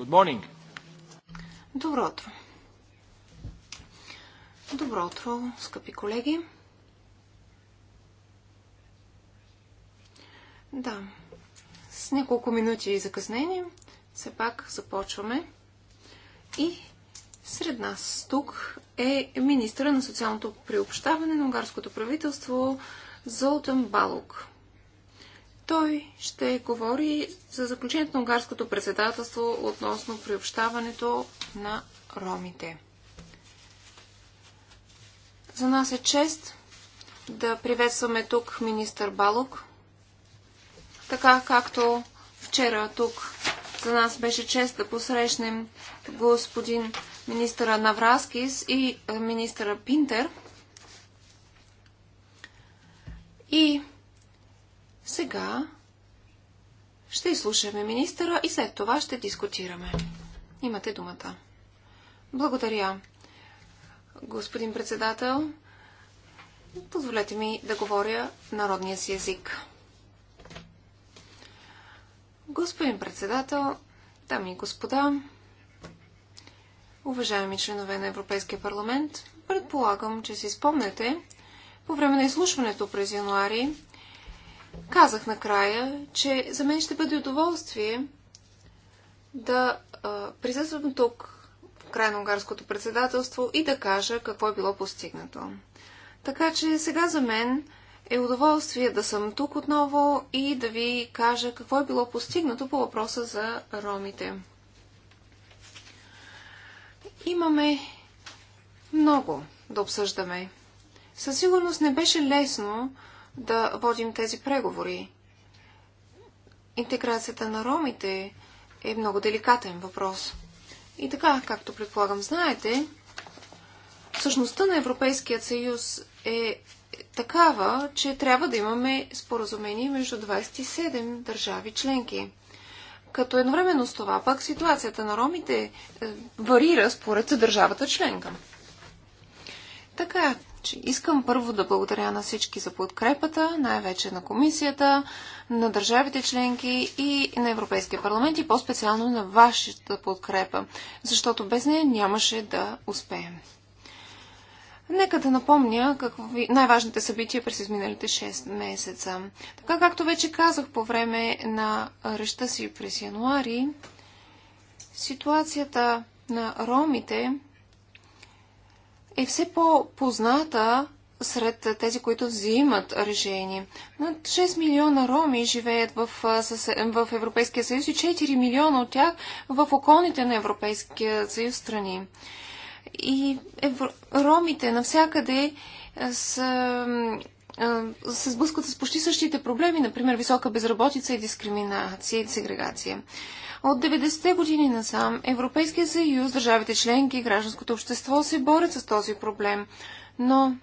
Good morning. Добро утро. Добро утро, скъпи колеги. Да, с няколко минути и закъснение, все пак започваме. И сред нас тук е министра на социалното приобщаване на унгарското правителство Золтан Балук. Той ще говори за заключението на унгарското председателство относно приобщаването на ромите. За нас е чест да приветстваме тук министър Балок, така както вчера тук за нас беше чест да посрещнем господин министъра Навраскис и е, министъра Пинтер. И сега ще изслушаме министъра и след това ще дискутираме. Имате думата. Благодаря, господин председател. Позволете ми да говоря народния си език. Господин председател, дами и господа, уважаеми членове на Европейския парламент, предполагам, че си спомнете по време на изслушването през януари Казах накрая, че за мен ще бъде удоволствие да а, присъствам тук в край на унгарското председателство и да кажа какво е било постигнато. Така че сега за мен е удоволствие да съм тук отново и да ви кажа какво е било постигнато по въпроса за ромите. Имаме много да обсъждаме. Със сигурност не беше лесно да водим тези преговори. Интеграцията на ромите е много деликатен въпрос. И така, както предполагам, знаете, всъщността на Европейският съюз е такава, че трябва да имаме споразумение между 27 държави членки. Като едновременно с това пък ситуацията на ромите е, варира според държавата членка. Така че искам първо да благодаря на всички за подкрепата, най-вече на комисията, на държавите членки и на Европейския парламент и по-специално на вашата подкрепа, защото без нея нямаше да успеем. Нека да напомня какви най-важните събития през изминалите 6 месеца. Така както вече казах по време на реща си през януари, ситуацията на ромите е все по-позната сред тези, които взимат решение. Над 6 милиона роми живеят в, в Европейския съюз и 4 милиона от тях в околните на Европейския съюз страни. И евро... ромите навсякъде са се сблъскват с почти същите проблеми, например висока безработица и дискриминация и сегрегация. От 90-те години насам Европейския съюз, държавите членки и гражданското общество се борят с този проблем. Но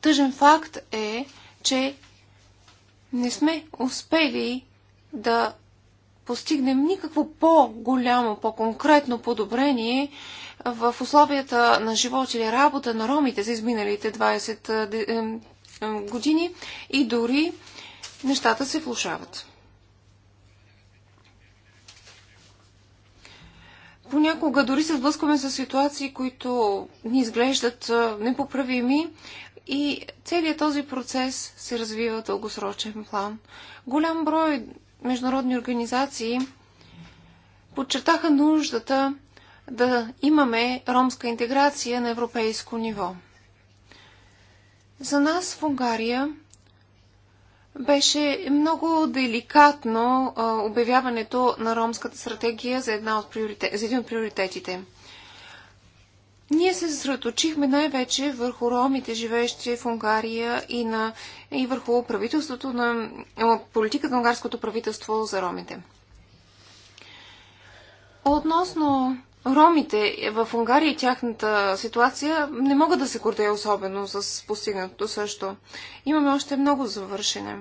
тъжен факт е, че не сме успели да постигнем никакво по-голямо, по-конкретно подобрение в условията на живот или работа на ромите за изминалите 20 е, е, години и дори нещата се влушават. Понякога дори се сблъскваме с ситуации, които ни изглеждат непоправими и целият този процес се развива в дългосрочен план. Голям брой международни организации подчертаха нуждата да имаме ромска интеграция на европейско ниво. За нас в Унгария беше много деликатно а, обявяването на ромската стратегия за, една от приоритет, за един от приоритетите. Ние се съсредоточихме най-вече върху ромите, живеещи в Унгария и, на, и върху правителството на, политиката на унгарското правителство за ромите. Относно ромите в Унгария и тяхната ситуация не могат да се гордея особено с постигнатото също. Имаме още много завършене.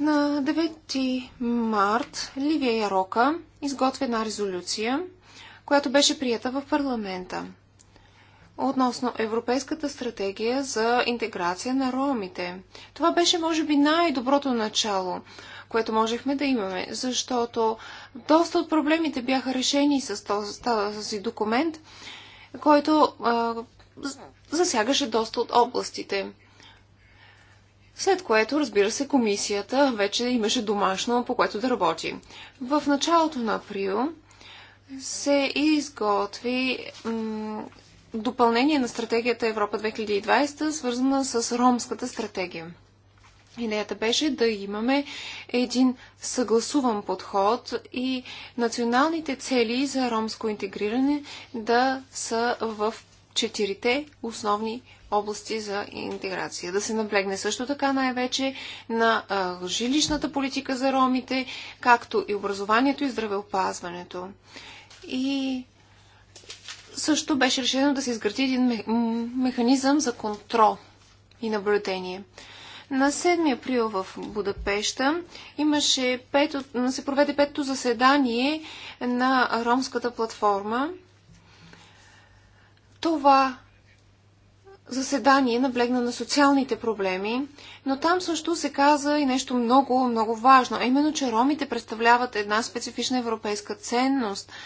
На 9 март Ливия Ярока изготвя една резолюция, която беше прията в парламента относно Европейската стратегия за интеграция на ромите. Това беше, може би, най-доброто начало което можехме да имаме, защото доста от проблемите бяха решени с този документ, който а, засягаше доста от областите. След което, разбира се, комисията вече имаше домашно, по което да работи. В началото на април се изготви допълнение на стратегията Европа 2020, свързана с ромската стратегия. Идеята беше да имаме един съгласуван подход и националните цели за ромско интегриране да са в четирите основни области за интеграция. Да се наблегне също така най-вече на а, жилищната политика за ромите, както и образованието и здравеопазването. И също беше решено да се изгради един механизъм за контрол и наблюдение. На 7 април в Будапешта имаше пет, се проведе пето заседание на ромската платформа. Това заседание наблегна на социалните проблеми, но там също се каза и нещо много, много важно, а именно, че ромите представляват една специфична европейска ценност –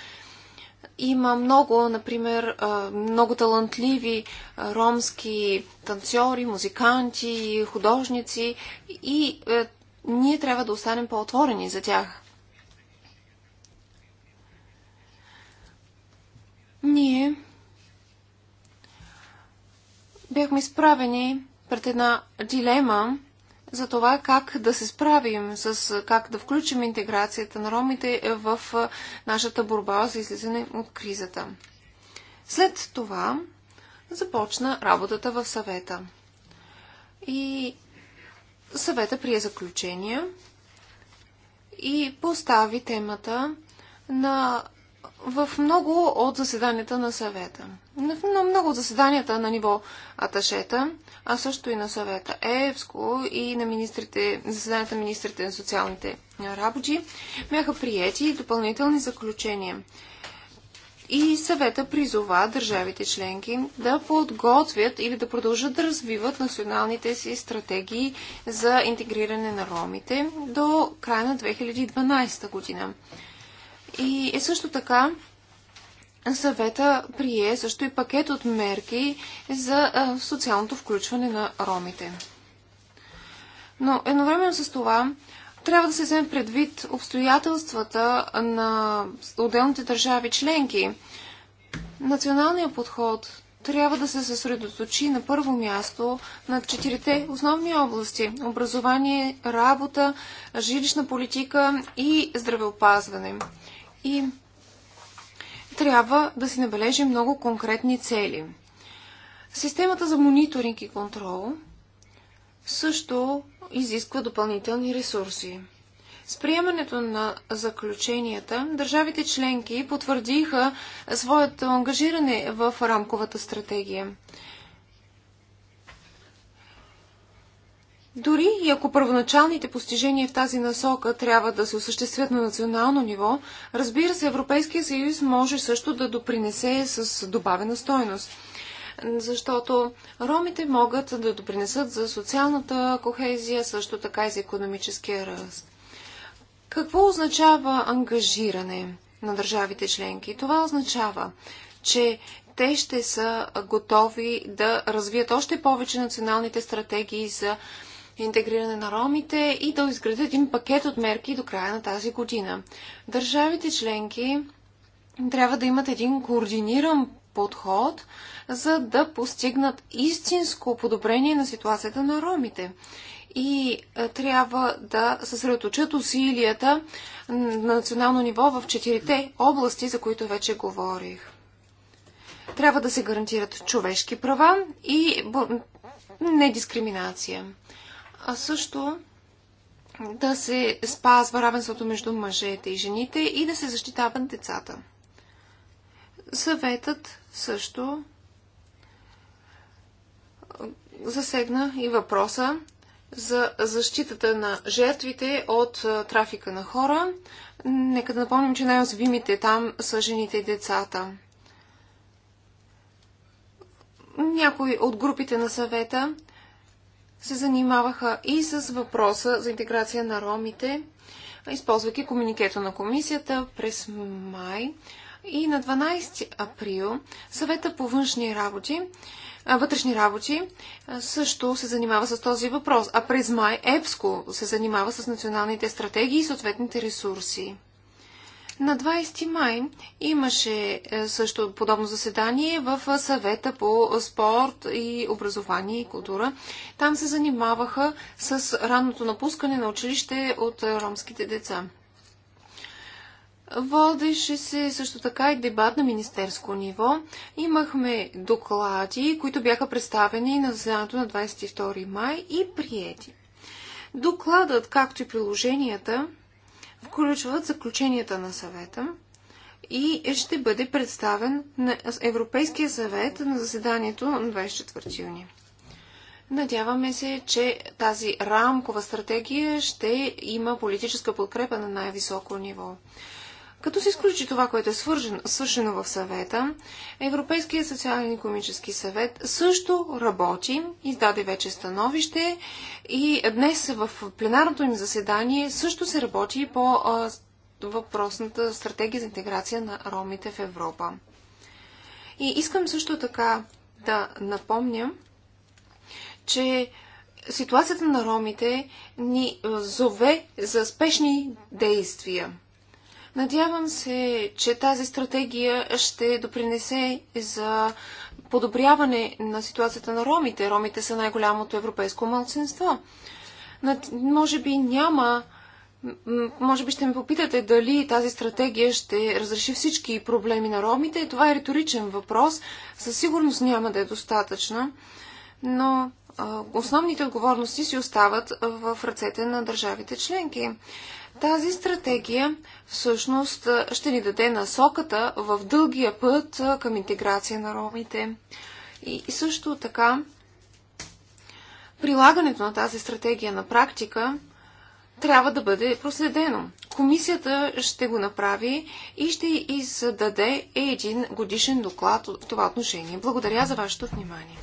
има много, например, много талантливи ромски танцори, музиканти, художници и е, ние трябва да останем по-отворени за тях. Ние бяхме изправени пред една дилема – за това как да се справим с как да включим интеграцията на ромите в нашата борба за излизане от кризата. След това започна работата в съвета. И съвета прие заключения и постави темата на в много от заседанията на съвета. На много от заседанията на ниво Аташета, а също и на съвета ЕВСКО и на министрите, заседанията на министрите на социалните работи, бяха приети допълнителни заключения. И съвета призова държавите членки да подготвят или да продължат да развиват националните си стратегии за интегриране на ромите до края на 2012 година. И е също така съвета прие също и пакет от мерки за социалното включване на ромите. Но едновременно с това трябва да се вземе предвид обстоятелствата на отделните държави членки. Националният подход трябва да се съсредоточи на първо място на четирите основни области – образование, работа, жилищна политика и здравеопазване – и трябва да си набележим много конкретни цели. Системата за мониторинг и контрол също изисква допълнителни ресурси. С приемането на заключенията, държавите членки потвърдиха своето ангажиране в рамковата стратегия. Дори и ако първоначалните постижения в тази насока трябва да се осъществят на национално ниво, разбира се, Европейския съюз може също да допринесе с добавена стойност. Защото ромите могат да допринесат за социалната кохезия, също така и за економическия ръст. Какво означава ангажиране на държавите членки? Това означава, че те ще са готови да развият още повече националните стратегии за интегриране на ромите и да изградят един пакет от мерки до края на тази година. Държавите членки трябва да имат един координиран подход, за да постигнат истинско подобрение на ситуацията на ромите. И е, трябва да съсредоточат усилията на национално ниво в четирите области, за които вече говорих. Трябва да се гарантират човешки права и недискриминация а също да се спазва равенството между мъжете и жените и да се защитават децата. Съветът също засегна и въпроса за защитата на жертвите от трафика на хора. Нека да напомним, че най-озвимите там са жените и децата. Някои от групите на съвета се занимаваха и с въпроса за интеграция на ромите, използвайки комуникето на комисията през май. И на 12 април съвета по външни работи, вътрешни работи също се занимава с този въпрос, а през май ЕПСКО се занимава с националните стратегии и съответните ресурси. На 20 май имаше е, също подобно заседание в е, съвета по спорт и образование и култура. Там се занимаваха с ранното напускане на училище от е, ромските деца. Водеше се също така и дебат на министерско ниво. Имахме доклади, които бяха представени на заседанието на 22 май и приети. Докладът, както и приложенията, включват заключенията на съвета и ще бъде представен на Европейския съвет на заседанието на 24 юни. Надяваме се, че тази рамкова стратегия ще има политическа подкрепа на най-високо ниво. Като се изключи това, което е свършено в съвета, Европейския социален и економически съвет също работи, издаде вече становище и днес в пленарното им заседание също се работи по въпросната стратегия за интеграция на ромите в Европа. И искам също така да напомня, че ситуацията на ромите ни зове за спешни действия – Надявам се, че тази стратегия ще допринесе за подобряване на ситуацията на ромите. Ромите са най-голямото европейско малцинство. Може би няма може би ще ме попитате дали тази стратегия ще разреши всички проблеми на ромите. Това е риторичен въпрос. Със сигурност няма да е достатъчна, но основните отговорности си остават в ръцете на държавите членки. Тази стратегия всъщност ще ни даде насоката в дългия път към интеграция на ромите. И също така, прилагането на тази стратегия на практика трябва да бъде проследено. Комисията ще го направи и ще издаде един годишен доклад от това отношение. Благодаря за вашето внимание.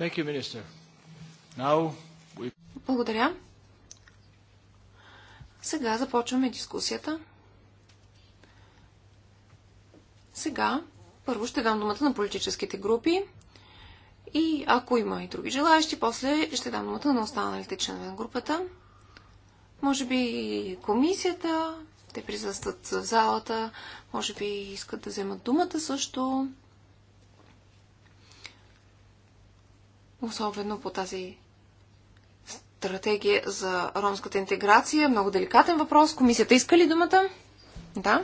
You, we... Благодаря. Сега започваме дискусията. Сега първо ще дам думата на политическите групи и ако има и други желаящи, после ще дам думата на останалите членове на групата. Може би комисията, те присъстват в залата, може би искат да вземат думата също. особено по тази стратегия за ромската интеграция. Много деликатен въпрос. Комисията иска ли думата? Да.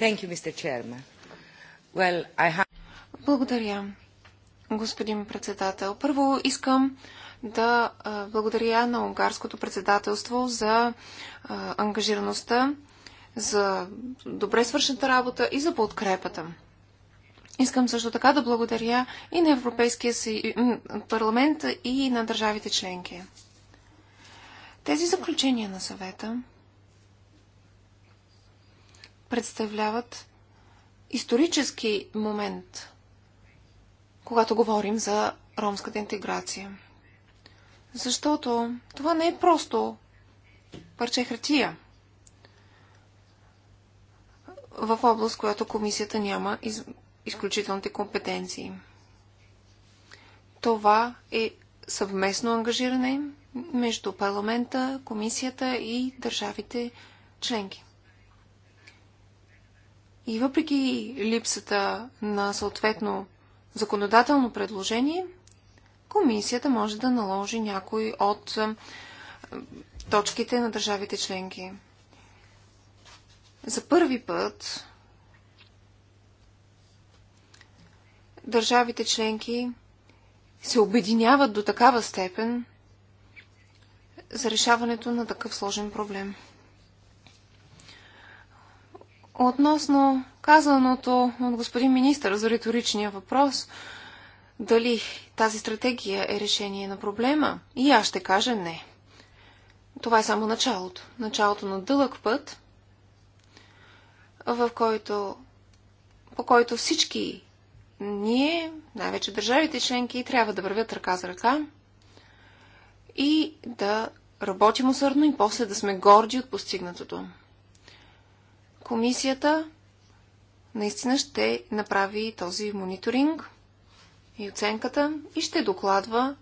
Thank you, Mr. Chairman. Well, I have... Благодаря, господин председател. Първо искам да благодаря на унгарското председателство за ангажираността за добре свършената работа и за подкрепата. Искам също така да благодаря и на Европейския си... парламент и на държавите членки. Тези заключения на съвета представляват исторически момент, когато говорим за ромската интеграция. Защото това не е просто парче хартия в област, която комисията няма из... изключителните компетенции. Това е съвместно ангажиране между парламента, комисията и държавите членки. И въпреки липсата на съответно законодателно предложение, комисията може да наложи някой от точките на държавите членки. За първи път държавите членки се обединяват до такава степен за решаването на такъв сложен проблем. Относно казаното от господин министър за риторичния въпрос, дали тази стратегия е решение на проблема, и аз ще кажа не. Това е само началото. Началото на дълъг път, в който, по който всички ние, най-вече държавите членки, трябва да вървят ръка за ръка и да работим усърдно и после да сме горди от постигнатото. Комисията наистина ще направи този мониторинг и оценката и ще докладва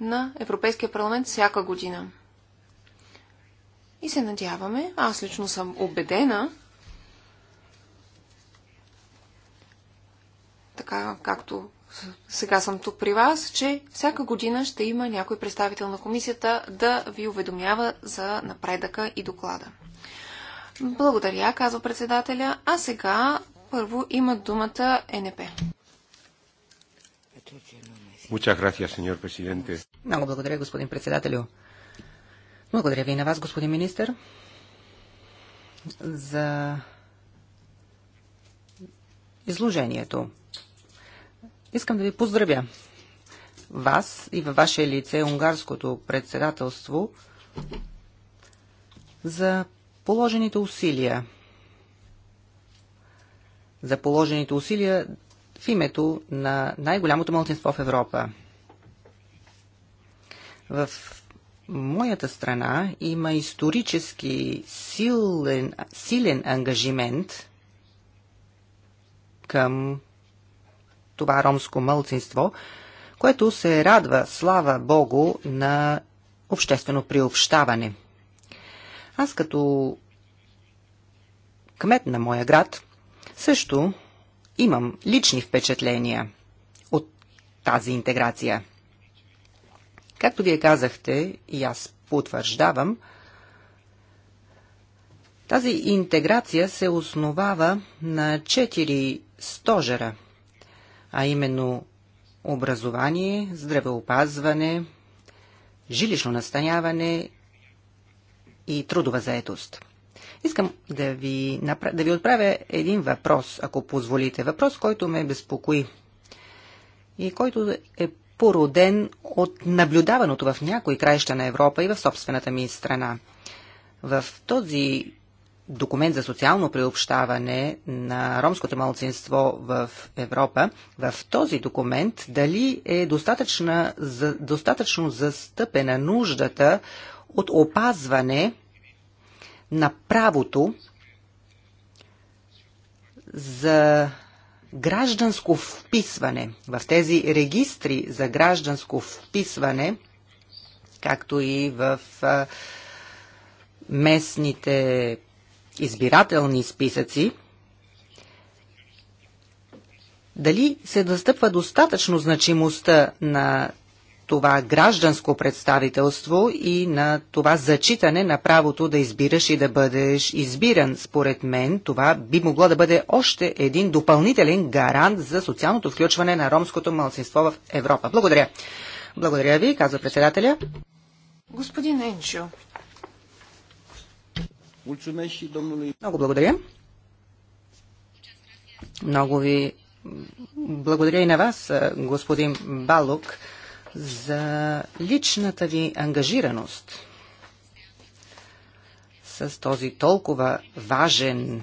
на Европейския парламент всяка година. И се надяваме, аз лично съм убедена, така както сега съм тук при вас, че всяка година ще има някой представител на комисията да ви уведомява за напредъка и доклада. Благодаря, казва председателя. А сега първо има думата НП. Много благодаря, господин председателю. Благодаря ви и на вас, господин министр, за изложението. Искам да ви поздравя. Вас и във ваше лице унгарското председателство за положените усилия. За положените усилия в името на най-голямото мълтинство в Европа. В моята страна има исторически силен, силен ангажимент към това ромско мълцинство, което се радва, слава Богу, на обществено приобщаване. Аз като кмет на моя град също имам лични впечатления от тази интеграция. Както вие казахте, и аз потвърждавам, тази интеграция се основава на четири стожера, а именно образование, здравеопазване, жилищно настаняване и трудова заетост. Искам да ви, да ви отправя един въпрос, ако позволите. Въпрос, който ме безпокои и който е породен от наблюдаваното в някои краища на Европа и в собствената ми страна. В този документ за социално приобщаване на ромското малцинство в Европа, в този документ дали е достатъчно, за, достатъчно застъпена нуждата от опазване на правото за гражданско вписване в тези регистри за гражданско вписване, както и в местните избирателни списъци, дали се достъпва достатъчно значимостта на това гражданско представителство и на това зачитане на правото да избираш и да бъдеш избиран. Според мен това би могло да бъде още един допълнителен гарант за социалното включване на ромското малцинство в Европа. Благодаря. Благодаря ви, казва председателя. Господин Енчо, много благодаря. Много ви благодаря и на вас, господин Балук, за личната ви ангажираност с този толкова важен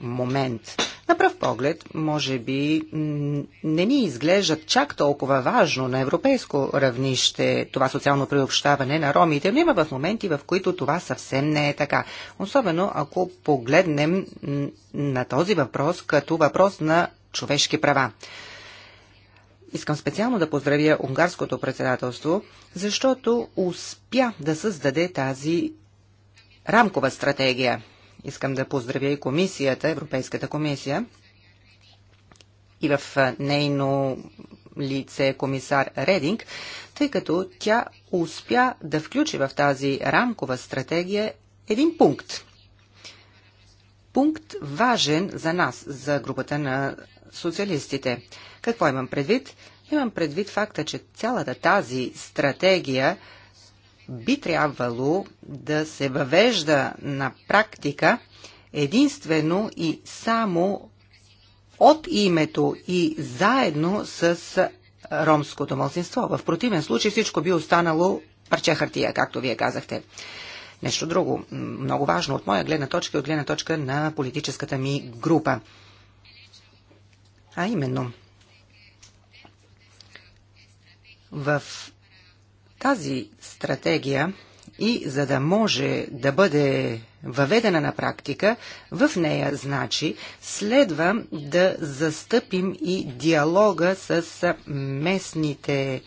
момент на пръв поглед, може би, не ни изглежда чак толкова важно на европейско равнище това социално приобщаване на ромите, но има в моменти, в които това съвсем не е така. Особено ако погледнем на този въпрос като въпрос на човешки права. Искам специално да поздравя унгарското председателство, защото успя да създаде тази рамкова стратегия – Искам да поздравя и комисията, Европейската комисия и в нейно лице комисар Рединг, тъй като тя успя да включи в тази рамкова стратегия един пункт. Пункт важен за нас, за групата на социалистите. Какво имам предвид? Имам предвид факта, че цялата тази стратегия – би трябвало да се въвежда на практика единствено и само от името и заедно с ромското мълцинство. В противен случай всичко би останало парче хартия, както вие казахте. Нещо друго, много важно от моя гледна точка и от гледна точка на политическата ми група. А именно, в тази стратегия и за да може да бъде въведена на практика, в нея, значи, следва да застъпим и диалога с местните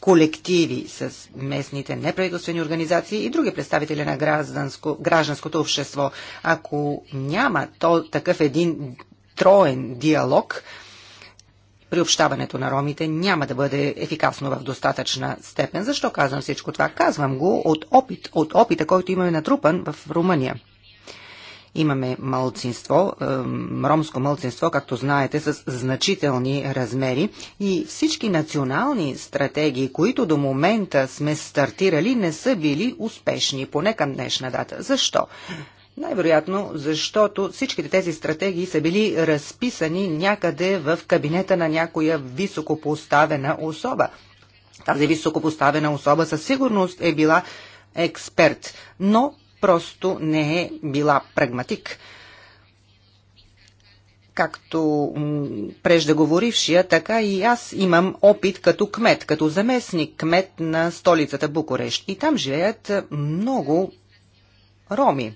колективи, с местните неправителствени организации и други представители на гражданско, гражданското общество. Ако няма то, такъв един троен диалог, приобщаването на ромите няма да бъде ефикасно в достатъчна степен. Защо казвам всичко това? Казвам го от опит, от опита, който имаме натрупан в Румъния. Имаме малцинство, ромско мълцинство, както знаете, с значителни размери и всички национални стратегии, които до момента сме стартирали, не са били успешни, поне към днешна дата. Защо? Най-вероятно, защото всичките тези стратегии са били разписани някъде в кабинета на някоя високопоставена особа. Тази високопоставена особа със сигурност е била експерт, но просто не е била прагматик. Както преждеговорившия, така и аз имам опит като кмет, като заместник кмет на столицата Букурещ. И там живеят много роми.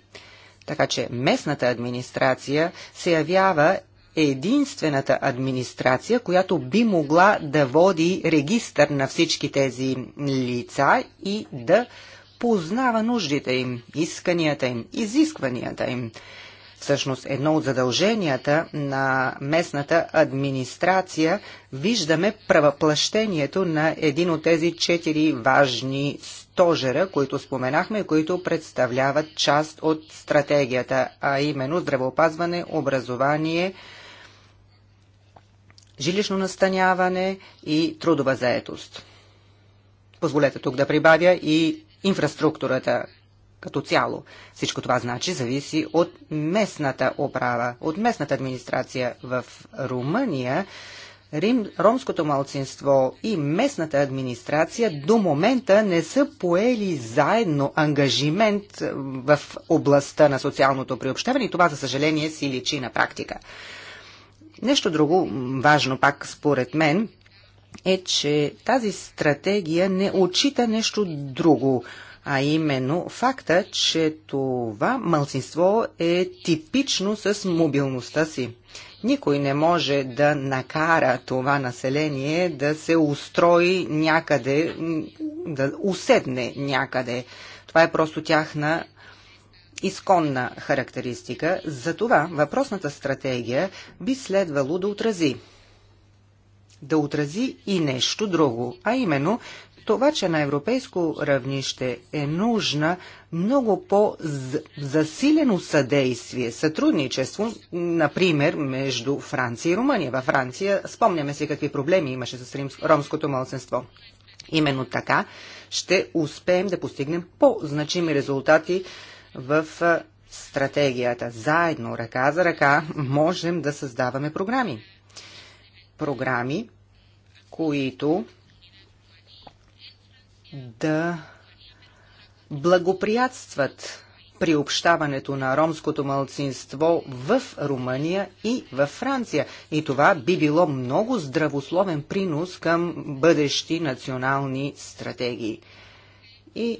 Така че местната администрация се явява единствената администрация, която би могла да води регистър на всички тези лица и да познава нуждите им, исканията им, изискванията им. Всъщност, едно от задълженията на местната администрация виждаме правоплащението на един от тези четири важни стожера, които споменахме, които представляват част от стратегията, а именно здравеопазване, образование, жилищно настаняване и трудова заетост. Позволете тук да прибавя и инфраструктурата като цяло. Всичко това значи зависи от местната управа, от местната администрация в Румъния. Рим, ромското малцинство и местната администрация до момента не са поели заедно ангажимент е, в областта на социалното приобщаване и това, за съжаление, си личи на практика. Нещо друго важно пак според мен е, че тази стратегия не отчита нещо друго, а именно факта, че това малцинство е типично с мобилността си. Никой не може да накара това население да се устрои някъде, да уседне някъде. Това е просто тяхна изконна характеристика. Затова въпросната стратегия би следвало да отрази да отрази и нещо друго, а именно, това, че на европейско равнище е нужна много по-засилено съдействие, сътрудничество, например, между Франция и Румъния. Във Франция спомняме си какви проблеми имаше с ромското младсенство. Именно така ще успеем да постигнем по-значими резултати в стратегията. Заедно, ръка за ръка, можем да създаваме програми. Програми, които да благоприятстват приобщаването на ромското мълцинство в Румъния и в Франция. И това би било много здравословен принос към бъдещи национални стратегии. И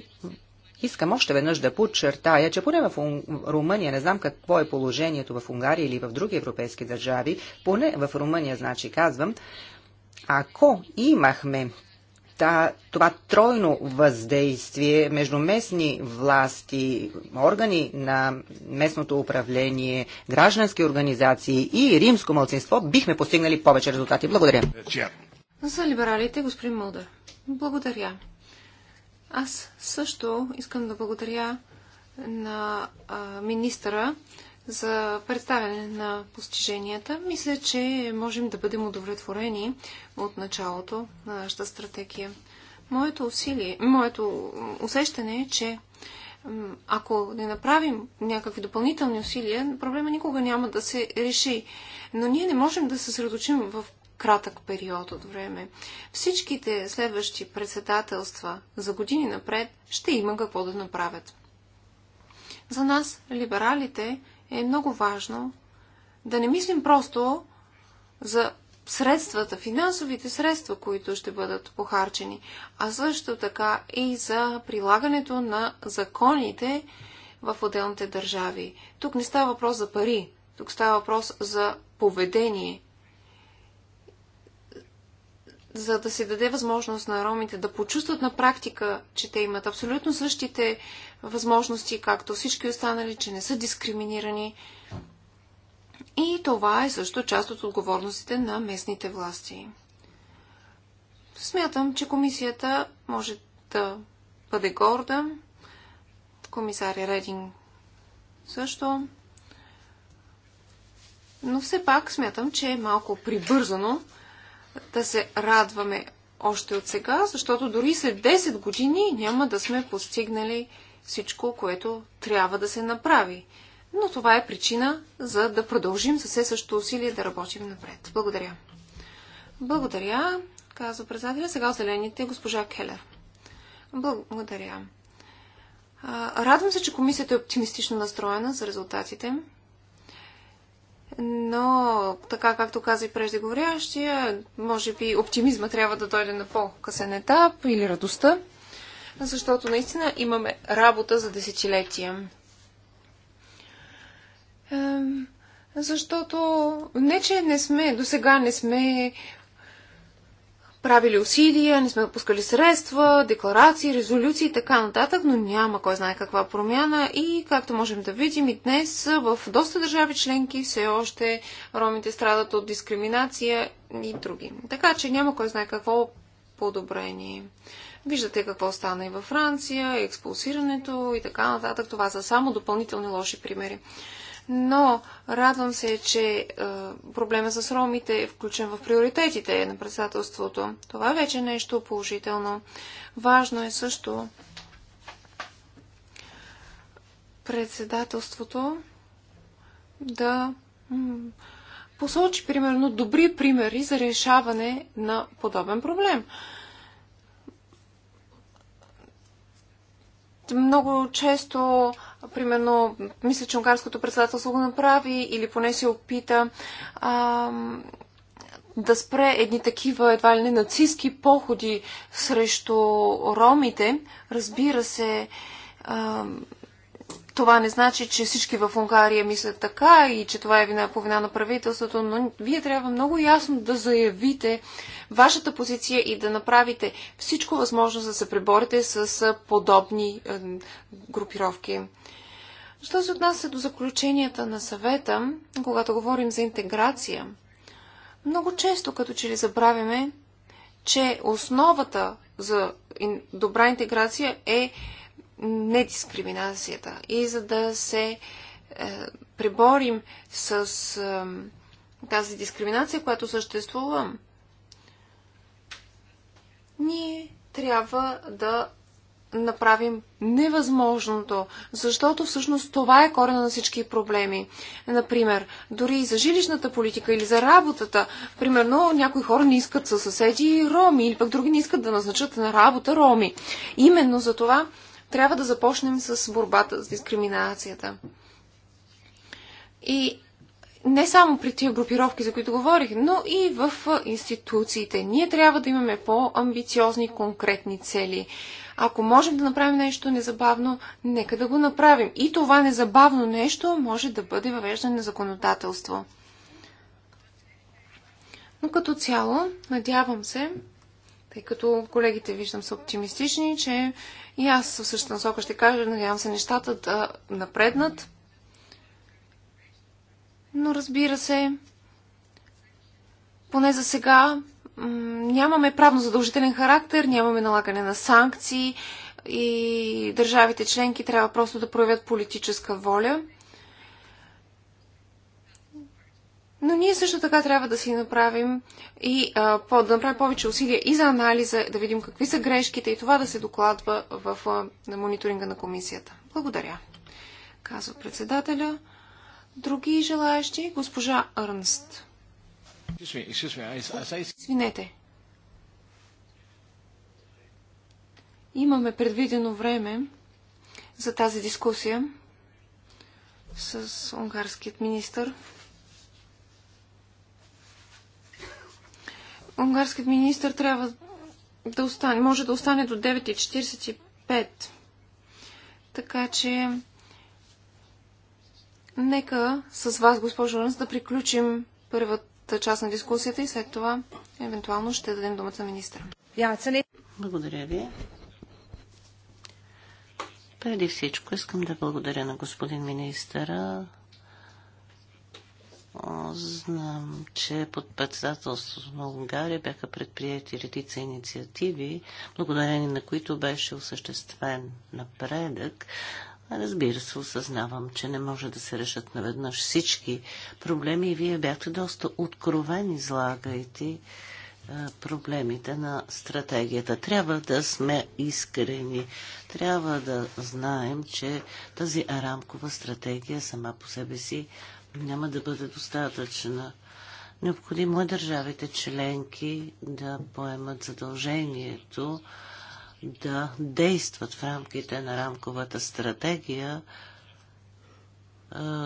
искам още веднъж да подчертая, че поне в Румъния, не знам какво е положението в Унгария или в други европейски държави, поне в Румъния, значи казвам, ако имахме та, това тройно въздействие между местни власти, органи на местното управление, граждански организации и римско мълцинство бихме постигнали повече резултати. Благодаря. За либералите, господин Мълдър. Благодаря. Аз също искам да благодаря на министра за представяне на постиженията, мисля, че можем да бъдем удовлетворени от началото на нашата стратегия. Моето усилие, моето усещане е, че ако не направим някакви допълнителни усилия, проблема никога няма да се реши. Но ние не можем да се средочим в кратък период от време. Всичките следващи председателства за години напред ще има какво да направят. За нас, либералите, е много важно да не мислим просто за средствата, финансовите средства, които ще бъдат похарчени, а също така и за прилагането на законите в отделните държави. Тук не става въпрос за пари, тук става въпрос за поведение за да се даде възможност на ромите да почувстват на практика, че те имат абсолютно същите възможности, както всички останали, че не са дискриминирани. И това е също част от отговорностите на местните власти. Смятам, че комисията може да бъде горда. Комисаря Рединг също. Но все пак смятам, че е малко прибързано да се радваме още от сега, защото дори след 10 години няма да сме постигнали всичко, което трябва да се направи. Но това е причина за да продължим със все същото усилие да работим напред. Благодаря. Благодаря, казва председателя. Сега зелените госпожа Келер. Благодаря. Радвам се, че комисията е оптимистично настроена за резултатите. Но, така както каза и преждеговорящия, може би оптимизма трябва да дойде на по-късен етап или радостта, защото наистина имаме работа за десетилетия. Защото не, че не сме, до сега не сме правили усилия, не сме пускали средства, декларации, резолюции и така нататък, но няма кой знае каква промяна и както можем да видим и днес в доста държави членки все още ромите страдат от дискриминация и други. Така че няма кой знае какво подобрение. Виждате какво стана и във Франция, експулсирането и така нататък. Това са само допълнителни лоши примери но радвам се, че е, проблема с ромите е включен в приоритетите на председателството. Това вече е нещо положително. Важно е също председателството да посочи, примерно, добри примери за решаване на подобен проблем. Много често примерно, мисля, че унгарското председателство го направи или поне се опита а, да спре едни такива едва ли не нацистски походи срещу ромите. Разбира се, а, това не значи, че всички в Унгария мислят така и че това е вина по вина на правителството, но вие трябва много ясно да заявите вашата позиция и да направите всичко възможно, за да се преборите с подобни групировки. Що се отнася до заключенията на съвета, когато говорим за интеграция, много често като че ли забравяме, че основата за добра интеграция е недискриминацията. И за да се е, преборим с е, тази дискриминация, която съществува, ние трябва да направим невъзможното, защото всъщност това е корена на всички проблеми. Например, дори и за жилищната политика или за работата. Примерно, някои хора не искат със съседи роми, или пък други не искат да назначат на работа роми. Именно за това трябва да започнем с борбата с дискриминацията. И не само при тия групировки, за които говорих, но и в институциите. Ние трябва да имаме по-амбициозни конкретни цели. Ако можем да направим нещо незабавно, нека да го направим. И това незабавно нещо може да бъде въвеждане на законодателство. Но като цяло, надявам се, тъй като колегите виждам са оптимистични, че и аз в същата насока ще кажа, надявам се нещата да напреднат. Но разбира се, поне за сега нямаме правно задължителен характер, нямаме налагане на санкции и държавите членки трябва просто да проявят политическа воля. Но ние също така трябва да си направим и а, по, да направим повече усилия и за анализа, да видим какви са грешките и това да се докладва в на мониторинга на комисията. Благодаря, казва председателя. Други желаящи? Госпожа Арнст. Извинете. Имаме предвидено време за тази дискусия с унгарският министр. Унгарският министр трябва да остане, може да остане до 9.45. Така че нека с вас, госпожо Ранс, да приключим първата първата част на дискусията и след това евентуално ще дадем думата на министра. Благодаря ви. Преди всичко искам да благодаря на господин министъра. Знам, че под председателството на Унгария бяха предприяти редица инициативи, благодарение на които беше осъществен напредък Разбира се, осъзнавам, че не може да се решат наведнъж всички проблеми и вие бяхте доста откровени, излагайте проблемите на стратегията. Трябва да сме искрени. Трябва да знаем, че тази рамкова стратегия сама по себе си няма да бъде достатъчна. Необходимо е държавите членки да поемат задължението да действат в рамките на рамковата стратегия,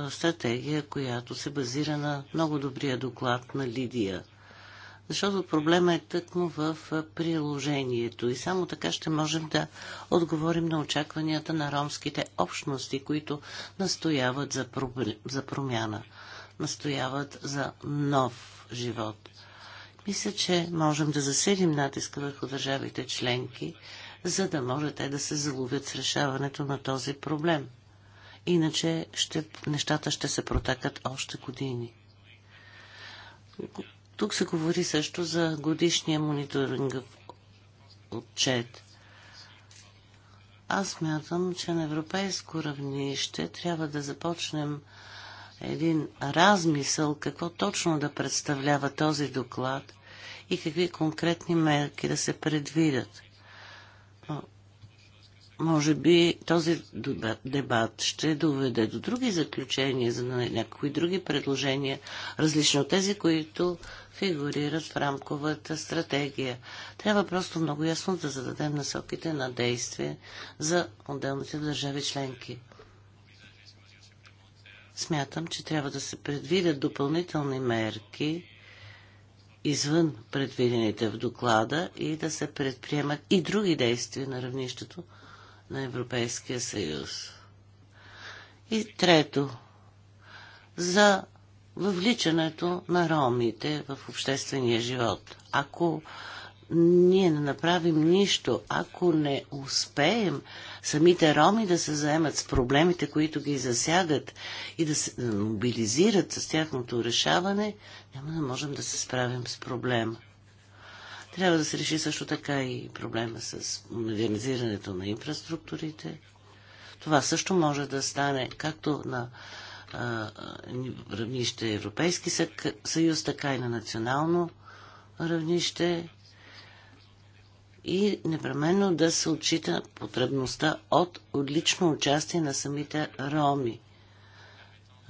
стратегия, която се базира на много добрия доклад на Лидия. Защото проблема е тъкмо в приложението и само така ще можем да отговорим на очакванията на ромските общности, които настояват за, за промяна, настояват за нов живот – мисля, че можем да засилим натиска върху държавите членки, за да може те да се заловят с решаването на този проблем. Иначе ще, нещата ще се протакат още години. Тук се говори също за годишния мониторингов отчет. Аз мятам, че на европейско равнище трябва да започнем един размисъл какво точно да представлява този доклад и какви конкретни мерки да се предвидят. Може би този дебат ще доведе до други заключения, за някои други предложения, различни от тези, които фигурират в рамковата стратегия. Трябва просто много ясно да зададем насоките на действие за отделните държави членки. Смятам, че трябва да се предвидят допълнителни мерки извън предвидените в доклада и да се предприемат и други действия на равнището на Европейския съюз. И трето, за въвличането на ромите в обществения живот. Ако ние не направим нищо, ако не успеем самите роми да се заемат с проблемите, които ги засягат и да се мобилизират с тяхното решаване, няма да можем да се справим с проблема. Трябва да се реши също така и проблема с модернизирането на инфраструктурите. Това също може да стане както на равнище Европейски съюз, така и на национално равнище и непременно да се отчита потребността от отлично участие на самите роми.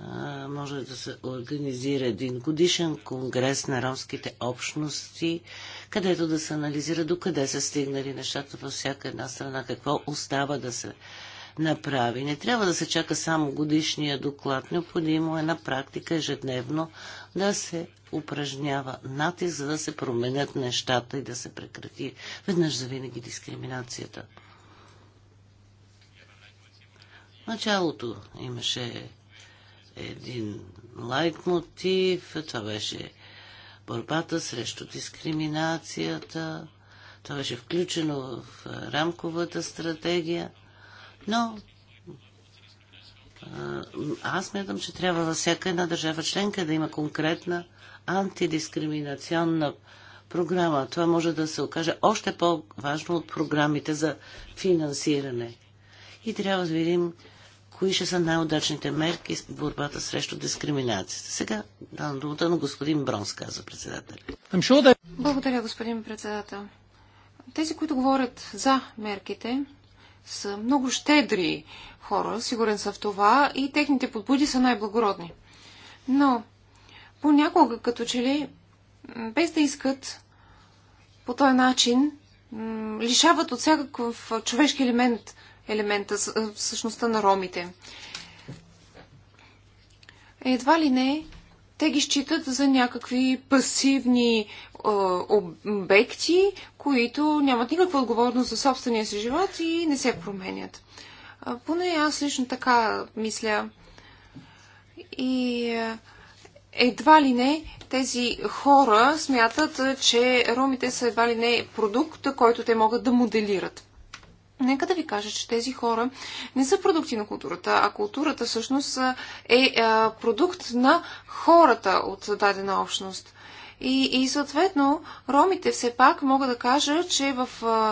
А, може да се организира един годишен конгрес на ромските общности, където да се анализира до къде са стигнали нещата във всяка една страна, какво остава да се направи. Не трябва да се чака само годишния доклад, необходимо е на практика ежедневно да се упражнява натиск, за да се променят нещата и да се прекрати веднъж за винаги дискриминацията. В началото имаше един лайт мотив, това беше борбата срещу дискриминацията, това беше включено в рамковата стратегия, но аз мятам, че трябва във всяка една държава членка да има конкретна антидискриминационна програма. Това може да се окаже още по-важно от програмите за финансиране. И трябва да видим кои ще са най-удачните мерки в борбата срещу дискриминацията. Сега давам думата на господин Бронс, каза председател. Благодаря, господин председател. Тези, които говорят за мерките, са много щедри хора, сигурен са в това, и техните подбуди са най-благородни. Но понякога, като че ли, без да искат по този начин, лишават от всякакъв човешки елемент елемента, същността на ромите. Едва ли не те ги считат за някакви пасивни обекти, които нямат никаква отговорност за собствения си живот и не се променят. Поне аз лично така мисля. И едва ли не тези хора смятат, че ромите са едва ли не продукт, който те могат да моделират. Нека да ви кажа, че тези хора не са продукти на културата, а културата всъщност е продукт на хората от дадена общност. И, и съответно, ромите все пак мога да кажа, че в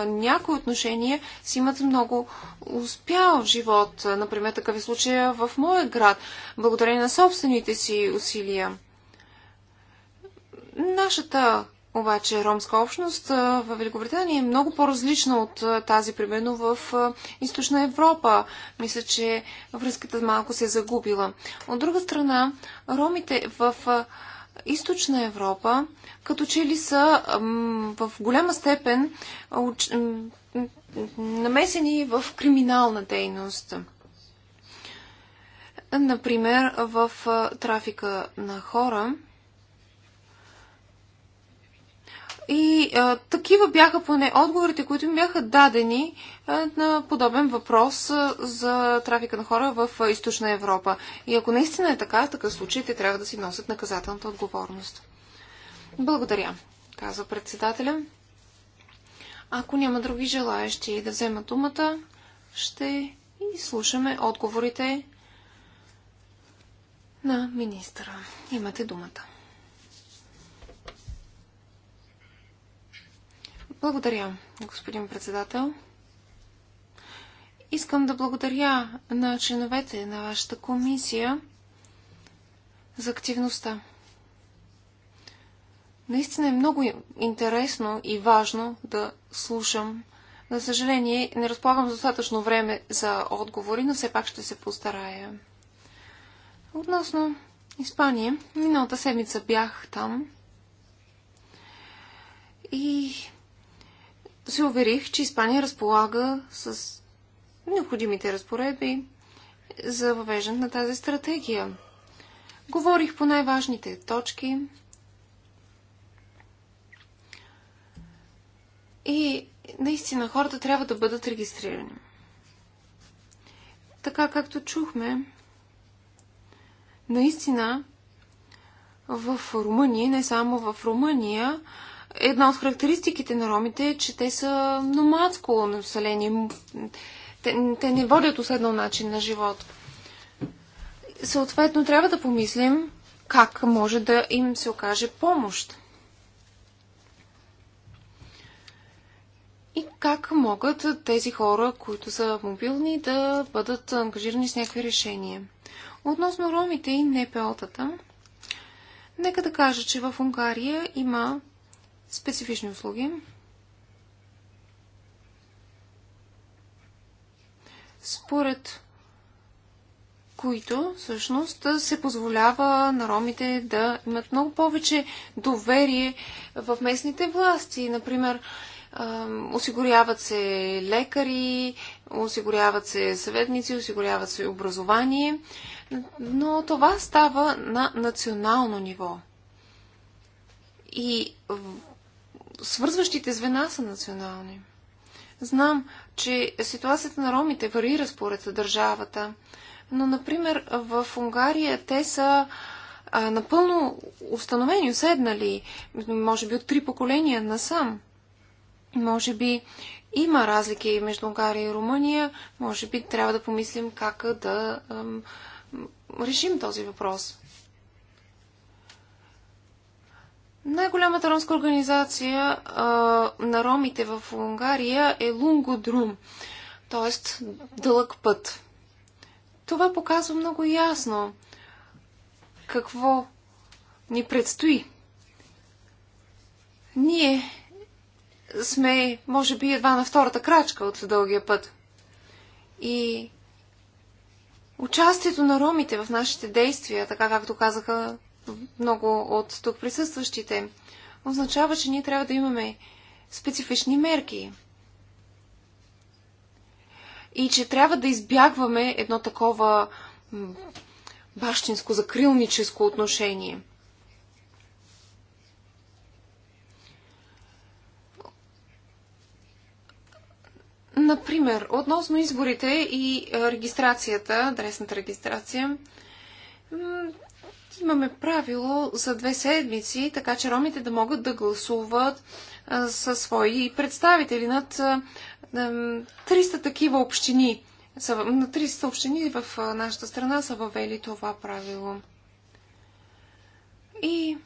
някои отношения си имат много успял живот. Например, такъв е случая в моя град, благодарение на собствените си усилия. Нашата обаче ромска общност в Великобритания е много по-различна от тази, примерно, в източна Европа. Мисля, че връзката малко се е загубила. От друга страна, ромите в източна Европа, като че ли са в голяма степен намесени в криминална дейност. Например, в трафика на хора – И а, такива бяха поне отговорите, които ми бяха дадени а, на подобен въпрос а, за трафика на хора в а, Източна Европа. И ако наистина е така, в такъв случай те трябва да си носят наказателната отговорност. Благодаря, казва председателя. Ако няма други желаящи да вземат думата, ще изслушаме отговорите на министъра. Имате думата. Благодаря, господин председател. Искам да благодаря на членовете на вашата комисия за активността. Наистина е много интересно и важно да слушам. За съжаление, не разполагам достатъчно време за отговори, но все пак ще се постарая. Относно Испания, миналата седмица бях там и се уверих, че Испания разполага с необходимите разпоредби за въвеждане на тази стратегия. Говорих по най-важните точки и наистина хората трябва да бъдат регистрирани. Така както чухме, наистина в Румъния, не само в Румъния, Една от характеристиките на ромите е, че те са номадско население. Те, те не водят уседнал начин на живот. Съответно, трябва да помислим как може да им се окаже помощ. И как могат тези хора, които са мобилни, да бъдат ангажирани с някакви решения. Относно ромите и НПО-тата, нека да кажа, че в Унгария има специфични услуги. Според които всъщност се позволява на ромите да имат много повече доверие в местните власти. Например, осигуряват се лекари, осигуряват се съветници, осигуряват се образование, но това става на национално ниво. И свързващите звена са национални. Знам, че ситуацията на ромите варира според държавата, но, например, в Унгария те са а, напълно установени, уседнали, може би от три поколения насам. Може би има разлики между Унгария и Румъния, може би трябва да помислим как да ам, решим този въпрос. Най-голямата ромска организация а, на ромите в Унгария е Лунгодрум, т.е. дълъг път. Това показва много ясно какво ни предстои. Ние сме, може би, едва на втората крачка от дългия път. И участието на ромите в нашите действия, така както казаха много от тук присъстващите, означава, че ние трябва да имаме специфични мерки. И че трябва да избягваме едно такова бащинско, закрилническо отношение. Например, относно изборите и регистрацията, адресната регистрация, имаме правило за две седмици, така че ромите да могат да гласуват а, със свои представители над а, 300 такива общини. На 300 общини в нашата страна са въвели това правило. И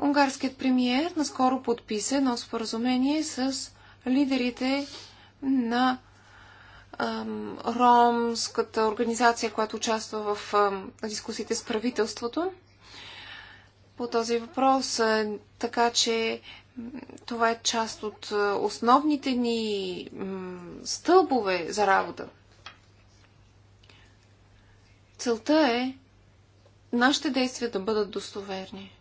унгарският премиер наскоро подписа едно споразумение с лидерите на ромската организация, която участва в дискусиите с правителството по този въпрос. Така че това е част от основните ни стълбове за работа. Целта е нашите действия да бъдат достоверни.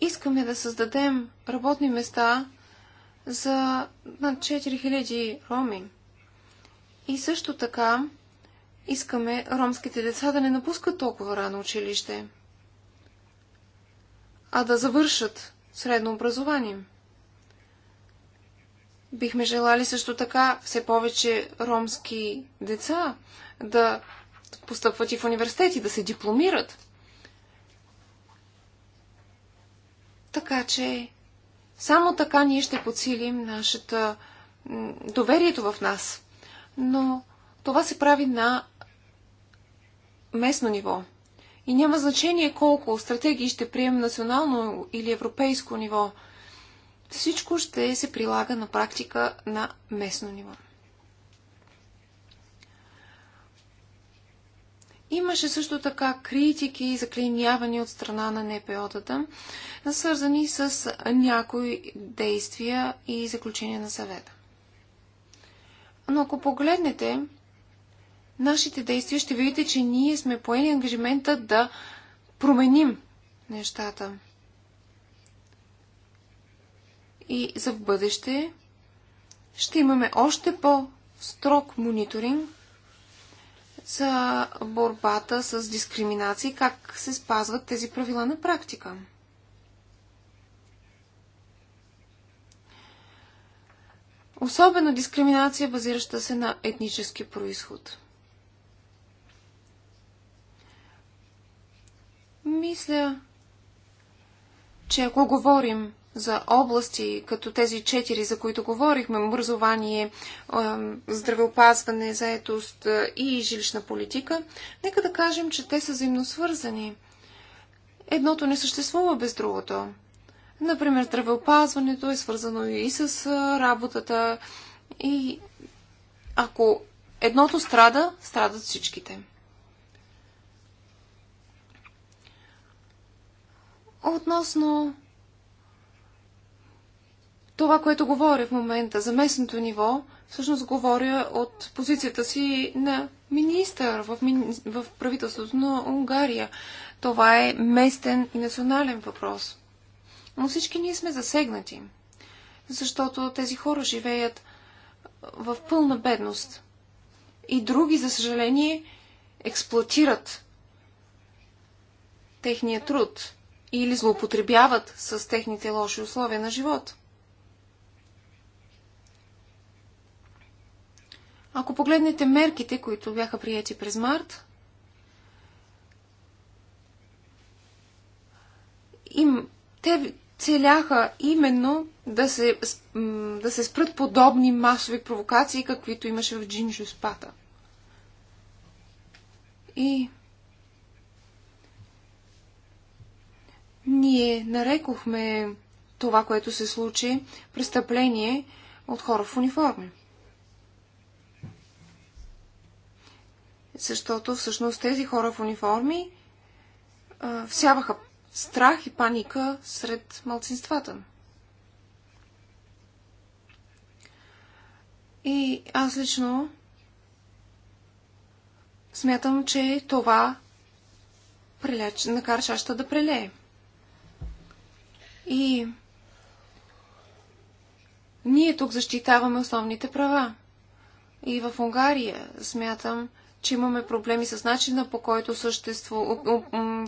Искаме да създадем работни места, за над 4000 роми. И също така искаме ромските деца да не напускат толкова рано училище, а да завършат средно образование. Бихме желали също така все повече ромски деца да постъпват и в университети, да се дипломират. Така че само така ние ще подсилим нашата доверието в нас. Но това се прави на местно ниво. И няма значение колко стратегии ще прием национално или европейско ниво. Всичко ще се прилага на практика на местно ниво. Имаше също така критики и заклинявания от страна на НПО-тата, свързани с някои действия и заключения на съвета. Но ако погледнете нашите действия, ще видите, че ние сме поели ангажимента да променим нещата. И за бъдеще ще имаме още по-строг мониторинг за борбата с дискриминации, как се спазват тези правила на практика. Особено дискриминация, базираща се на етнически происход. Мисля, че ако говорим за области, като тези четири, за които говорихме, образование, здравеопазване, заетост и жилищна политика, нека да кажем, че те са взаимно свързани. Едното не съществува без другото. Например, здравеопазването е свързано и с работата и ако едното страда, страдат всичките. Относно това, което говоря в момента за местното ниво, всъщност говоря от позицията си на министър в, мини... в правителството на Унгария. Това е местен и национален въпрос. Но всички ние сме засегнати, защото тези хора живеят в пълна бедност. И други, за съжаление, експлуатират техния труд или злоупотребяват с техните лоши условия на живот. Ако погледнете мерките, които бяха прияти през март, им, те целяха именно да се, да се спрат подобни масови провокации, каквито имаше в Джинджу Спата. И ние нарекохме това, което се случи, престъпление от хора в униформи. защото всъщност тези хора в униформи а, всяваха страх и паника сред малцинствата. И аз лично смятам, че това прилеч, накара чашата да прелее. И ние тук защитаваме основните права. И в Унгария смятам, че имаме проблеми с начина по който същество,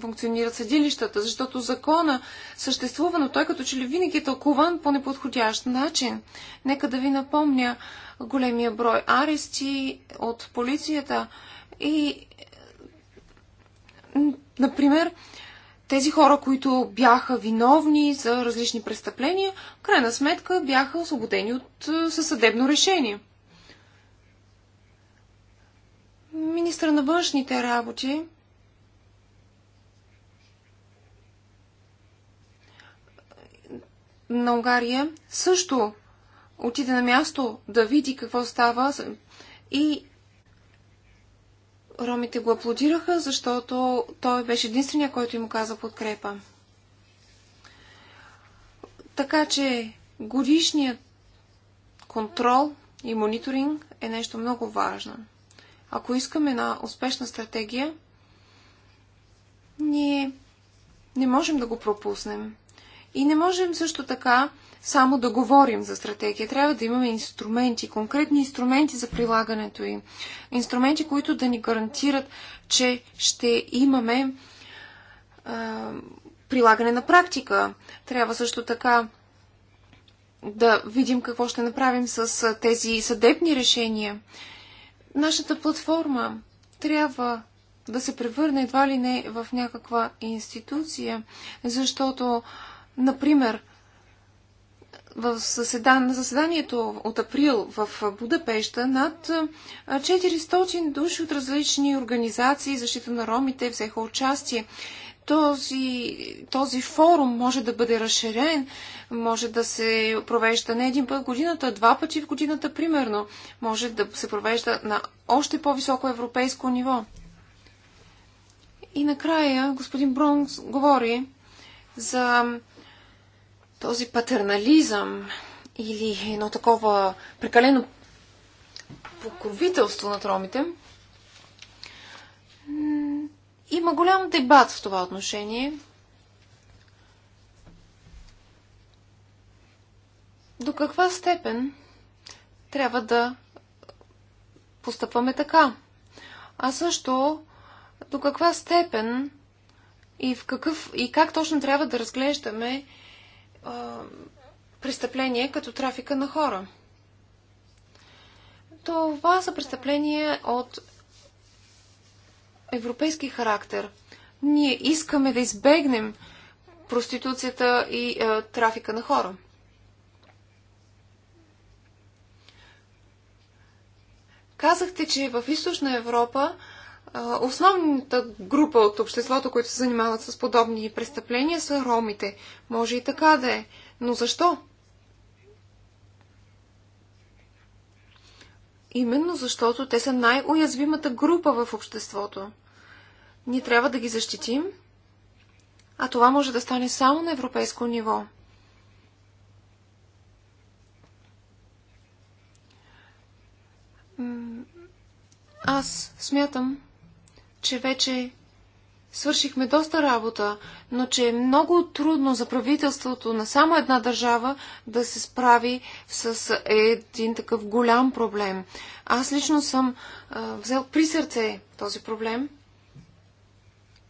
функционират съдилищата, защото закона съществува, но той като че ли винаги е тълкован по неподходящ начин. Нека да ви напомня големия брой арести от полицията и, например, тези хора, които бяха виновни за различни престъпления, в крайна сметка бяха освободени от е, съсъдебно решение. Министър на външните работи на Унгария също отиде на място да види какво става и ромите го аплодираха, защото той беше единствения, който им оказа подкрепа. Така че годишният контрол и мониторинг е нещо много важно. Ако искаме една успешна стратегия, ние не можем да го пропуснем. И не можем също така само да говорим за стратегия. Трябва да имаме инструменти, конкретни инструменти за прилагането им. Инструменти, които да ни гарантират, че ще имаме а, прилагане на практика. Трябва също така да видим какво ще направим с тези съдебни решения. Нашата платформа трябва да се превърне едва ли не в някаква институция, защото, например, в заседан... на заседанието от април в Будапешта над 400 души от различни организации защита на ромите взеха участие този, този форум може да бъде разширен, може да се провежда не един път в годината, а два пъти в годината, примерно. Може да се провежда на още по-високо европейско ниво. И накрая господин Бронс говори за този патернализъм или едно такова прекалено покровителство на тромите. Има голям дебат в това отношение. До каква степен трябва да постъпваме така? А също до каква степен и, в какъв, и как точно трябва да разглеждаме а, престъпление като трафика на хора? Това са престъпления от европейски характер. Ние искаме да избегнем проституцията и е, трафика на хора. Казахте, че в Източна Европа е, основната група от обществото, които се занимават с подобни престъпления, са ромите. Може и така да е. Но защо? Именно защото те са най-уязвимата група в обществото. Ние трябва да ги защитим, а това може да стане само на европейско ниво. Аз смятам, че вече свършихме доста работа, но че е много трудно за правителството на само една държава да се справи с един такъв голям проблем. Аз лично съм а, взел при сърце този проблем.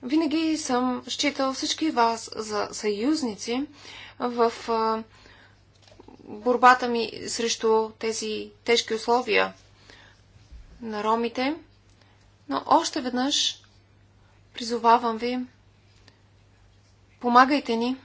Винаги съм считал всички вас за съюзници в а, борбата ми срещу тези тежки условия на ромите. Но още веднъж Призовавам ви, помагайте ни.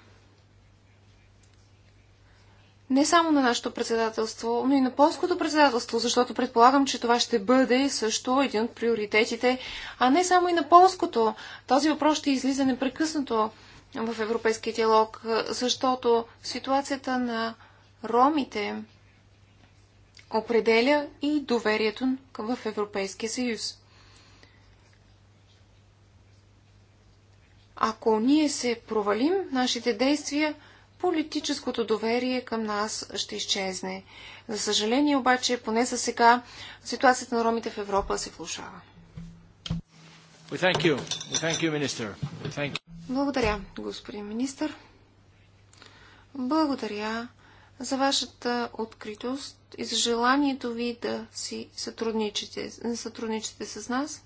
Не само на нашето председателство, но и на полското председателство, защото предполагам, че това ще бъде също един от приоритетите, а не само и на полското. Този въпрос ще излиза непрекъснато в европейския диалог, защото ситуацията на ромите определя и доверието в Европейския съюз. Ако ние се провалим нашите действия, политическото доверие към нас ще изчезне. За съжаление обаче, поне за сега, ситуацията на ромите в Европа се влушава. Благодаря, господин министр. Благодаря за вашата откритост и за желанието ви да си сътрудничите, сътрудничите с нас.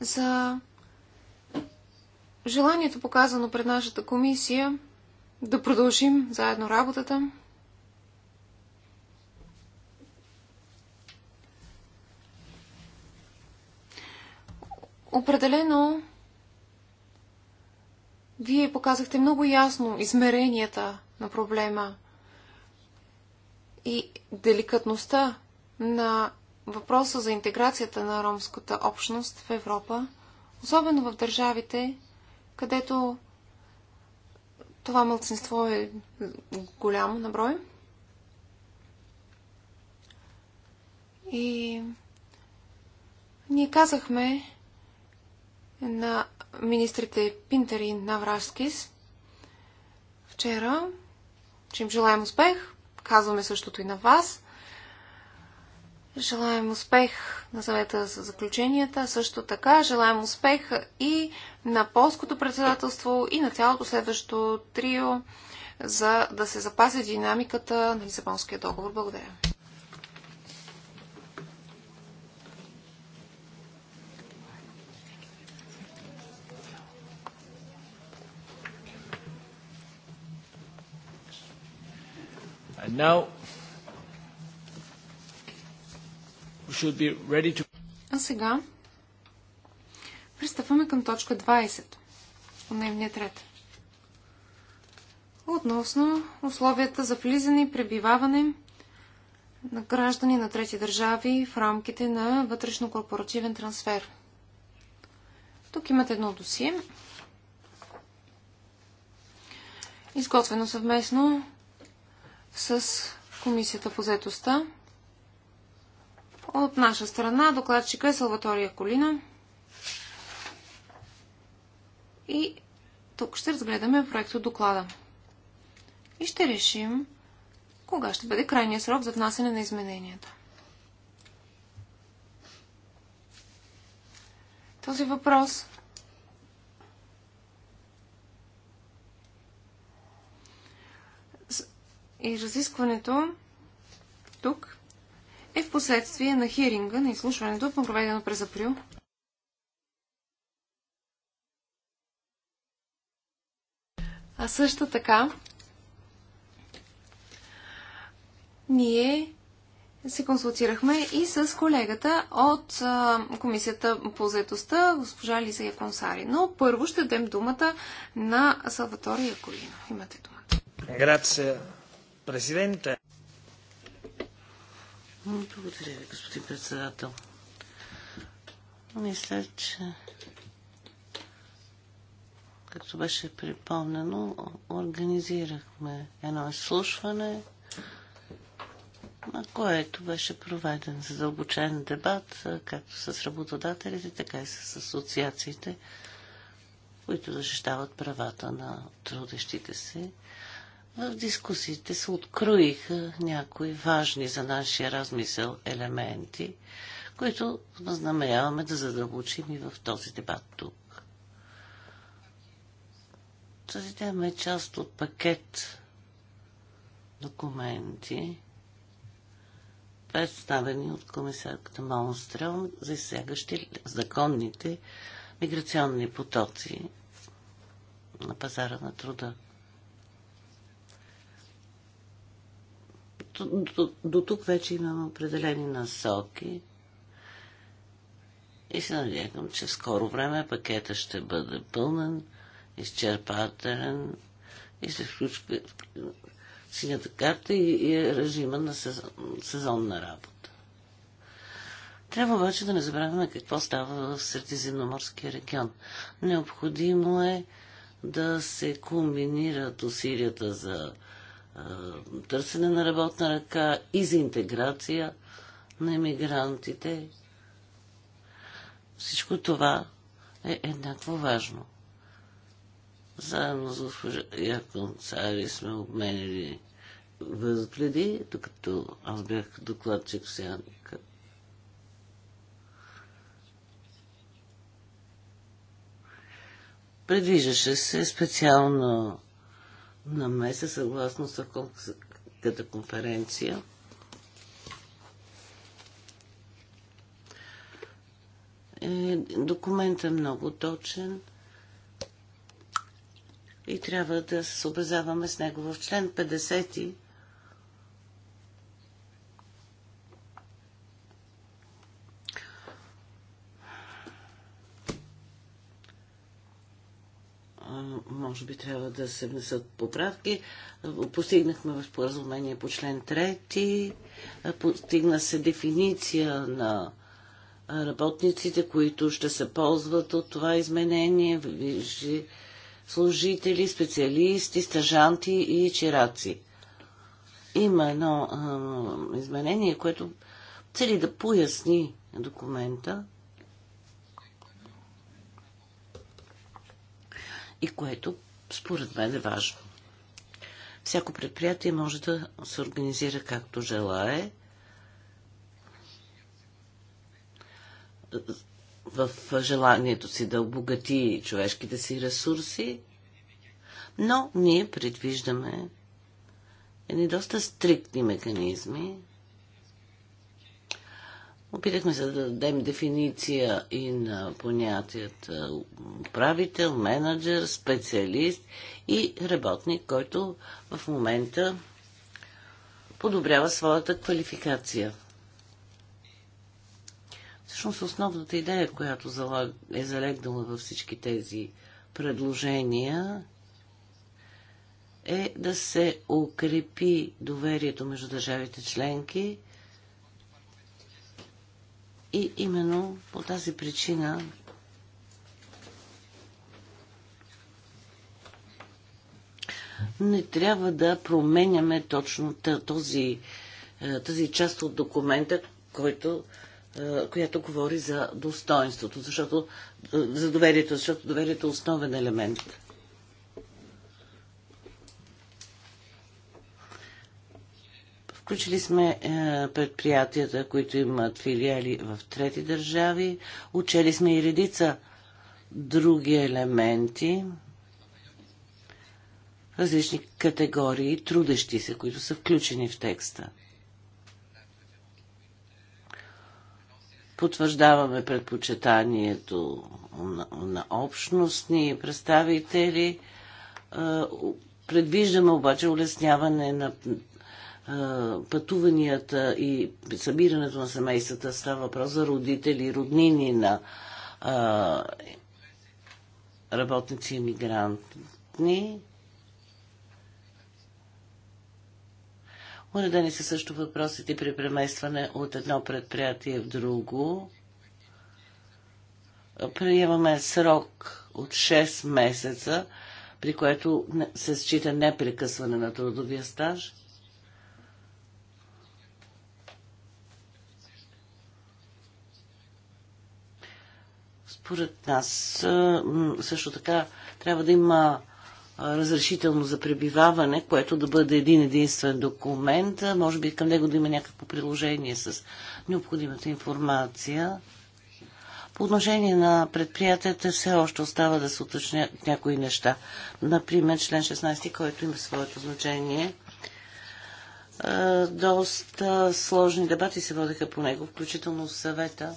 за желанието показано пред нашата комисия да продължим заедно работата. Определено вие показахте много ясно измеренията на проблема и деликатността на въпроса за интеграцията на ромската общност в Европа, особено в държавите, където това мълцинство е голямо на брой. И ние казахме на министрите Пинтер и Навраскис вчера, че им желаем успех. Казваме същото и на вас – Желаем успех на съвета за заключенията. Също така желаем успех и на полското председателство и на цялото следващо трио, за да се запази динамиката на Лисабонския договор. Благодаря. And now To... А сега пристъпваме към точка 20 от дневния ред. Относно условията за влизане и пребиваване на граждани на трети държави в рамките на вътрешно-корпоративен трансфер. Тук имате едно досие, изготвено съвместно с Комисията по заетостта. От наша страна докладчика е Салватория Колина. И тук ще разгледаме проект от доклада. И ще решим кога ще бъде крайният срок за внасяне на измененията. Този въпрос и разискването тук е в последствие на хиринга на изслушването, проведено през април. А също така, ние се консултирахме и с колегата от Комисията по заедостта, госпожа Лиза Яконсари. Но първо ще дадем думата на Салватори Яколино. Имате думата. Грация, президента. Благодаря ви, господин председател. Мисля, че както беше припомнено, организирахме едно изслушване, на което беше проведен задълбочен дебат, както с работодателите, така и с асоциациите, които защитават правата на трудещите се. В дискусиите се откроиха някои важни за нашия размисъл елементи, които възнамеряваме да задълбочим и в този дебат тук. Тази тема е част от пакет документи, представени от комисарката Монстрел, засягащи законните миграционни потоци на пазара на труда. до, до тук вече имаме определени насоки и се надявам, че в скоро време пакета ще бъде пълнен, изчерпателен и се включва синята карта и, и режима на сезон, сезонна работа. Трябва обаче да не забравяме какво става в Средиземноморския регион. Необходимо е да се комбинират усилията за търсене на работна ръка и за интеграция на емигрантите. Всичко това е еднакво важно. Заедно с госпожа Цари сме обменили възгледи, докато аз бях докладчик сянка. Предвиждаше се специално намеса съгласно с конференция. Е, документът е много точен и трябва да се съобразяваме с него. В член 50 може би трябва да се внесат поправки. Постигнахме споразумение по член 3. Постигна се дефиниция на работниците, които ще се ползват от това изменение. Вижи служители, специалисти, стажанти и чираци. Има едно а, изменение, което цели да поясни документа, и което според мен е важно. Всяко предприятие може да се организира както желае. В желанието си да обогати човешките си ресурси, но ние предвиждаме едни доста стриктни механизми, Опитахме се да дадем дефиниция и на понятията управител, менеджер, специалист и работник, който в момента подобрява своята квалификация. Всъщност основната идея, която е залегнала във всички тези предложения, е да се укрепи доверието между държавите членки и именно по тази причина не трябва да променяме точно този, е, тази част от документа, който, е, която говори за достоинството, защото, е, за доверието, защото доверието е основен елемент. Включили сме е, предприятията, които имат филиали в трети държави. Учели сме и редица други елементи, различни категории трудещи се, които са включени в текста. Потвърждаваме предпочитанието на, на общностни представители. Е, предвиждаме обаче улесняване на пътуванията и събирането на семействата става въпрос за родители, роднини на а, работници мигрантни. Уредени са също въпросите при преместване от едно предприятие в друго. Приемаме срок от 6 месеца, при което се счита непрекъсване на трудовия стаж – Според нас също така трябва да има разрешително за пребиваване, което да бъде един единствен документ. Може би към него да има някакво приложение с необходимата информация. По отношение на предприятията все още остава да се уточнят някои неща. Например, член 16, който има своето значение. Доста сложни дебати се водеха по него, включително в съвета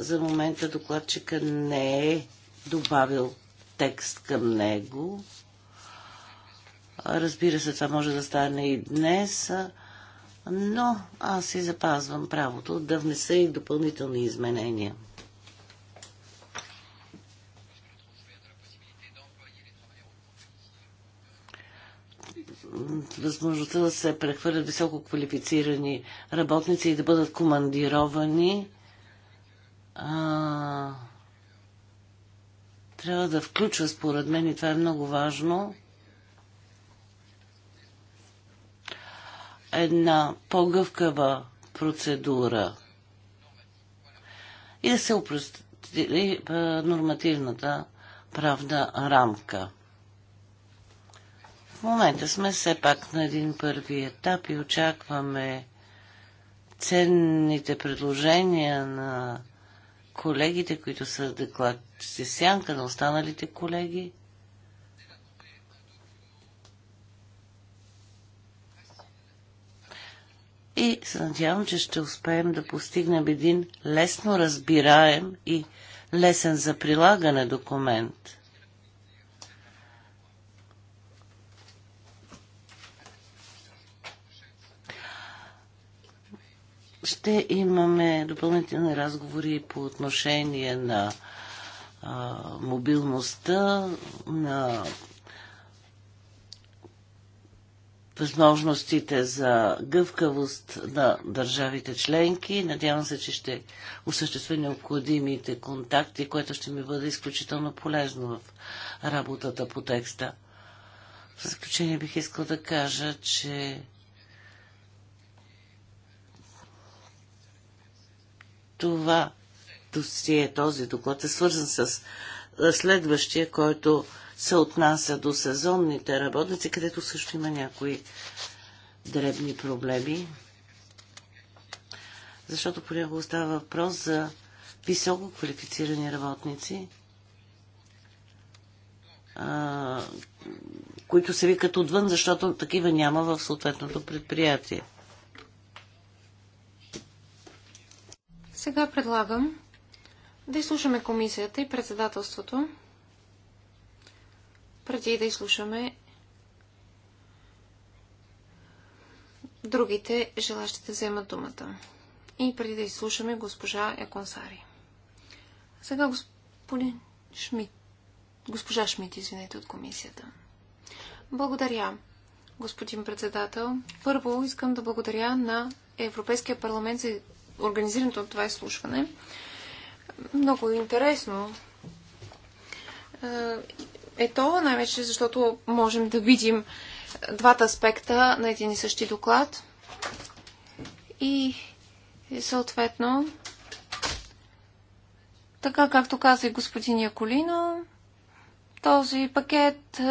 За момента докладчика не е добавил текст към него. Разбира се, това може да стане и днес, но аз си запазвам правото да внеса и допълнителни изменения. възможността да се прехвърлят високо квалифицирани работници и да бъдат командировани а, трябва да включва, според мен, и това е много важно, една по-гъвкава процедура и да се упрости нормативната правда рамка. В момента сме все пак на един първи етап и очакваме ценните предложения на колегите, които са се сянка на останалите колеги. И се надявам, че ще успеем да постигнем един лесно разбираем и лесен за прилагане документ. Ще имаме допълнителни разговори по отношение на а, мобилността, на възможностите за гъвкавост на държавите членки. Надявам се, че ще осъществи необходимите контакти, което ще ми бъде изключително полезно в работата по текста. В заключение бих искал да кажа, че Това досие, този доклад е свързан с следващия, който се отнася до сезонните работници, където също има някои дребни проблеми. Защото понякога става въпрос за високо квалифицирани работници, които се викат отвън, защото такива няма в съответното предприятие. Сега предлагам да изслушаме комисията и председателството, преди да изслушаме другите желащи да вземат думата. И преди да изслушаме госпожа Еконсари. Сега господин Шмидт. Госпожа Шмидт, извинете, от комисията. Благодаря, господин председател. Първо искам да благодаря на Европейския парламент за организирането на това изслушване. Много интересно е, е то, най-вече защото можем да видим двата аспекта на един и същи доклад и е, съответно така както каза и господин Яколино, този пакет, е,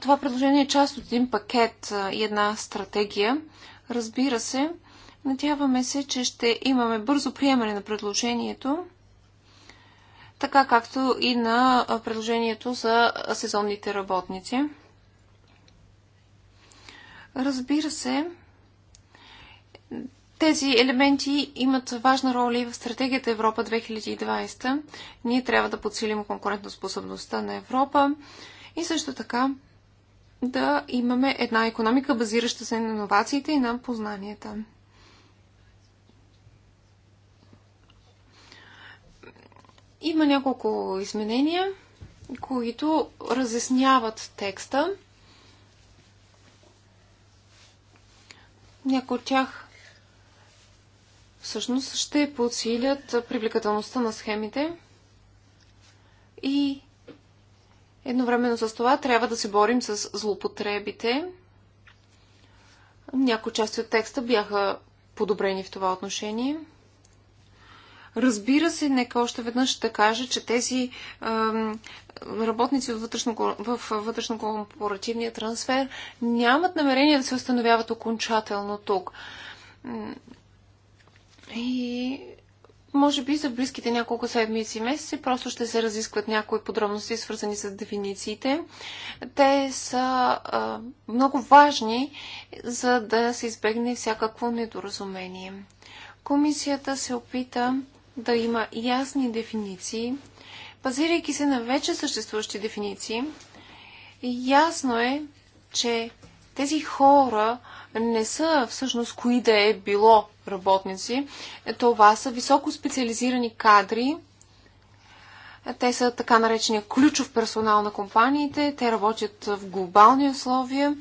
това предложение е част от един пакет и една стратегия. Разбира се, Надяваме се, че ще имаме бързо приемане на предложението, така както и на предложението за сезонните работници. Разбира се, тези елементи имат важна роля и в стратегията Европа 2020. Ние трябва да подсилим конкурентоспособността на Европа и също така да имаме една економика, базираща се на иновациите и на познанията. Има няколко изменения, които разясняват текста. Някои от тях всъщност ще подсилят привлекателността на схемите и едновременно с това трябва да се борим с злоупотребите. Някои части от текста бяха подобрени в това отношение. Разбира се, нека още веднъж ще кажа, че тези работници от вътрешно, в вътрешно-корпоративния трансфер нямат намерение да се установяват окончателно тук. И може би за близките няколко седмици и месеци просто ще се разискват някои подробности, свързани с дефинициите. Те са много важни, за да се избегне всякакво недоразумение. Комисията се опита да има ясни дефиниции, базирайки се на вече съществуващи дефиниции. Ясно е, че тези хора не са всъщност кои да е било работници. Това са високо специализирани кадри. Те са така наречения ключов персонал на компаниите. Те работят в глобални условия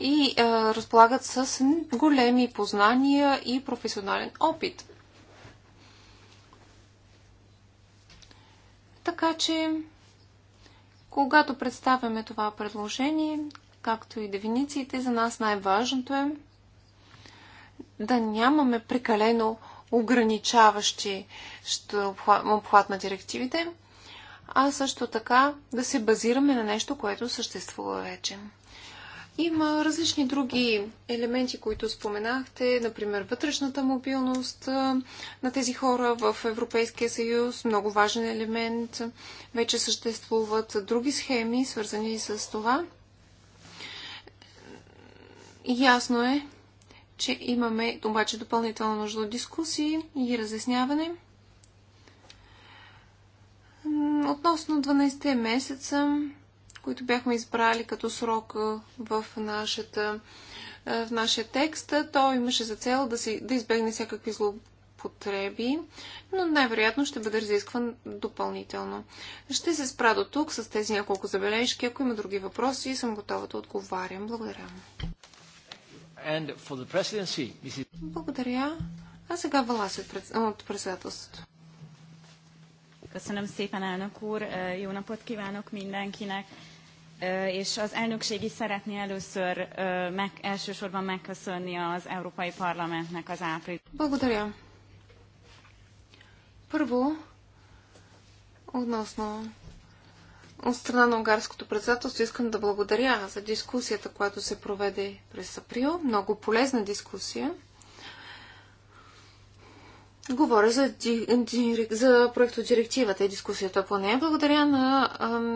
и е, разполагат с големи познания и професионален опит. Така че, когато представяме това предложение, както и дефинициите, за нас най-важното е да нямаме прекалено ограничаващи обхват на директивите, а също така да се базираме на нещо, което съществува вече. Има различни други елементи, които споменахте, например вътрешната мобилност на тези хора в Европейския съюз, много важен елемент. Вече съществуват други схеми, свързани с това. Ясно е, че имаме обаче допълнителна нужда от дискусии и разясняване. Относно 12 месеца, които бяхме избрали като срок в, нашата, в нашия текст. То имаше за цел да, си, да избегне всякакви злоупотреби, но най-вероятно ще бъде разискван допълнително. Ще се спра до тук с тези няколко забележки. Ако има други въпроси, съм готова да отговарям. Благодаря. Is... Благодаря. А сега се от председателството. Köszönöm szépen, elnök úr, jó napot kívánok mindenkinek! és az elnökség is szeretné először meg, elsősorban megköszönni az Európai Parlamentnek az április. Благодаря. Първо, относно от страна на унгарското председателство искам да благодаря за дискусията, която се проведе през април. Много полезна дискусия. Говоря за, за проектодирективата и дискусията по нея. Благодаря на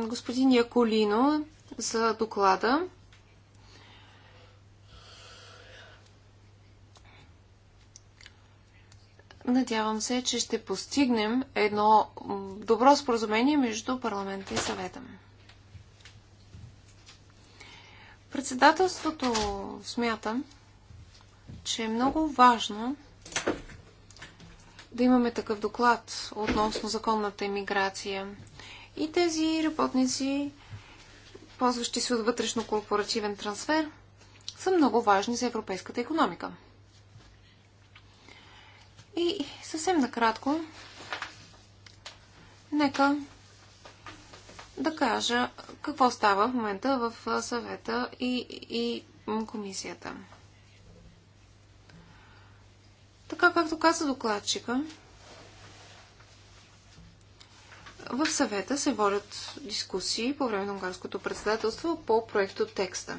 господин Яколино за доклада. Надявам се, че ще постигнем едно добро споразумение между парламента и съвета. Председателството смятам, че е много важно да имаме такъв доклад относно законната иммиграция. И тези работници, ползващи се от вътрешно-корпоративен трансфер, са много важни за европейската економика. И съвсем накратко, нека да кажа какво става в момента в съвета и, и комисията. Така както каза докладчика, в съвета се водят дискусии по време на унгарското председателство по проекто текста.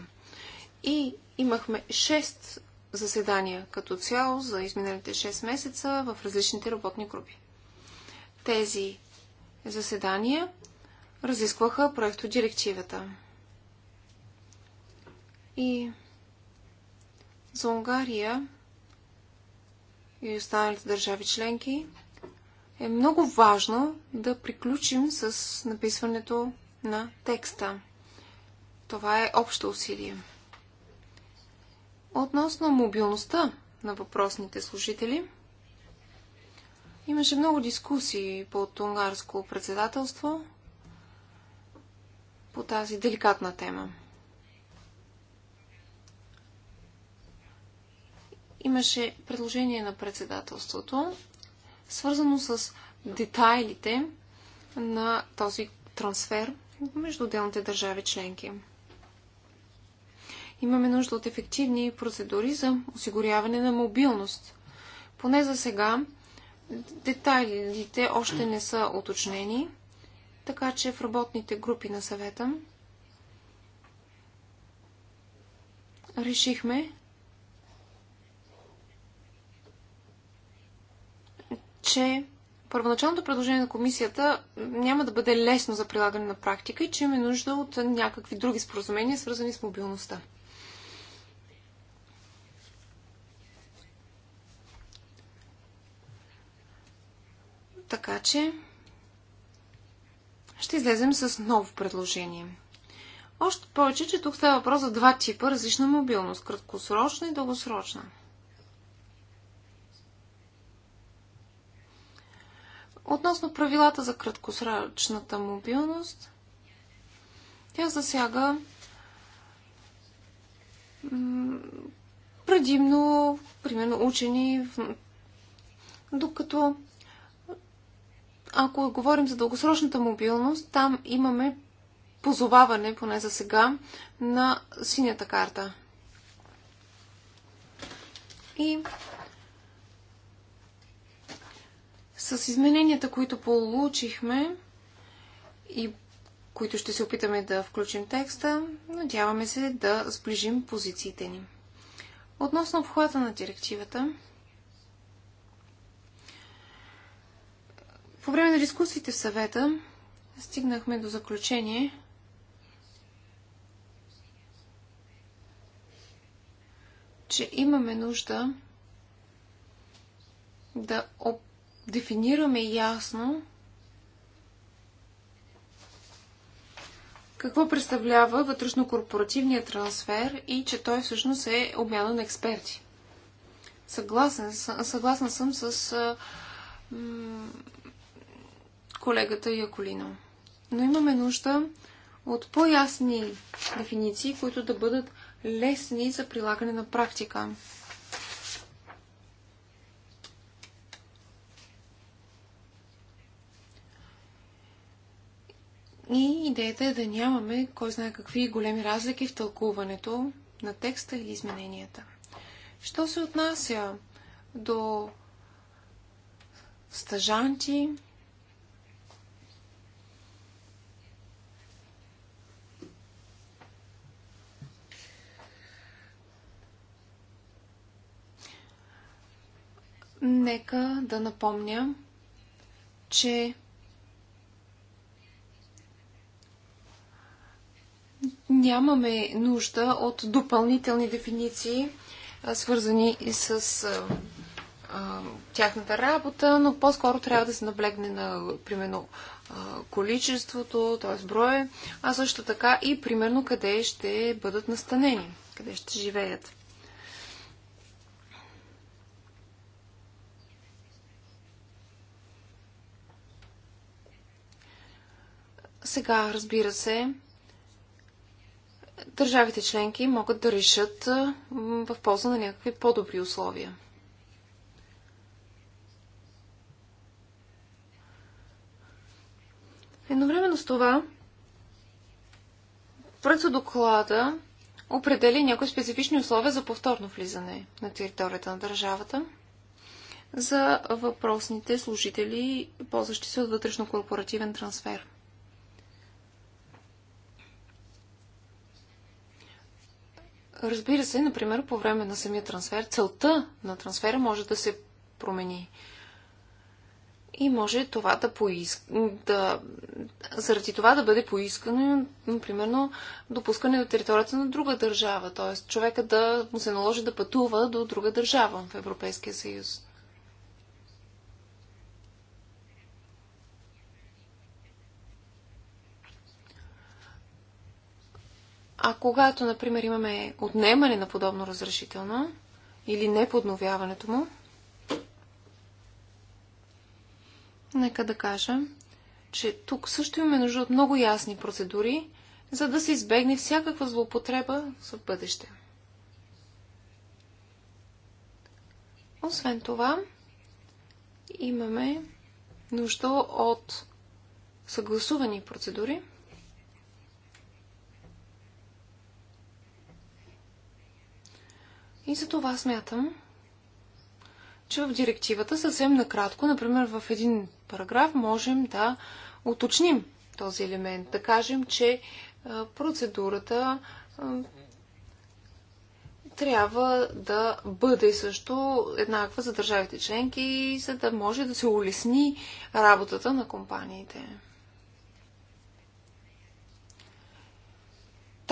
И имахме 6 заседания като цяло за изминалите 6 месеца в различните работни групи. Тези заседания разискваха проекто директивата. И за Унгария и останалите държави членки, е много важно да приключим с написването на текста. Това е общо усилие. Относно мобилността на въпросните служители, имаше много дискусии по унгарско председателство по тази деликатна тема. имаше предложение на председателството, свързано с детайлите на този трансфер между отделните държави членки. Имаме нужда от ефективни процедури за осигуряване на мобилност. Поне за сега детайлите още не са уточнени, така че в работните групи на съвета решихме че първоначалното предложение на комисията няма да бъде лесно за прилагане на практика и че има нужда от някакви други споразумения, свързани с мобилността. Така че ще излезем с ново предложение. Още повече, че тук става въпрос за два типа различна мобилност – краткосрочна и дългосрочна – Относно правилата за краткосрачната мобилност, тя засяга предимно, примерно, учени, докато ако говорим за дългосрочната мобилност, там имаме позоваване, поне за сега, на синята карта. И С измененията, които получихме и които ще се опитаме да включим текста, надяваме се да сближим позициите ни. Относно обхвата на директивата, по време на дискусиите в съвета стигнахме до заключение, че имаме нужда да опитаме дефинираме ясно какво представлява вътрешно-корпоративния трансфер и че той всъщност е обмяна на експерти. Съгласен, съгласна съм с колегата Яколино. Но имаме нужда от по-ясни дефиниции, които да бъдат лесни за прилагане на практика. И идеята е да нямаме кой знае какви големи разлики в тълкуването на текста или измененията. Що се отнася до стажанти, Нека да напомня, че нямаме нужда от допълнителни дефиниции, свързани и с тяхната работа, но по-скоро трябва да се наблегне на, примерно, количеството, т.е. броя, а също така и, примерно, къде ще бъдат настанени, къде ще живеят. Сега, разбира се, държавите членки могат да решат в полза на някакви по-добри условия. Едновременно с това, доклада определя някои специфични условия за повторно влизане на територията на държавата за въпросните служители, ползващи се от вътрешно-корпоративен трансфер. Разбира се, например, по време на самия трансфер, целта на трансфера може да се промени. И може това да поиска, да, заради това да бъде поискано, например, допускане до територията на друга държава, т.е. човека да му се наложи да пътува до друга държава в Европейския съюз. А когато, например, имаме отнемане на подобно разрешително или неподновяването му, нека да кажа, че тук също имаме нужда от много ясни процедури, за да се избегне всякаква злоупотреба в бъдеще. Освен това, имаме нужда от съгласувани процедури – И за това смятам, че в директивата съвсем накратко, например в един параграф, можем да уточним този елемент. Да кажем, че процедурата трябва да бъде също еднаква за държавите членки, за да може да се улесни работата на компаниите.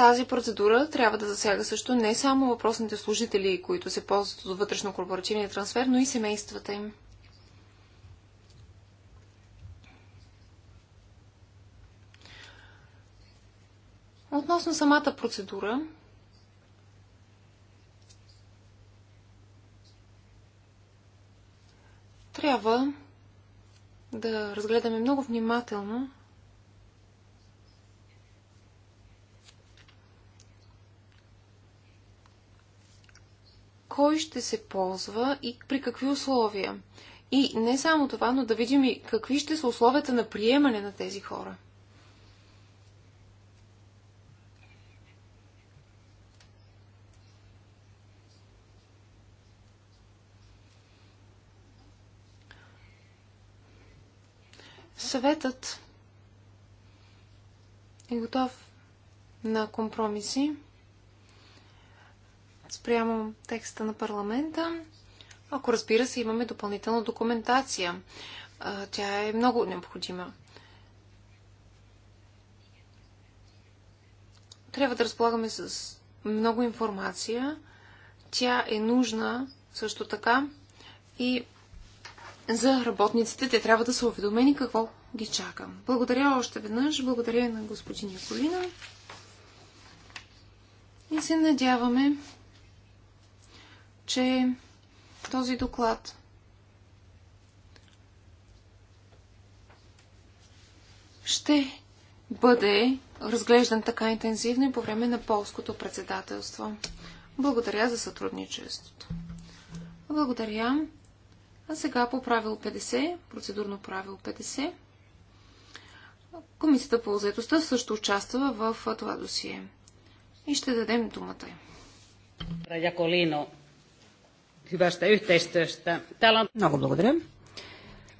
тази процедура трябва да засяга също не само въпросните служители, които се ползват от вътрешно-корпоративния трансфер, но и семействата им. Относно самата процедура, трябва да разгледаме много внимателно кой ще се ползва и при какви условия. И не само това, но да видим и какви ще са условията на приемане на тези хора. Съветът е готов на компромиси спрямо текста на парламента, ако разбира се имаме допълнителна документация. Тя е много необходима. Трябва да разполагаме с много информация. Тя е нужна също така и за работниците те трябва да са уведомени какво ги чака. Благодаря още веднъж. Благодаря на господин Яколина. И се надяваме че този доклад ще бъде разглеждан така интензивно и по време на полското председателство. Благодаря за сътрудничеството. Благодаря. А сега по правило 50, процедурно правило 50, Комисията по заедостта също участва в това досие. И ще дадем думата. Колино, hyvästä yhteistyöstä. Täällä on... Много благодаря.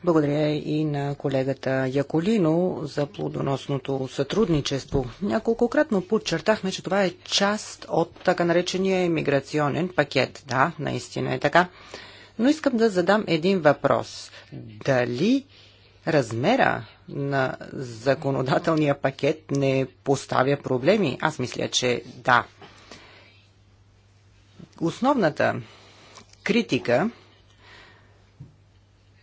Благодаря и на колегата Яколино за плодоносното сътрудничество. Няколкократно подчертахме, че това е част от така наречения емиграционен пакет. Да, наистина е така. Но искам да задам един въпрос. Дали размера на законодателния пакет не поставя проблеми? Аз мисля, че да. Основната критика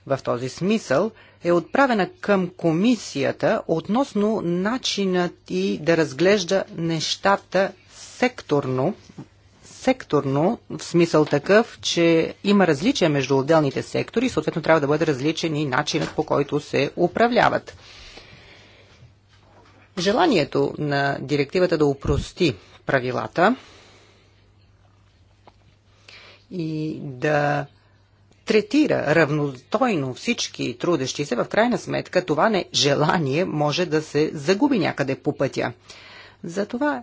в този смисъл е отправена към комисията относно начинът и да разглежда нещата секторно, секторно в смисъл такъв, че има различия между отделните сектори, съответно трябва да бъде различен и начинът по който се управляват. Желанието на директивата да упрости правилата и да третира равностойно всички трудещи се, в крайна сметка това нежелание може да се загуби някъде по пътя. Затова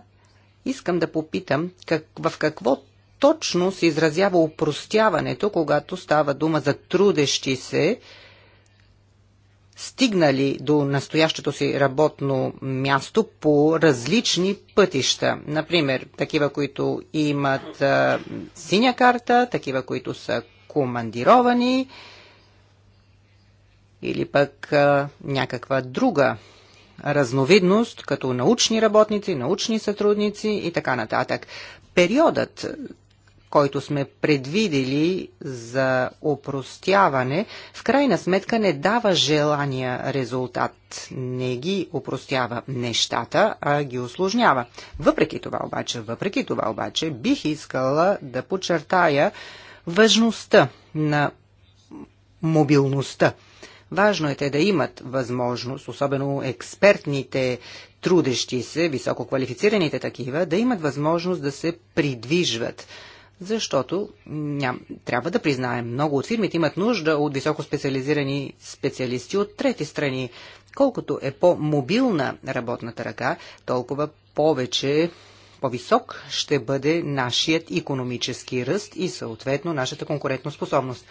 искам да попитам как, в какво точно се изразява упростяването, когато става дума за трудещи се стигнали до настоящото си работно място по различни пътища. Например, такива, които имат а, синя карта, такива, които са командировани или пък а, някаква друга разновидност, като научни работници, научни сътрудници и така нататък. Периодът който сме предвидели за опростяване, в крайна сметка не дава желания резултат. Не ги опростява нещата, а ги осложнява. Въпреки това обаче, въпреки това обаче, бих искала да подчертая важността на мобилността. Важно е те да имат възможност, особено експертните трудещи се, висококвалифицираните такива, да имат възможност да се придвижват защото ням, трябва да признаем, много от фирмите имат нужда от високо специализирани специалисти от трети страни. Колкото е по-мобилна работната ръка, толкова повече по-висок ще бъде нашият економически ръст и съответно нашата конкурентоспособност.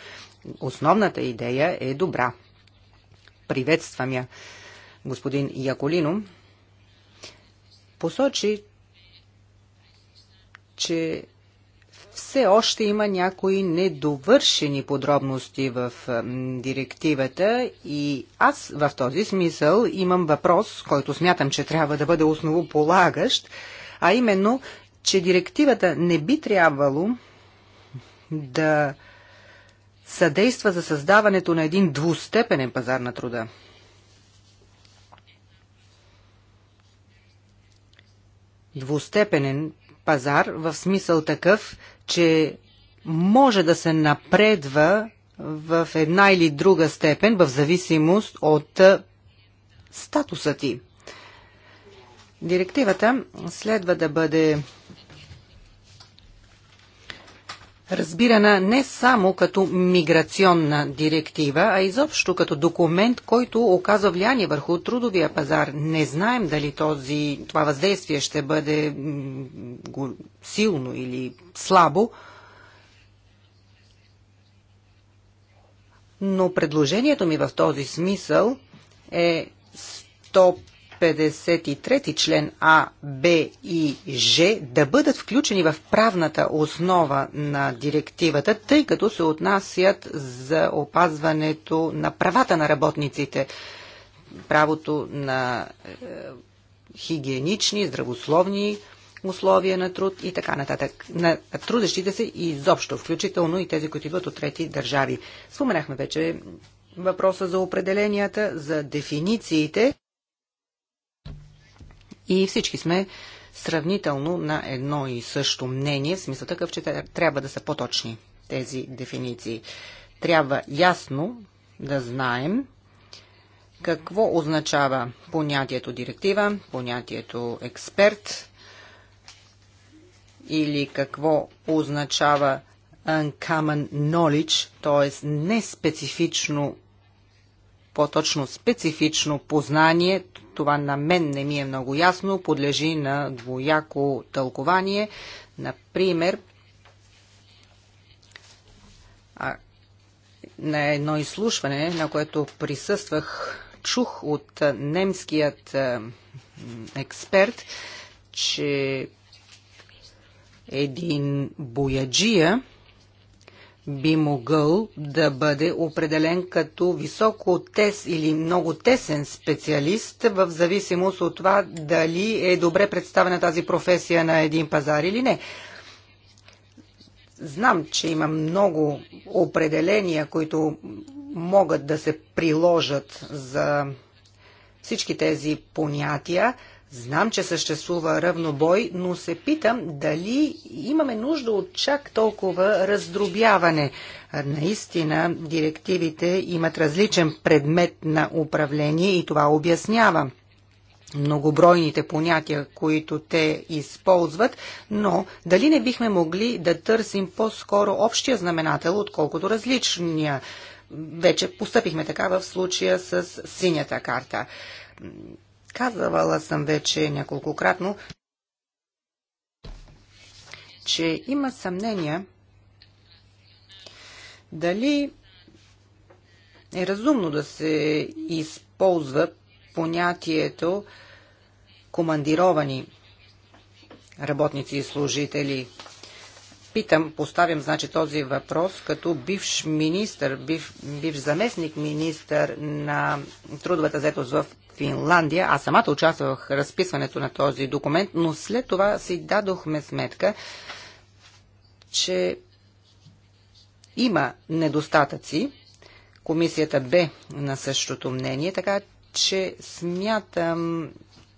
Основната идея е добра. Приветствам я. Господин Яколино посочи, че все още има някои недовършени подробности в директивата и аз в този смисъл имам въпрос, който смятам, че трябва да бъде основополагащ, а именно, че директивата не би трябвало да съдейства за създаването на един двустепенен пазар на труда. Двустепенен пазар в смисъл такъв, че може да се напредва в една или друга степен, в зависимост от статуса ти. Директивата следва да бъде разбирана не само като миграционна директива, а изобщо като документ, който оказва влияние върху трудовия пазар. Не знаем дали този, това въздействие ще бъде силно или слабо, но предложението ми в този смисъл е стоп 53 член А, Б и Ж да бъдат включени в правната основа на директивата, тъй като се отнасят за опазването на правата на работниците, правото на е, хигиенични, здравословни условия на труд и така нататък. На трудещите се и изобщо, включително и тези, които идват от трети държави. Споменахме вече въпроса за определенията, за дефинициите. И всички сме сравнително на едно и също мнение, в смисъл такъв, че трябва да са по-точни тези дефиниции. Трябва ясно да знаем какво означава понятието директива, понятието експерт или какво означава uncommon knowledge, т.е. неспецифично, по-точно специфично познание, това на мен не ми е много ясно, подлежи на двояко тълкование. Например, а, на едно изслушване, на което присъствах, чух от немският експерт, че един бояджия би могъл да бъде определен като високо тес или много тесен специалист в зависимост от това дали е добре представена тази професия на един пазар или не. Знам, че има много определения, които могат да се приложат за всички тези понятия, Знам, че съществува равнобой, но се питам дали имаме нужда от чак толкова раздробяване. Наистина, директивите имат различен предмет на управление и това обяснява многобройните понятия, които те използват, но дали не бихме могли да търсим по-скоро общия знаменател, отколкото различния? Вече постъпихме така в случая с синята карта Казвала съм вече няколкократно, че има съмнения дали е разумно да се използва понятието командировани работници и служители питам, поставям значи, този въпрос като бивш министр, бив, бивш заместник министр на трудовата заетост в Финландия. Аз самата участвах в разписването на този документ, но след това си дадохме сметка, че има недостатъци. Комисията бе на същото мнение, така че смятам,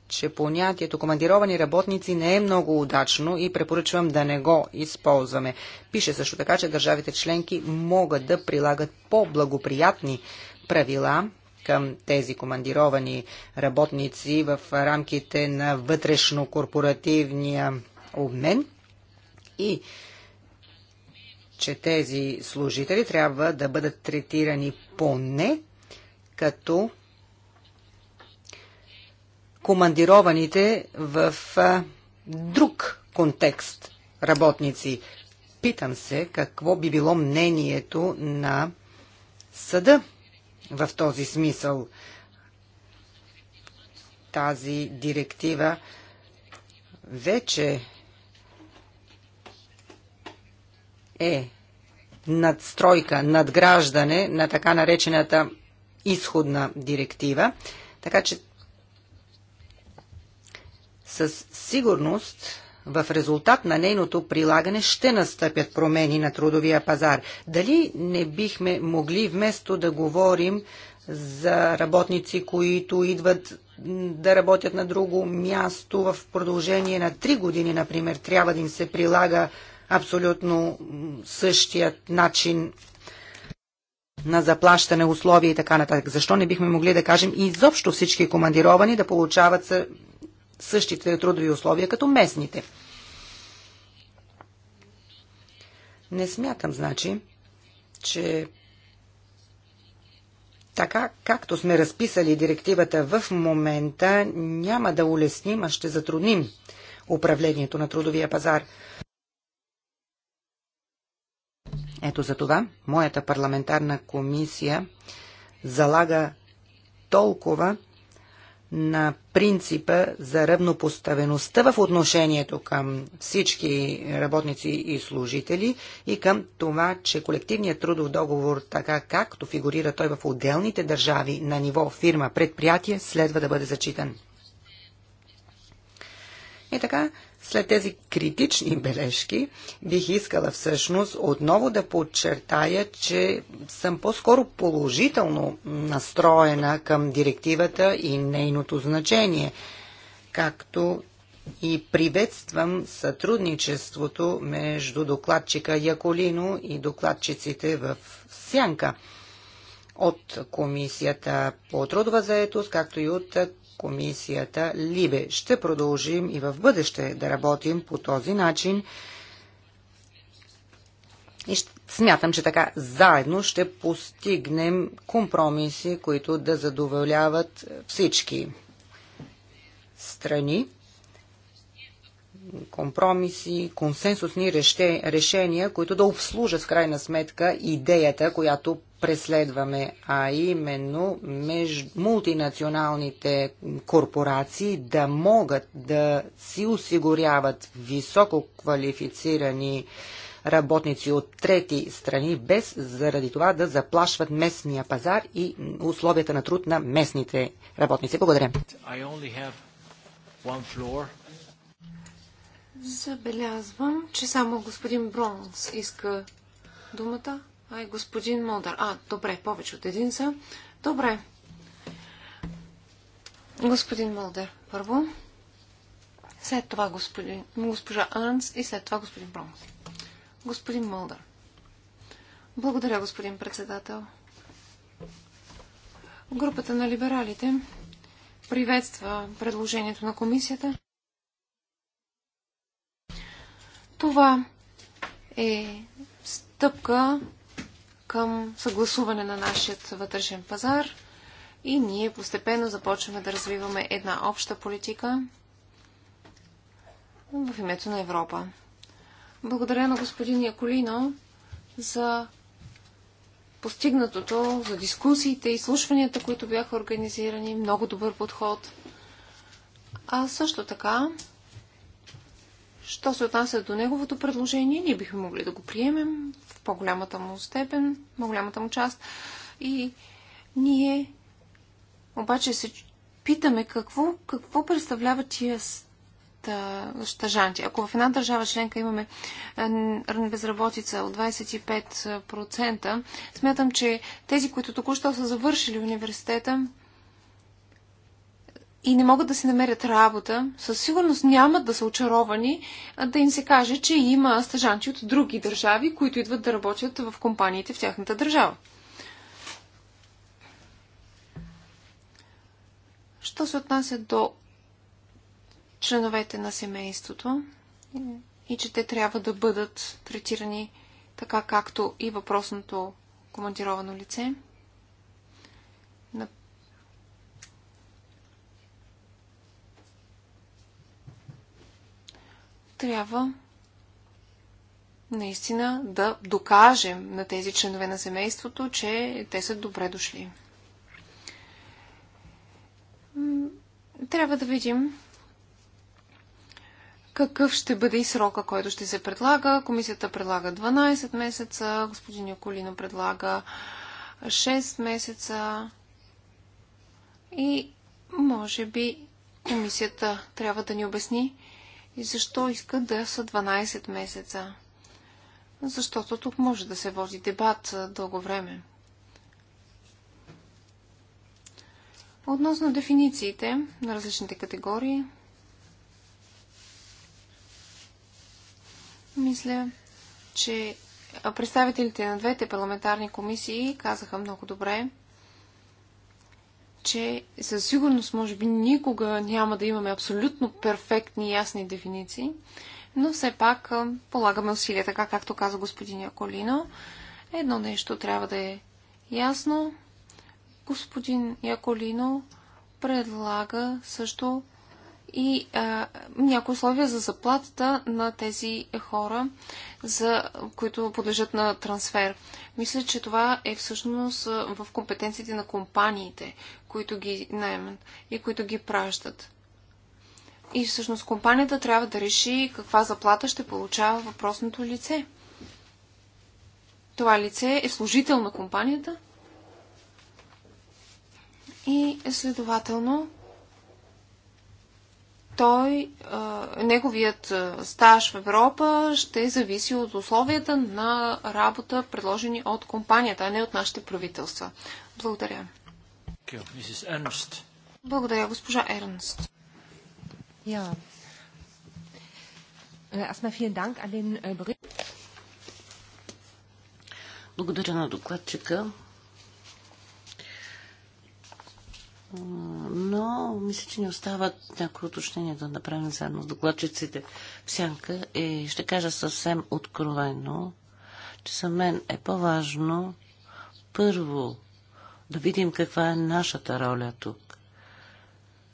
че понятието командировани работници не е много удачно и препоръчвам да не го използваме. Пише също така, че държавите членки могат да прилагат по-благоприятни правила към тези командировани работници в рамките на вътрешно-корпоративния обмен и че тези служители трябва да бъдат третирани поне като командированите в а, друг контекст работници. Питам се какво би било мнението на съда в този смисъл. Тази директива вече е надстройка, надграждане на така наречената изходна директива. Така че със сигурност в резултат на нейното прилагане ще настъпят промени на трудовия пазар. Дали не бихме могли вместо да говорим за работници, които идват да работят на друго място в продължение на три години, например, трябва да им се прилага абсолютно същият начин на заплащане, условия и така нататък. Защо не бихме могли да кажем изобщо всички командировани да получават същите трудови условия като местните. Не смятам, значи, че така, както сме разписали директивата в момента, няма да улесним, а ще затрудним управлението на трудовия пазар. Ето за това моята парламентарна комисия залага толкова на принципа за равнопоставеността в отношението към всички работници и служители и към това, че колективният трудов договор, така както фигурира той в отделните държави на ниво фирма, предприятие, следва да бъде зачитан. И така, след тези критични бележки бих искала всъщност отново да подчертая, че съм по-скоро положително настроена към директивата и нейното значение, както и приветствам сътрудничеството между докладчика Яколино и докладчиците в Сянка от Комисията по трудова заетост, както и от комисията Либе. Ще продължим и в бъдеще да работим по този начин. И смятам, че така заедно ще постигнем компромиси, които да задоволяват всички страни компромиси, консенсусни решения, които да обслужат в крайна сметка идеята, която преследваме, а именно между мултинационалните корпорации да могат да си осигуряват високо квалифицирани работници от трети страни, без заради това да заплашват местния пазар и условията на труд на местните работници. Благодаря. Забелязвам, че само господин Бронс иска думата, а и господин Молдар. А, добре, повече от един са. Добре. Господин Молдар, първо. След това господин, госпожа Анс и след това господин Бронс. Господин Молдар. Благодаря, господин председател. Групата на либералите приветства предложението на комисията Това е стъпка към съгласуване на нашия вътрешен пазар и ние постепенно започваме да развиваме една обща политика в името на Европа. Благодаря на господин Яколино за постигнатото, за дискусиите и слушванията, които бяха организирани. Много добър подход. А също така Що се отнася до неговото предложение, ние бихме могли да го приемем в по-голямата му степен, в по-голямата му част. И ние обаче се питаме какво, какво представлява тия стъжанти. Ако в една държава членка имаме е, безработица от 25%, смятам, че тези, които току-що са завършили университета, и не могат да си намерят работа, със сигурност нямат да са очаровани да им се каже, че има стъжанчи от други държави, които идват да работят в компаниите в тяхната държава. Що се отнася до членовете на семейството и че те трябва да бъдат третирани така както и въпросното командировано лице – трябва наистина да докажем на тези членове на семейството, че те са добре дошли. Трябва да видим какъв ще бъде и срока, който ще се предлага. Комисията предлага 12 месеца, господин Яколина предлага 6 месеца и може би комисията трябва да ни обясни и защо искат да са 12 месеца? Защото тук може да се води дебат дълго време. Относно дефинициите на различните категории, мисля, че представителите на двете парламентарни комисии казаха много добре, че със сигурност, може би, никога няма да имаме абсолютно перфектни и ясни дефиниции, но все пак полагаме усилия, така както каза господин Яколино. Едно нещо трябва да е ясно. Господин Яколино предлага също и а, някои условия за заплатата на тези хора, за, които подлежат на трансфер. Мисля, че това е всъщност в компетенциите на компаниите, които ги наймат и които ги пращат. И всъщност компанията трябва да реши каква заплата ще получава въпросното лице. Това лице е служител на компанията и следователно той, неговият стаж в Европа ще зависи от условията на работа, предложени от компанията, а не от нашите правителства. Благодаря. Благодаря, госпожа Ернст. Ja. Äh, erstmal vielen Dank an den äh, Bericht. Благодаря на докладчика но мисля, че ни остават някои уточнения да направим заедно с докладчиците в сянка и ще кажа съвсем откровено, че за мен е по-важно първо да видим каква е нашата роля тук.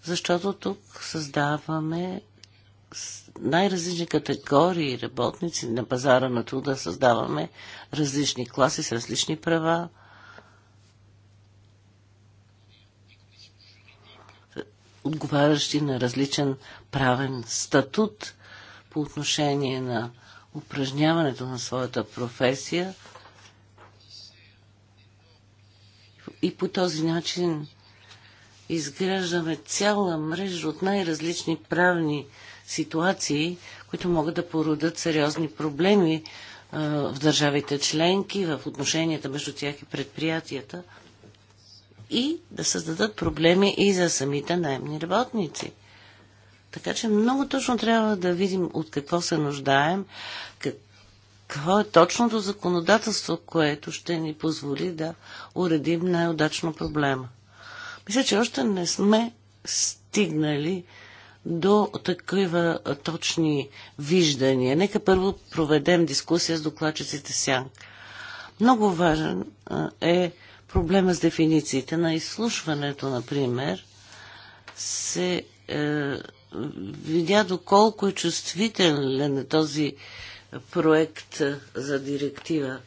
Защото тук създаваме най-различни категории работници на пазара на труда, създаваме различни класи с различни права, отговарящи на различен правен статут по отношение на упражняването на своята професия и по този начин изграждаме цяла мрежа от най-различни правни ситуации, които могат да породят сериозни проблеми в държавите членки, в отношенията между тях и предприятията – и да създадат проблеми и за самите наемни работници. Така че много точно трябва да видим от какво се нуждаем, какво е точното законодателство, което ще ни позволи да уредим най-удачно проблема. Мисля, че още не сме стигнали до такива точни виждания. Нека първо проведем дискусия с докладчиците Сянка. Много важен е Проблема с дефинициите на изслушването, например, се е, видя доколко е чувствителен е този проект е, за директива.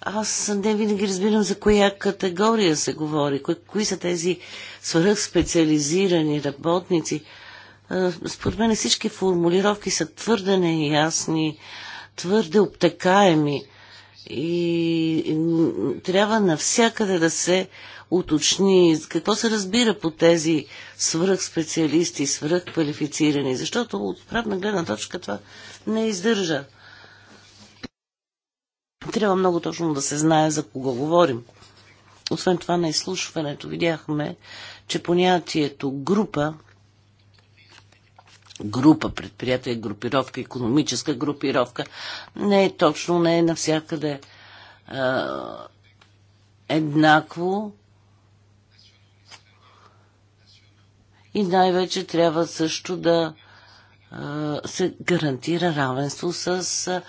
Аз не винаги разбирам за коя категория се говори, кои, кои са тези свръхспециализирани работници. Е, според мен всички формулировки са твърде неясни, твърде обтекаеми. И трябва навсякъде да се уточни какво се разбира по тези свръхспециалисти, свръхквалифицирани, защото от правна гледна точка това не издържа. Трябва много точно да се знае за кого говорим. Освен това на изслушването видяхме, че понятието група група предприятие, групировка, економическа групировка. Не е точно, не е навсякъде е, еднакво. И най-вече трябва също да е, се гарантира равенство с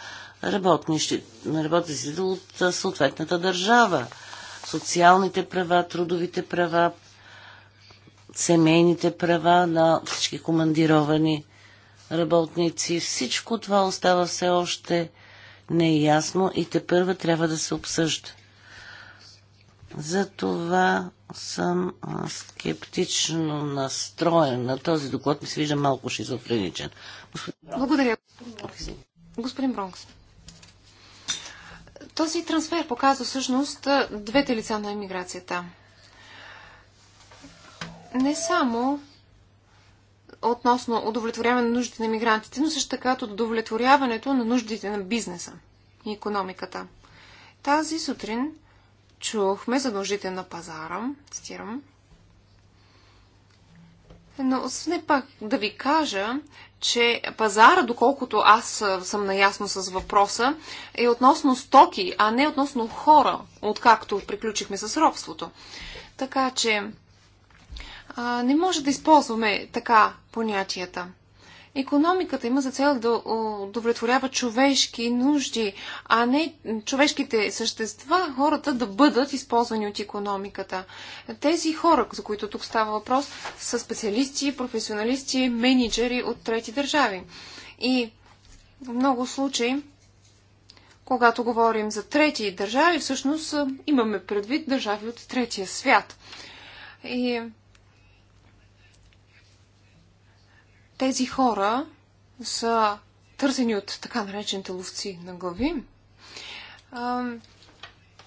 работниците от съответната държава. Социалните права, трудовите права, семейните права на всички командировани работници. Всичко това остава все още неясно и те първа трябва да се обсъжда. За това съм скептично настроен на този доклад. Ми се вижда малко шизофреничен. Господин Благодаря. Господин Бронкс. Този трансфер показва всъщност двете лица на емиграцията – не само относно удовлетворяване на нуждите на мигрантите, но също така от удовлетворяването на нуждите на бизнеса и економиката. Тази сутрин чухме за нуждите на пазара, цитирам, но все пак да ви кажа, че пазара, доколкото аз съм наясно с въпроса, е относно стоки, а не относно хора, откакто приключихме с робството. Така че а, не може да използваме така понятията. Економиката има за цел да удовлетворява човешки нужди, а не човешките същества, хората да бъдат използвани от економиката. Тези хора, за които тук става въпрос, са специалисти, професионалисти, менеджери от трети държави. И в много случаи, когато говорим за трети държави, всъщност имаме предвид държави от третия свят. И Тези хора са търсени от така наречените ловци на глави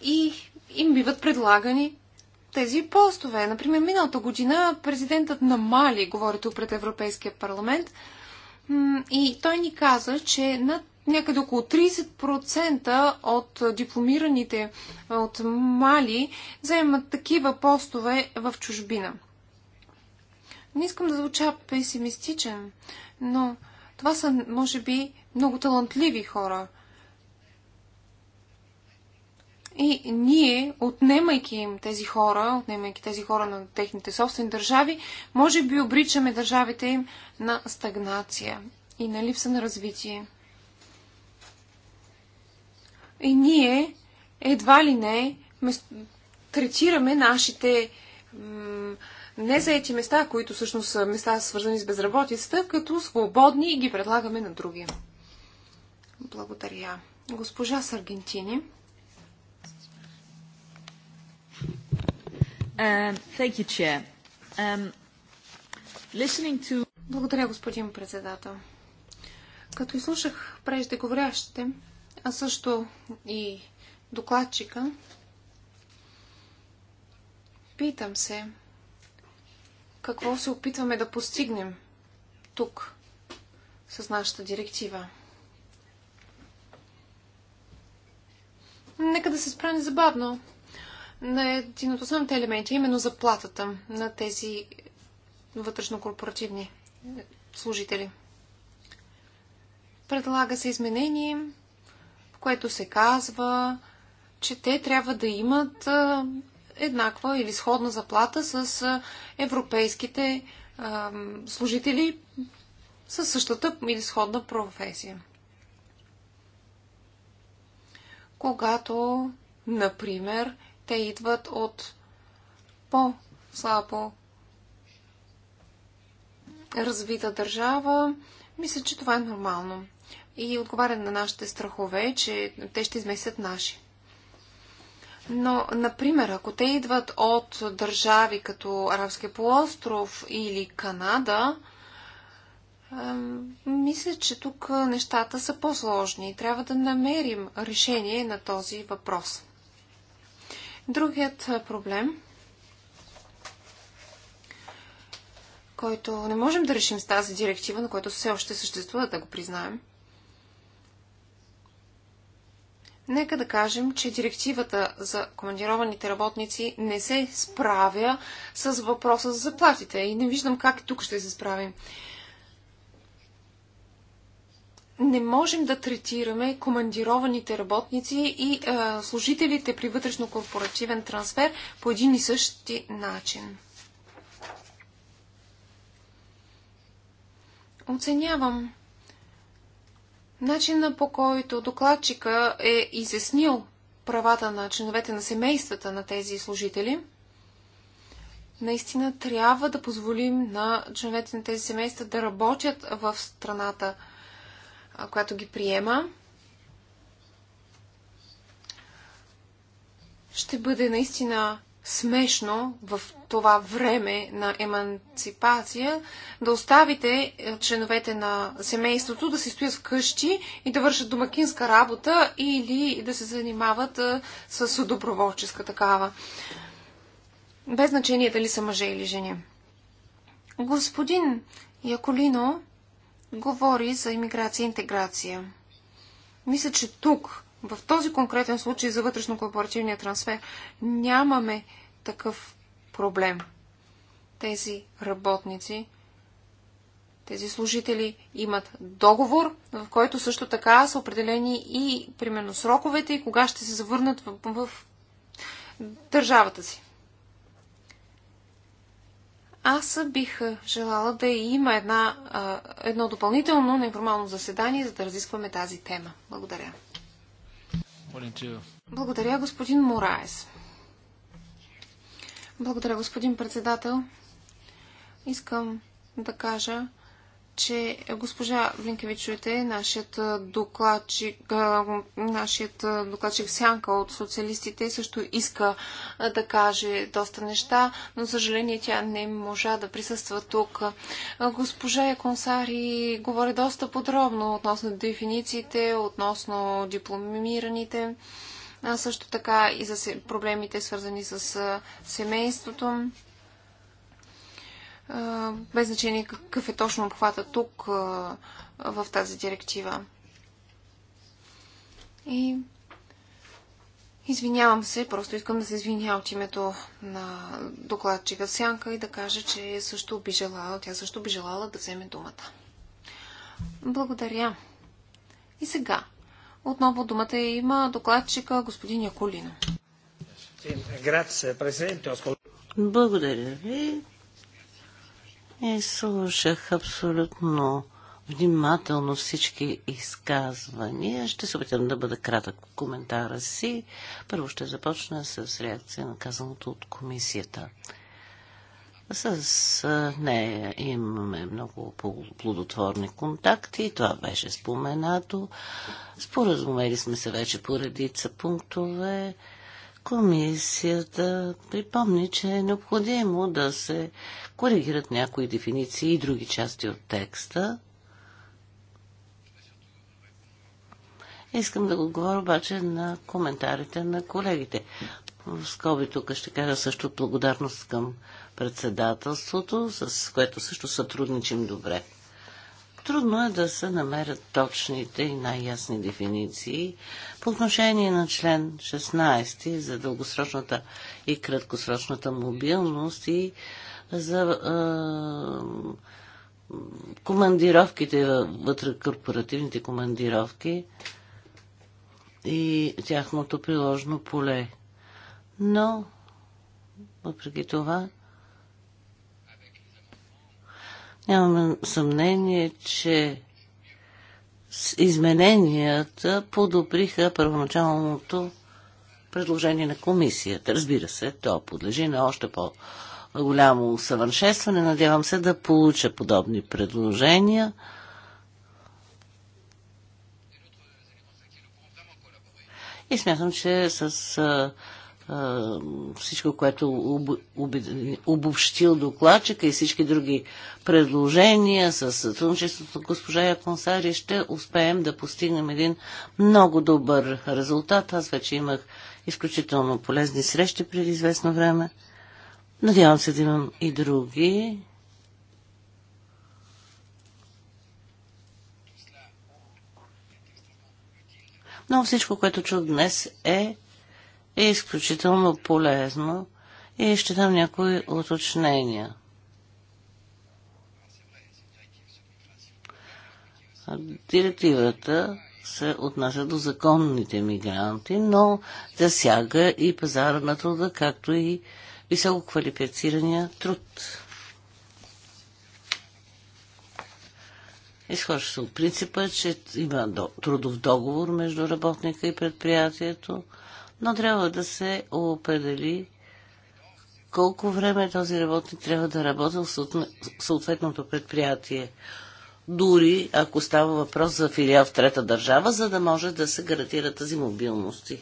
и им биват предлагани тези постове. Например, миналата година президентът на Мали говори тук пред Европейския парламент и той ни каза, че над някъде около 30% от дипломираните от Мали заемат такива постове в чужбина. Не искам да звуча песимистичен, но това са, може би, много талантливи хора. И ние, отнемайки им тези хора, отнемайки тези хора на техните собствени държави, може би обричаме държавите им на стагнация и на липса на развитие. И ние едва ли не третираме нашите незаети места, които всъщност са места свързани с безработицата, като свободни и ги предлагаме на други. Благодаря. Госпожа с Аргентини. Uh, you, um, to... Благодаря, господин председател. Като изслушах преждеговорящите, а също и докладчика, питам се, какво се опитваме да постигнем тук с нашата директива. Нека да се спра незабавно на един от основните елементи, именно заплатата на тези вътрешно-корпоративни служители. Предлага се изменение, в което се казва, че те трябва да имат еднаква или сходна заплата с европейските служители със същата или сходна професия. Когато, например, те идват от по-слабо развита държава, мисля, че това е нормално. И отговаря на нашите страхове, че те ще изместят наши. Но, например, ако те идват от държави като Арабския полуостров или Канада, мисля, че тук нещата са по-сложни и трябва да намерим решение на този въпрос. Другият проблем, който не можем да решим с тази директива, на който все още съществува, да го признаем, Нека да кажем, че директивата за командированите работници не се справя с въпроса за заплатите и не виждам как тук ще се справим. Не можем да третираме командированите работници и е, служителите при вътрешно-корпоративен трансфер по един и същи начин. Оценявам Начина по който докладчика е изяснил правата на членовете на семействата на тези служители, наистина трябва да позволим на членовете на тези семейства да работят в страната, която ги приема. Ще бъде наистина смешно в това време на еманципация да оставите е, членовете на семейството да се стоят вкъщи и да вършат домакинска работа или да се занимават е, с доброволческа такава. Без значение дали са мъже или жени. Господин Яколино говори за иммиграция и интеграция. Мисля, че тук в този конкретен случай за вътрешно-корпоративния трансфер нямаме такъв проблем. Тези работници, тези служители имат договор, в който също така са определени и примерно сроковете и кога ще се завърнат в, в държавата си. Аз бих желала да има една, едно допълнително неформално заседание, за да разискваме тази тема. Благодаря. Благодаря, господин Мораес. Благодаря, господин председател. Искам да кажа, че госпожа Блинкевичуете, нашият докладчик, нашият докладчик Сянка от социалистите също иска да каже доста неща, но за съжаление тя не можа да присъства тук. Госпожа Яконсари говори доста подробно относно дефинициите, относно дипломираните а също така и за проблемите свързани с семейството. Без значение какъв е точно обхвата тук в тази директива. И Извинявам се, просто искам да се извиня от името на докладчика Сянка и да кажа, че също би желала, тя също би желала да вземе думата. Благодаря. И сега отново думата има докладчика господин Яколина. Благодаря ви. И слушах абсолютно внимателно всички изказвания. Ще се опитам да бъда кратък в коментара си. Първо ще започна с реакция на казаното от комисията. С нея имаме много плодотворни контакти, това беше споменато. Споразумели сме се вече по редица пунктове. Комисията припомни, че е необходимо да се коригират някои дефиниции и други части от текста. Искам да го отговоря обаче на коментарите на колегите. В скоби тук ще кажа също благодарност към председателството, с което също сътрудничим добре. Трудно е да се намерят точните и най-ясни дефиниции по отношение на член 16 за дългосрочната и краткосрочната мобилност и за е, командировките, вътре корпоративните командировки и тяхното приложно поле. Но, въпреки това, Нямам съмнение, че измененията подобриха първоначалното предложение на комисията. Разбира се, то подлежи на още по-голямо усъвършенстване. Надявам се да получа подобни предложения. И смятам, че с всичко, което об, об, обобщил докладчика и всички други предложения с сътрудничеството с госпожа Яконсари, ще успеем да постигнем един много добър резултат. Аз вече имах изключително полезни срещи преди известно време. Надявам се да имам и други. Но всичко, което чух днес е е изключително полезно и ще дам някои уточнения. Директивата се отнася до законните мигранти, но засяга и пазара на труда, както и висококвалифицирания труд. Изхожда се от принципа, че има трудов договор между работника и предприятието – но трябва да се определи колко време този работник трябва да работи в съответното предприятие. Дори ако става въпрос за филиал в трета държава, за да може да се гарантира тази мобилност и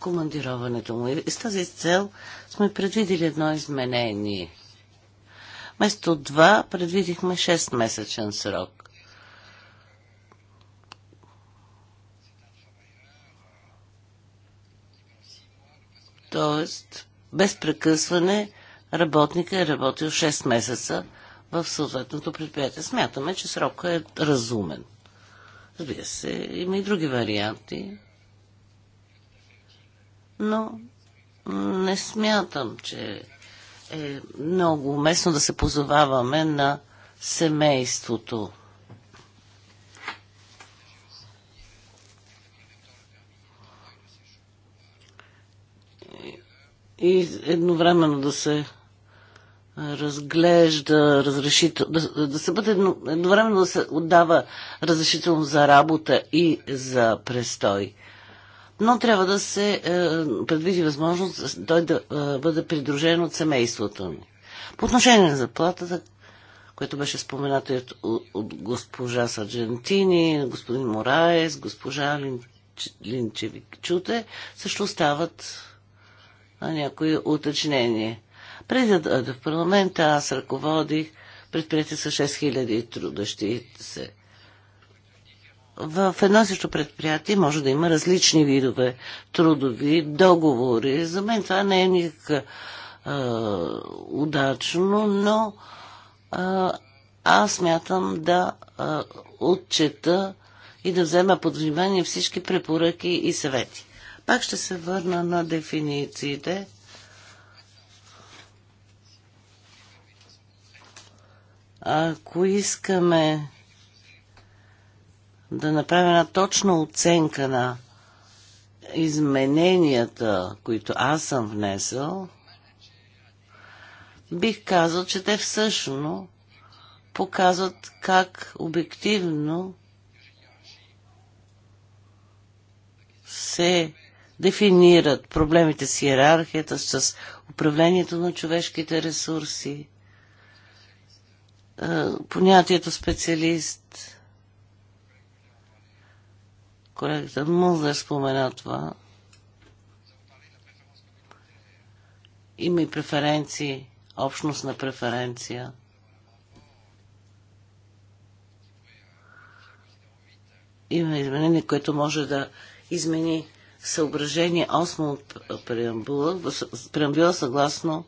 командироването му. И с тази цел сме предвидили едно изменение. Вместо два предвидихме 6-месечен срок. Тоест, без прекъсване работника е работил 6 месеца в съответното предприятие. Смятаме, че срокът е разумен. Разбира се, има и други варианти. Но не смятам, че е много уместно да се позоваваме на семейството. и едновременно да се разглежда разрешително, да, да се бъде едно, едновременно да се отдава разрешително за работа и за престой. Но трябва да се е, предвиди възможност той да е, бъде придружен от семейството ни. По отношение на заплатата, което беше споменато от, от, от госпожа Сарджентини, господин Мораес, госпожа Линчевик Чуте, също остават някои уточнения. Преди да дойда в парламента, аз ръководих предприятие с 6000 трудащи се. В едно също предприятие може да има различни видове трудови договори. За мен това не е никак е, удачно, но е, аз мятам да е, отчета и да взема под внимание всички препоръки и съвети. Пак ще се върна на дефинициите. Ако искаме да направим една точна оценка на измененията, които аз съм внесъл, бих казал, че те всъщност показват как обективно се дефинират проблемите с иерархията, с управлението на човешките ресурси, понятието специалист. Колегата Мулдер спомена това. Има и преференции, общност на преференция. Има изменение, което може да измени съображение 8 от преамбула, преамбула съгласно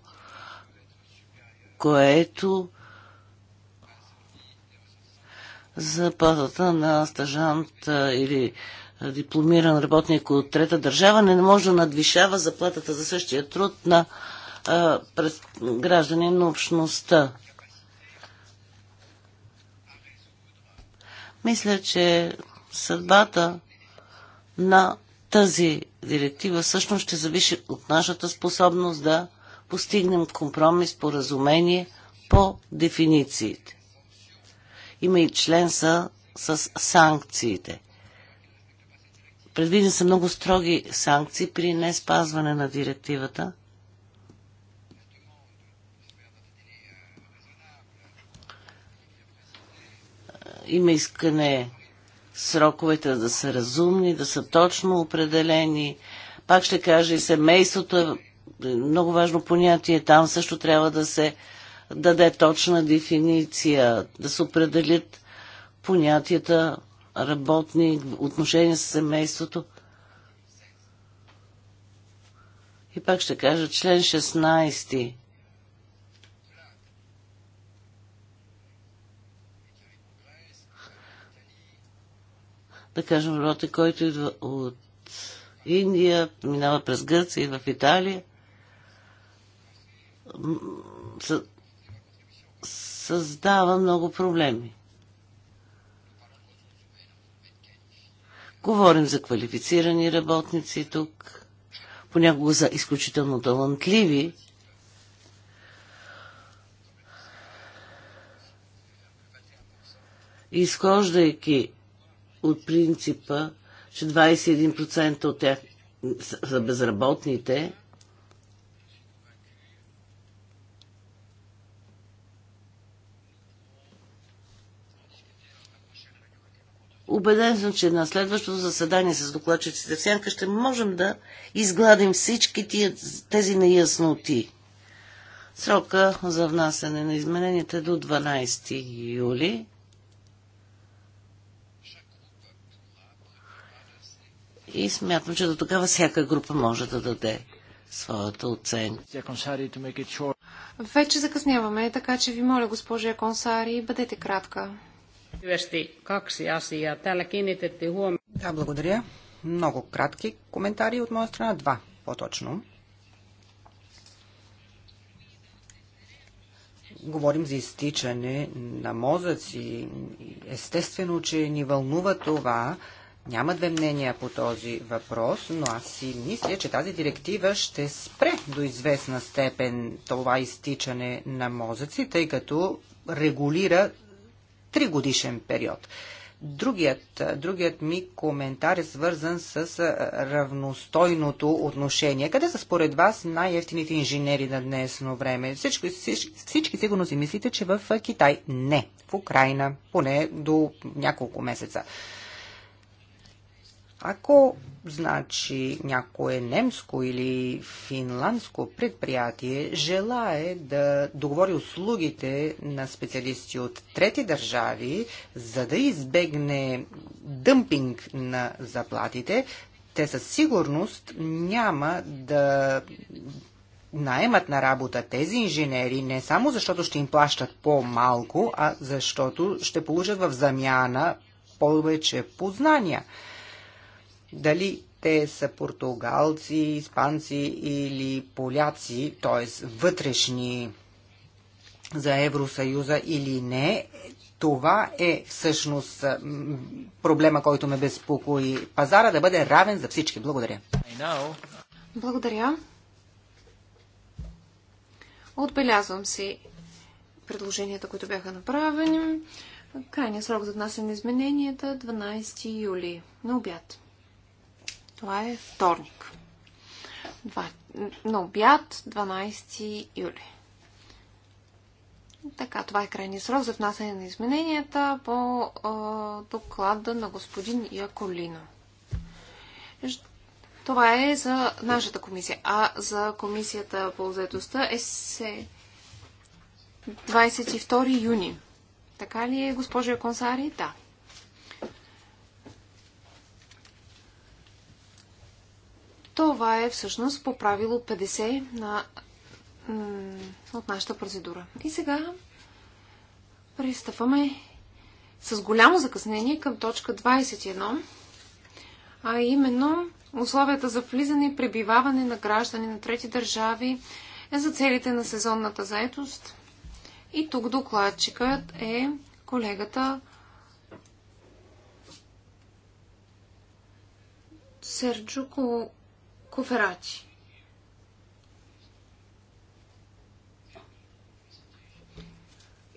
което заплатата на стажант или дипломиран работник от трета държава не може да надвишава заплатата за същия труд на граждани гражданин на общността. Мисля, че съдбата на тази директива всъщност ще зависи от нашата способност да постигнем компромис, поразумение по дефинициите. Има и член са с санкциите. Предвидени са много строги санкции при не спазване на директивата. Има искане сроковете да са разумни, да са точно определени. Пак ще кажа и семейството е, е много важно понятие. Там също трябва да се даде точна дефиниция, да се определят понятията работни, отношения с семейството. И пак ще кажа член 16 да кажем, роте, който идва от Индия, минава през Гърция и в Италия, създава много проблеми. Говорим за квалифицирани работници тук, понякога за изключително талантливи. Изхождайки от принципа, че 21% от тях са безработните, Убеден съм, че на следващото заседание с докладчиците в Сянка ще можем да изгладим всички тия, тези неясноти. Срока за внасяне на измененията е до 12 юли. И смятам, че до тогава всяка група може да даде своята оценка. Вече закъсняваме, така че ви моля, госпожа Консари, бъдете кратка. Да, благодаря. Много кратки коментари от моя страна. Два, по-точно. говорим за изтичане на мозъци. Естествено, че ни вълнува това, няма две мнения по този въпрос, но аз си мисля, че тази директива ще спре до известна степен това изтичане на мозъци, тъй като регулира тригодишен период. Другият, другият ми коментар е свързан с равностойното отношение. Къде са според вас най-ефтините инженери на днесно време? Всички, всички, всички сигурно си мислите, че в Китай не, в Украина, поне до няколко месеца. Ако значи някое немско или финландско предприятие желае да договори услугите на специалисти от трети държави, за да избегне дъмпинг на заплатите, те със сигурност няма да наемат на работа тези инженери не само защото ще им плащат по-малко, а защото ще получат в замяна повече познания. Дали те са португалци, испанци или поляци, т.е. вътрешни за Евросъюза или не, това е всъщност проблема, който ме безпокои. Пазара да бъде равен за всички. Благодаря. Благодаря. Отбелязвам си предложенията, които бяха направени. Крайният срок за внасяне на измененията 12 юли на обяд. Това е вторник. Два... На обяд 12 юли. Така, това е крайния срок за внасяне на измененията по а, доклада на господин Яколина. Това е за нашата комисия. А за комисията по заедостта е се 22 юни. Така ли е, госпожа Консари? Да. Това е всъщност по правило 50 на, от нашата процедура. И сега пристъпваме с голямо закъснение към точка 21, а именно условията за влизане и пребиваване на граждани на трети държави е за целите на сезонната заетост. И тук докладчикът е колегата Серджуко Коферати.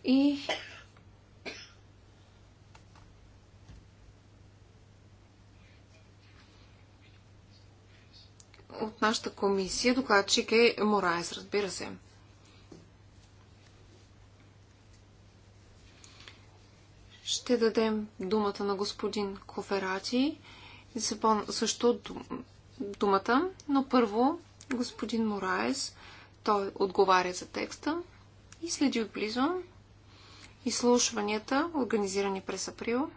И от нашата комисия докладчик е Мораес, разбира се. Ще дадем думата на господин Коферати. Също думата, но първо господин Мораес, той отговаря за текста и следи отблизо изслушванията, организирани през април.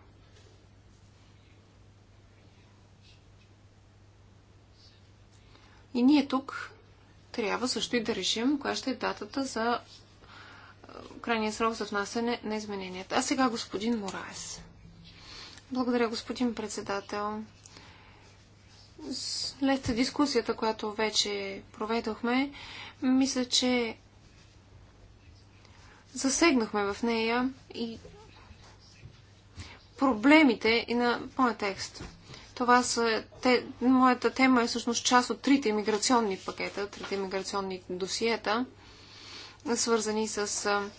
И ние тук трябва също и да решим коя ще е датата за крайния срок за внасяне на измененията. А сега господин Мораес. Благодаря, господин председател. След дискусията, която вече проведохме, мисля, че засегнахме в нея и проблемите и на моя текст. Това са, те, моята тема е всъщност част от трите иммиграционни пакета, трите иммиграционни досиета, свързани с а,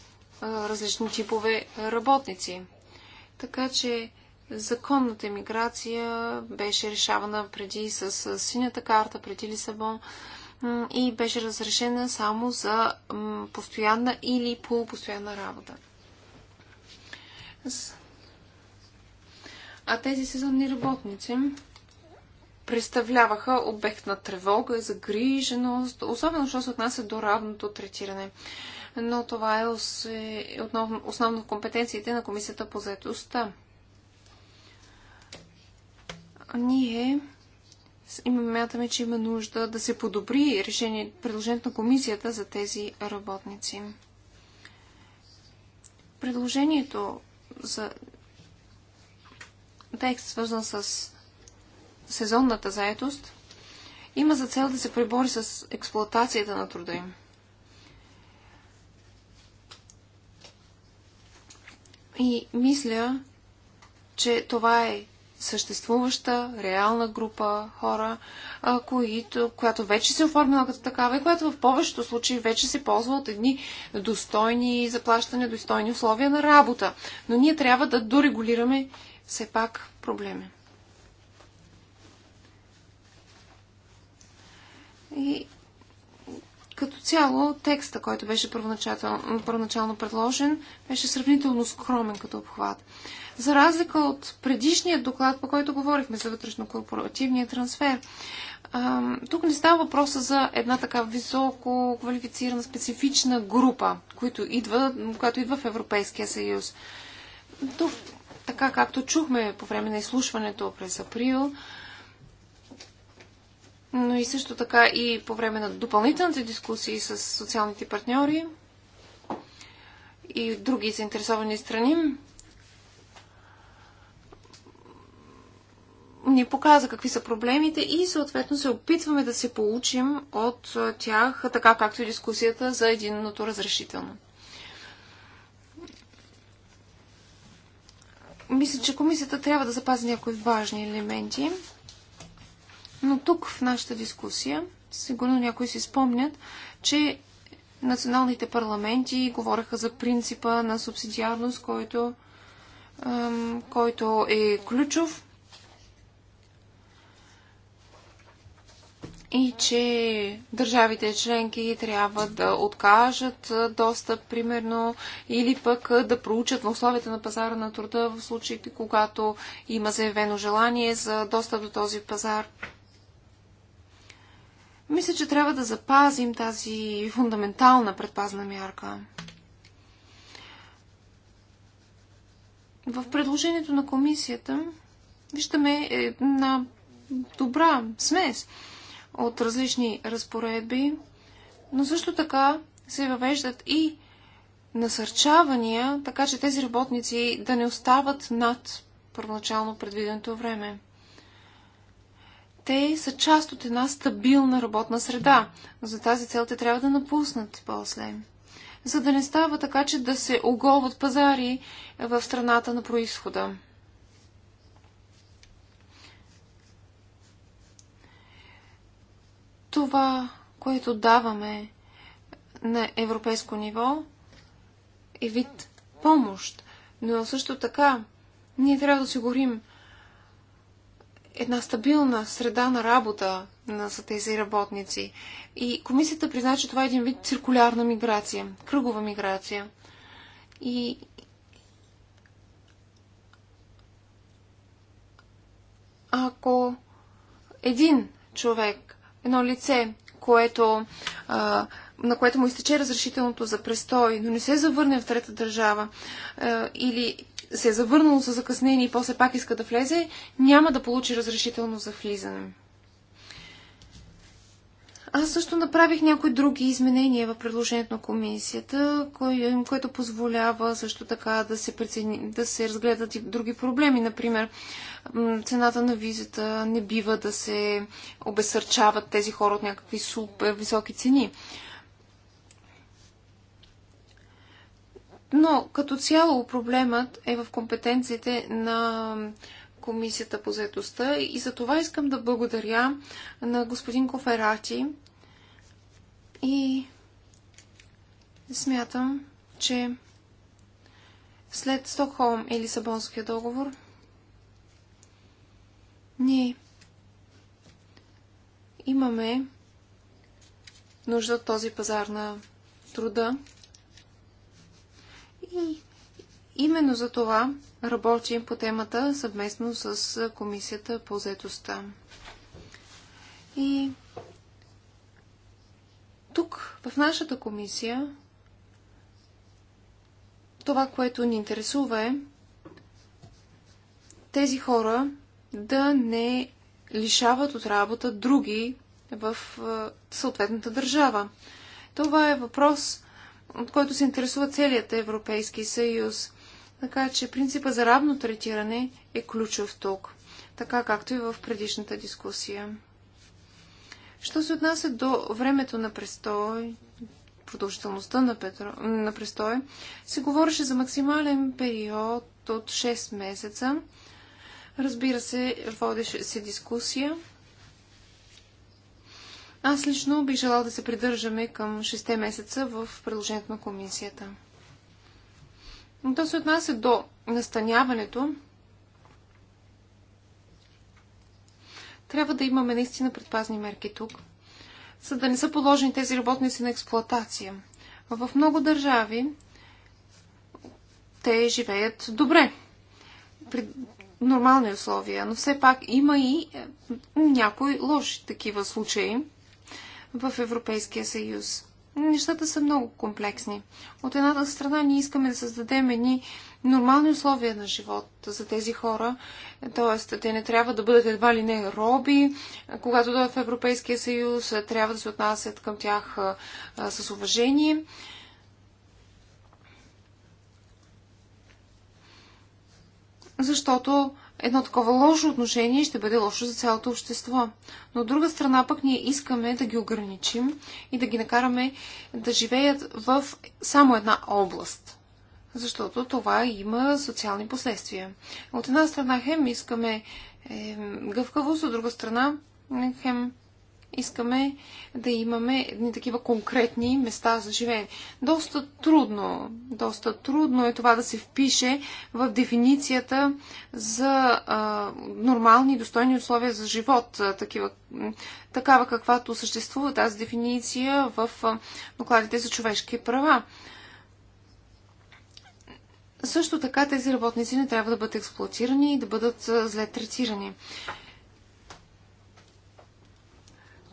различни типове работници. Така че законната миграция беше решавана преди с, синята карта, преди Лисабон и беше разрешена само за постоянна или полупостоянна работа. А тези сезонни работници представляваха обект на тревога, загриженост, особено що се отнася до равното третиране. Но това е основно, основно в компетенциите на Комисията по заедостта ние имаме, мятаме, че има нужда да се подобри решение, предложението на комисията за тези работници. Предложението за текст, свързан с сезонната заетост, има за цел да се прибори с експлоатацията на труда им. И мисля, че това е съществуваща реална група хора, а, които, която вече се оформила като такава и която в повечето случаи вече се ползва от едни достойни заплащане, достойни условия на работа. Но ние трябва да дорегулираме все пак проблеми. И като цяло текста, който беше първоначално предложен, беше сравнително скромен като обхват за разлика от предишния доклад, по който говорихме за вътрешно-корпоративния трансфер. тук не става въпроса за една така високо квалифицирана специфична група, която идва, която идва в Европейския съюз. Тук, така както чухме по време на изслушването през април, но и също така и по време на допълнителните дискусии с социалните партньори и други заинтересовани страни, ни показа какви са проблемите и съответно се опитваме да се получим от тях, така както и дискусията за единното разрешително. Мисля, че комисията трябва да запази някои важни елементи, но тук в нашата дискусия, сигурно някои си спомнят, че националните парламенти говореха за принципа на субсидиарност, който, който е ключов и че държавите членки трябва да откажат достъп, примерно, или пък да проучат на условията на пазара на труда в случаите, когато има заявено желание за достъп до този пазар. Мисля, че трябва да запазим тази фундаментална предпазна мярка. В предложението на комисията виждаме една добра смес – от различни разпоредби, но също така се въвеждат и насърчавания, така че тези работници да не остават над първоначално предвиденото време. Те са част от една стабилна работна среда, но за тази цел те трябва да напуснат после. За да не става така, че да се оголват пазари в страната на происхода. това, което даваме на европейско ниво, е вид помощ. Но също така, ние трябва да осигурим една стабилна среда на работа на, са тези работници. И комисията призна, че това е един вид циркулярна миграция, кръгова миграция. И ако един човек едно лице, което, а, на което му изтече разрешителното за престой, но не се е завърне в трета държава а, или се е завърнало с закъснение и после пак иска да влезе, няма да получи разрешително за влизане. Аз също направих някои други изменения в предложението на комисията, кое, което позволява също така да се, прецени, да се разгледат и други проблеми. Например, цената на визата не бива да се обесърчават тези хора от някакви супер високи цени. Но като цяло проблемът е в компетенциите на Комисията по заедостта и за това искам да благодаря на господин Коферати и смятам, че след Стокхолм и Лисабонския договор ние имаме нужда от този пазар на труда и Именно за това работим по темата съвместно с Комисията по заедостта. И тук, в нашата комисия, това, което ни интересува е тези хора да не лишават от работа други в съответната държава. Това е въпрос, от който се интересува целият Европейски съюз. Така че принципа за равно третиране е ключов тук, така както и в предишната дискусия. Що се отнася до времето на престой, продължителността на, петро... на престой, се говореше за максимален период от 6 месеца. Разбира се, водеше се дискусия. Аз лично бих желал да се придържаме към 6 месеца в предложението на комисията. Но То се отнася до настаняването. Трябва да имаме наистина предпазни мерки тук, за да не са положени тези работници на експлоатация. В много държави те живеят добре, при нормални условия, но все пак има и е, някои лоши такива случаи в Европейския съюз нещата са много комплексни. От едната страна ние искаме да създадем едни нормални условия на живот за тези хора, т.е. те не трябва да бъдат едва ли не роби, когато дойдат в Европейския съюз, трябва да се отнасят към тях с уважение. Защото едно такова лошо отношение ще бъде лошо за цялото общество. Но от друга страна пък ние искаме да ги ограничим и да ги накараме да живеят в само една област. Защото това има социални последствия. От една страна хем искаме е, гъвкавост, от друга страна хем искаме да имаме едни такива конкретни места за живеене. Доста трудно, доста трудно е това да се впише в дефиницията за а, нормални и достойни условия за живот, такива, такава каквато съществува тази дефиниция в а, докладите за човешки права. Също така тези работници не трябва да бъдат експлуатирани и да бъдат зле третирани.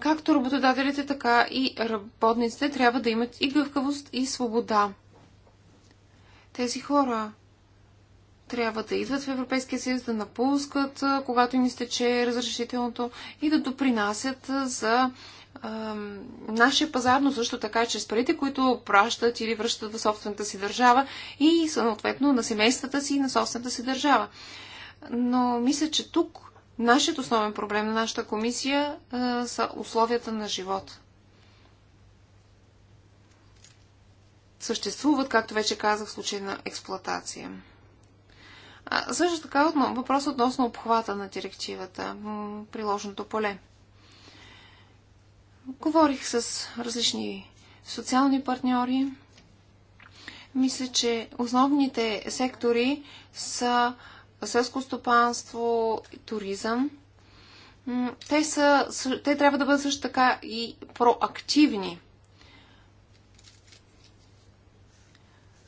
Както работодателите, така и работниците трябва да имат и гъвкавост, и свобода. Тези хора трябва да идват в Европейския съюз, да напускат, когато им изтече разрешителното и да допринасят за нашия пазар, но също така чрез парите, които пращат или връщат в собствената си държава и съответно на семействата си и на собствената си държава. Но мисля, че тук Нашият основен проблем на нашата комисия а, са условията на живот. Съществуват, както вече казах, случай на експлоатация. А, също така въпрос относно обхвата на директивата, приложното поле. Говорих с различни социални партньори. Мисля, че основните сектори са селско стопанство, туризъм, те, са, те трябва да бъдат също така и проактивни.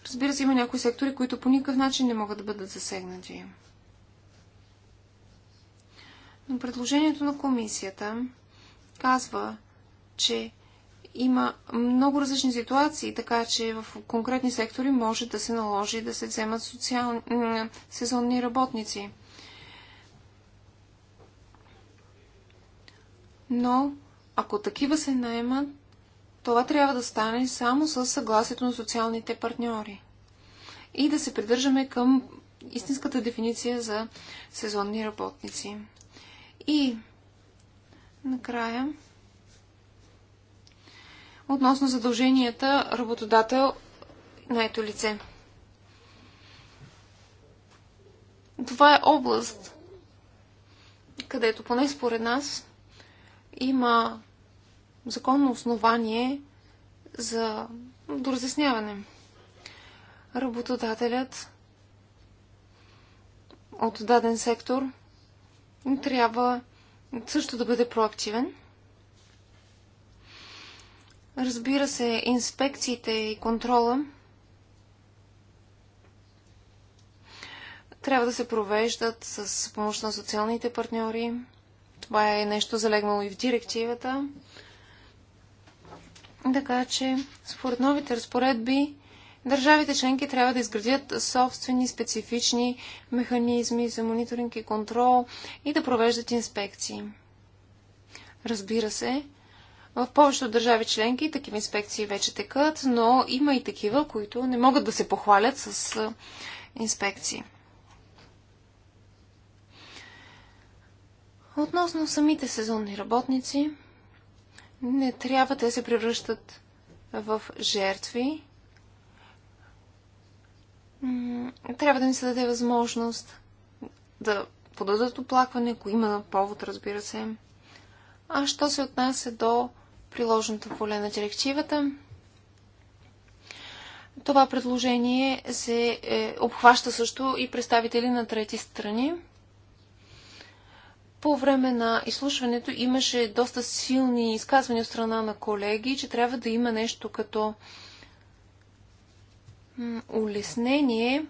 Разбира се, има някои сектори, които по никакъв начин не могат да бъдат засегнати. Но предложението на комисията казва, че има много различни ситуации, така че в конкретни сектори може да се наложи да се вземат социал... сезонни работници. Но ако такива се наемат, това трябва да стане само с съгласието на социалните партньори. И да се придържаме към истинската дефиниция за сезонни работници. И накрая относно задълженията работодател на ето лице. Това е област, където поне според нас има законно основание за доразясняване. Работодателят от даден сектор трябва също да бъде проактивен Разбира се, инспекциите и контрола трябва да се провеждат с помощ на социалните партньори. Това е нещо залегнало и в директивата. Така че, според новите разпоредби, държавите членки трябва да изградят собствени специфични механизми за мониторинг и контрол и да провеждат инспекции. Разбира се, в повечето държави членки такива инспекции вече текат, но има и такива, които не могат да се похвалят с инспекции. Относно самите сезонни работници, не трябва те се превръщат в жертви. Трябва да ни се даде възможност да подадат оплакване, ако има повод, разбира се. А що се отнася до приложното поле на директивата. Това предложение се е, обхваща също и представители на трети страни. По време на изслушването имаше доста силни изказвания от страна на колеги, че трябва да има нещо като улеснение.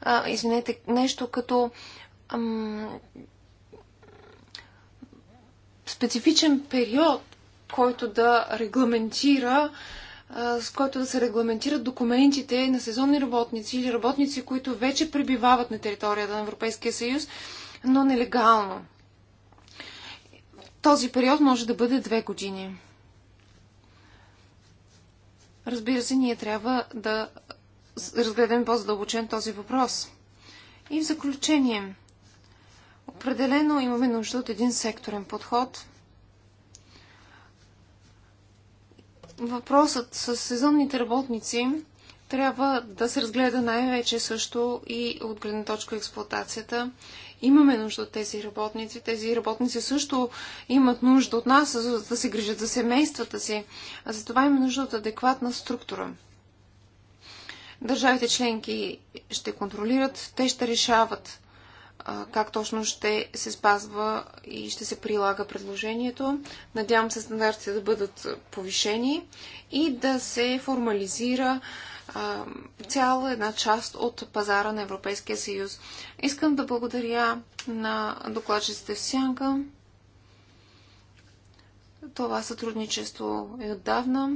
А, извинете, нещо като ам, специфичен период, който да регламентира с който да се регламентират документите на сезонни работници или работници, които вече пребивават на територията на Европейския съюз, но нелегално. Този период може да бъде две години. Разбира се, ние трябва да разгледаме по-задълбочен този въпрос. И в заключение, Определено имаме нужда от един секторен подход. Въпросът с сезонните работници трябва да се разгледа най-вече също и от гледна точка експлуатацията. Имаме нужда от тези работници. Тези работници също имат нужда от нас, за да се грижат за семействата си. А за това има нужда от адекватна структура. Държавите членки ще контролират, те ще решават как точно ще се спазва и ще се прилага предложението. Надявам се стандартите да бъдат повишени и да се формализира цяла една част от пазара на Европейския съюз. Искам да благодаря на докладчиците в Сянка. Това сътрудничество е отдавна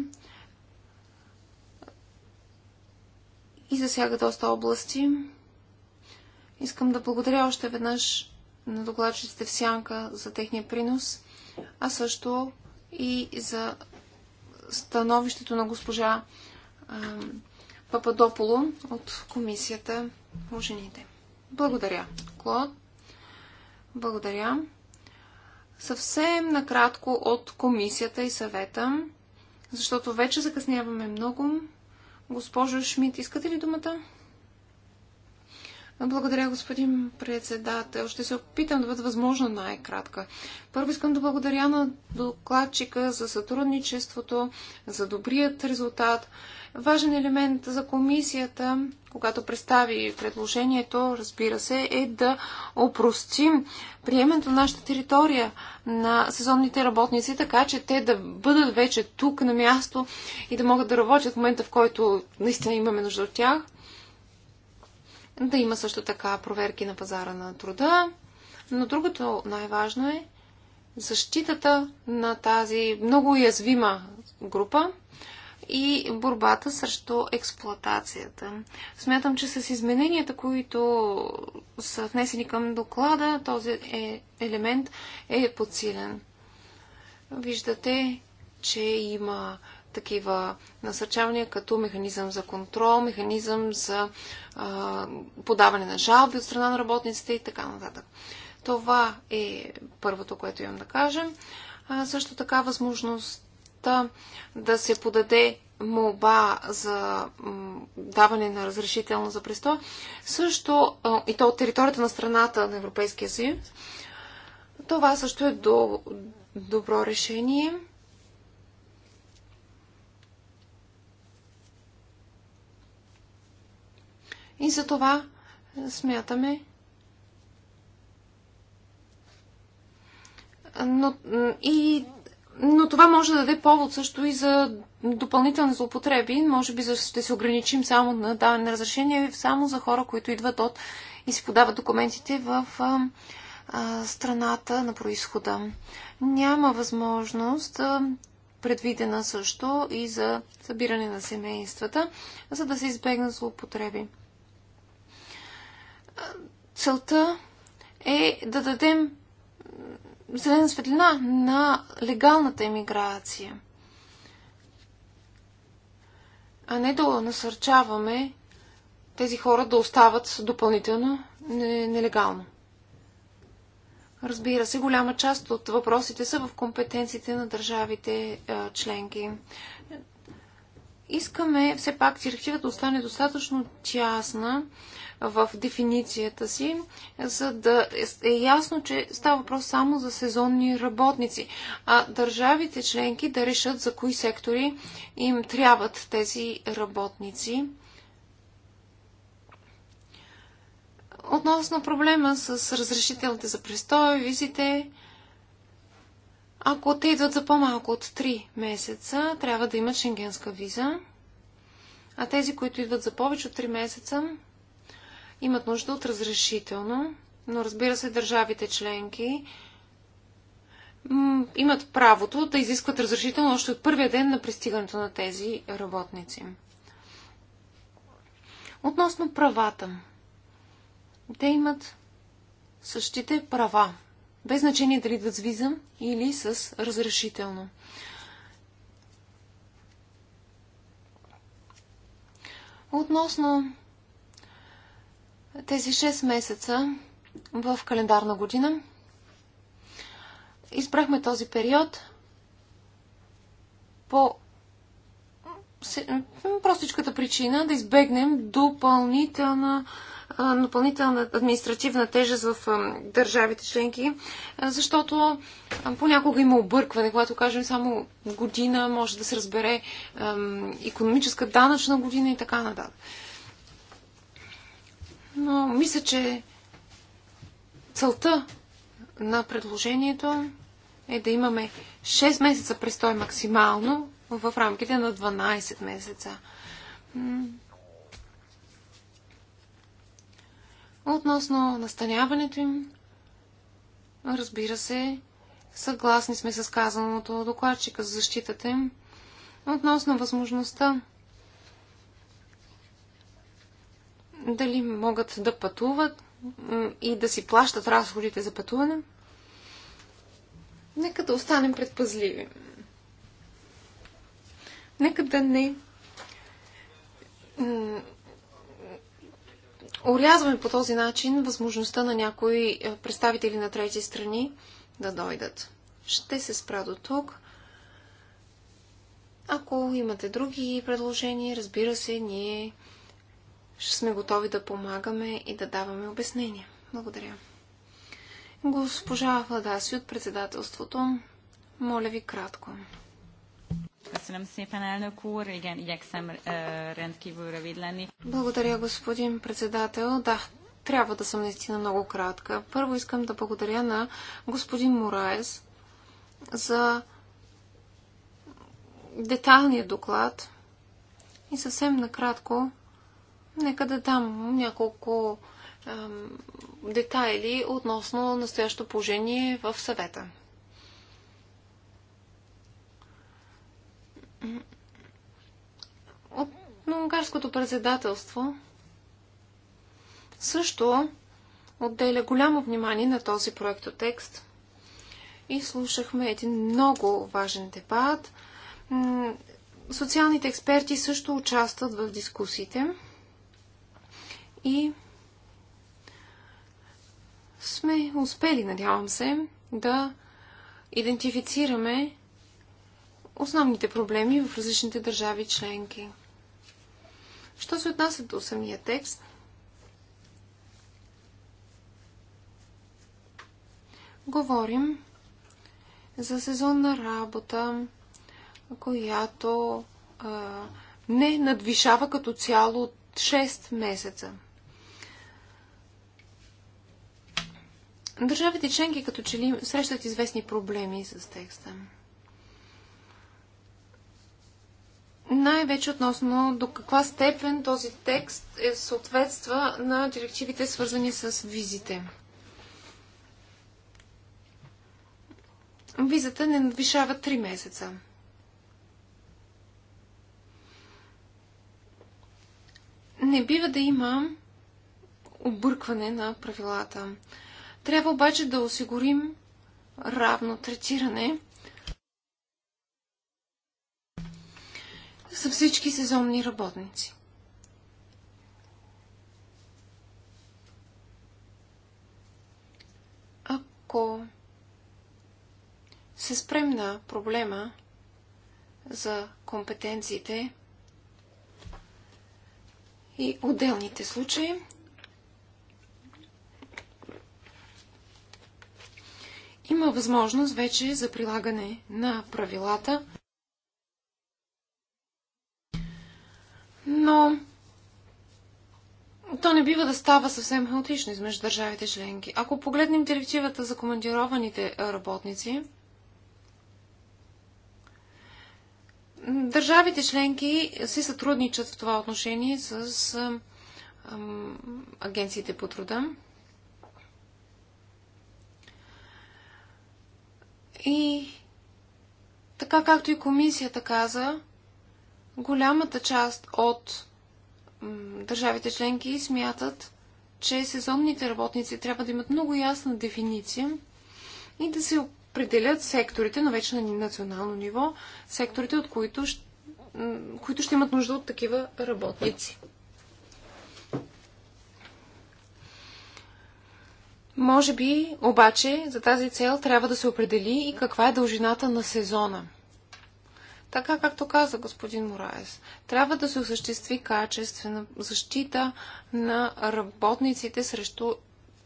и засяга доста области. Искам да благодаря още веднъж на докладчиците в Сянка за техния принос, а също и за становището на госпожа а, Пападополо от комисията по жените. Благодаря, Клод. Благодаря. Съвсем накратко от комисията и съвета, защото вече закъсняваме много. Госпожо Шмидт, искате ли думата? Благодаря, господин председател. Ще се опитам да бъда възможно най-кратка. Първо искам да благодаря на докладчика за сътрудничеството, за добрият резултат. Важен елемент за комисията, когато представи предложението, разбира се, е да опростим приемането на нашата територия на сезонните работници, така че те да бъдат вече тук на място и да могат да работят в момента, в който наистина имаме нужда от тях. Да има също така проверки на пазара на труда. Но другото най-важно е защитата на тази много уязвима група и борбата срещу експлоатацията. Смятам, че с измененията, които са внесени към доклада, този е, елемент е подсилен. Виждате, че има такива насърчавания, като механизъм за контрол, механизъм за а, подаване на жалби от страна на работниците и така нататък. Това е първото, което имам да кажа. А, също така възможността да се подаде молба за даване на разрешително за престой, също и то от територията на страната на Европейския съюз. Това също е до, добро решение. И за това смятаме, но, и, но това може да даде повод също и за допълнителни злоупотреби. Може би ще се ограничим само на даване на разрешение само за хора, които идват от и си подават документите в а, а, страната на происхода. Няма възможност, а, предвидена също и за събиране на семействата, за да се избегнат злоупотреби целта е да дадем зелена светлина на легалната емиграция, а не да насърчаваме тези хора да остават допълнително нелегално. Разбира се, голяма част от въпросите са в компетенциите на държавите е, членки. Искаме все пак директивата да остане достатъчно тясна, в дефиницията си, за да е ясно, че става въпрос само за сезонни работници, а държавите членки да решат за кои сектори им трябват тези работници. Относно проблема с разрешителните за престой, визите, ако те идват за по-малко от 3 месеца, трябва да имат шенгенска виза. А тези, които идват за повече от 3 месеца, имат нужда от разрешително, но разбира се, държавите членки имат правото да изискват разрешително още от първия ден на пристигането на тези работници. Относно правата. Те имат същите права, без значение дали идват с виза или с разрешително. Относно тези 6 месеца в календарна година. Избрахме този период по простичката причина да избегнем допълнителна, допълнителна административна тежест в държавите членки, защото понякога има объркване, когато кажем само година, може да се разбере економическа данъчна година и така нататък. Но мисля, че целта на предложението е да имаме 6 месеца престой максимално в рамките на 12 месеца. Относно настаняването им, разбира се, съгласни сме с казаното докладчика за защитата им. Относно възможността дали могат да пътуват и да си плащат разходите за пътуване. Нека да останем предпазливи. Нека да не урязваме по този начин възможността на някои е, представители на трети страни да дойдат. Ще се спра до тук. Ако имате други предложения, разбира се, ние ще сме готови да помагаме и да даваме обяснения. Благодаря. Госпожа Владаси от председателството, моля ви кратко. Е, благодаря, господин председател. Да, трябва да съм наистина много кратка. Първо искам да благодаря на господин Мораес за детайлния доклад и съвсем накратко Нека да дам няколко ем, детайли относно настоящото положение в съвета. От унгарското председателство също отделя голямо внимание на този проектотекст и слушахме един много важен дебат. Социалните експерти също участват в дискусиите и сме успели, надявам се, да идентифицираме основните проблеми в различните държави членки. Що се отнася до самия текст? Говорим за сезонна работа, която а, не надвишава като цяло 6 месеца. Държавите членки като че ли срещат известни проблеми с текста. Най-вече относно до каква степен този текст е съответства на директивите, свързани с визите. Визата не надвишава 3 месеца. Не бива да има объркване на правилата. Трябва обаче да осигурим равно третиране за всички сезонни работници. Ако се спрем на проблема за компетенциите и отделните случаи, има възможност вече за прилагане на правилата, но то не бива да става съвсем хаотично измежду държавите членки. Ако погледнем директивата за командированите работници, държавите членки си сътрудничат в това отношение с агенциите по труда. И така както и комисията каза, голямата част от държавите членки смятат, че сезонните работници трябва да имат много ясна дефиниция и да се определят секторите, но вече на национално ниво, секторите, от които, които ще имат нужда от такива работници. Може би, обаче, за тази цел трябва да се определи и каква е дължината на сезона. Така както каза господин Мораес, трябва да се осъществи качествена защита на работниците срещу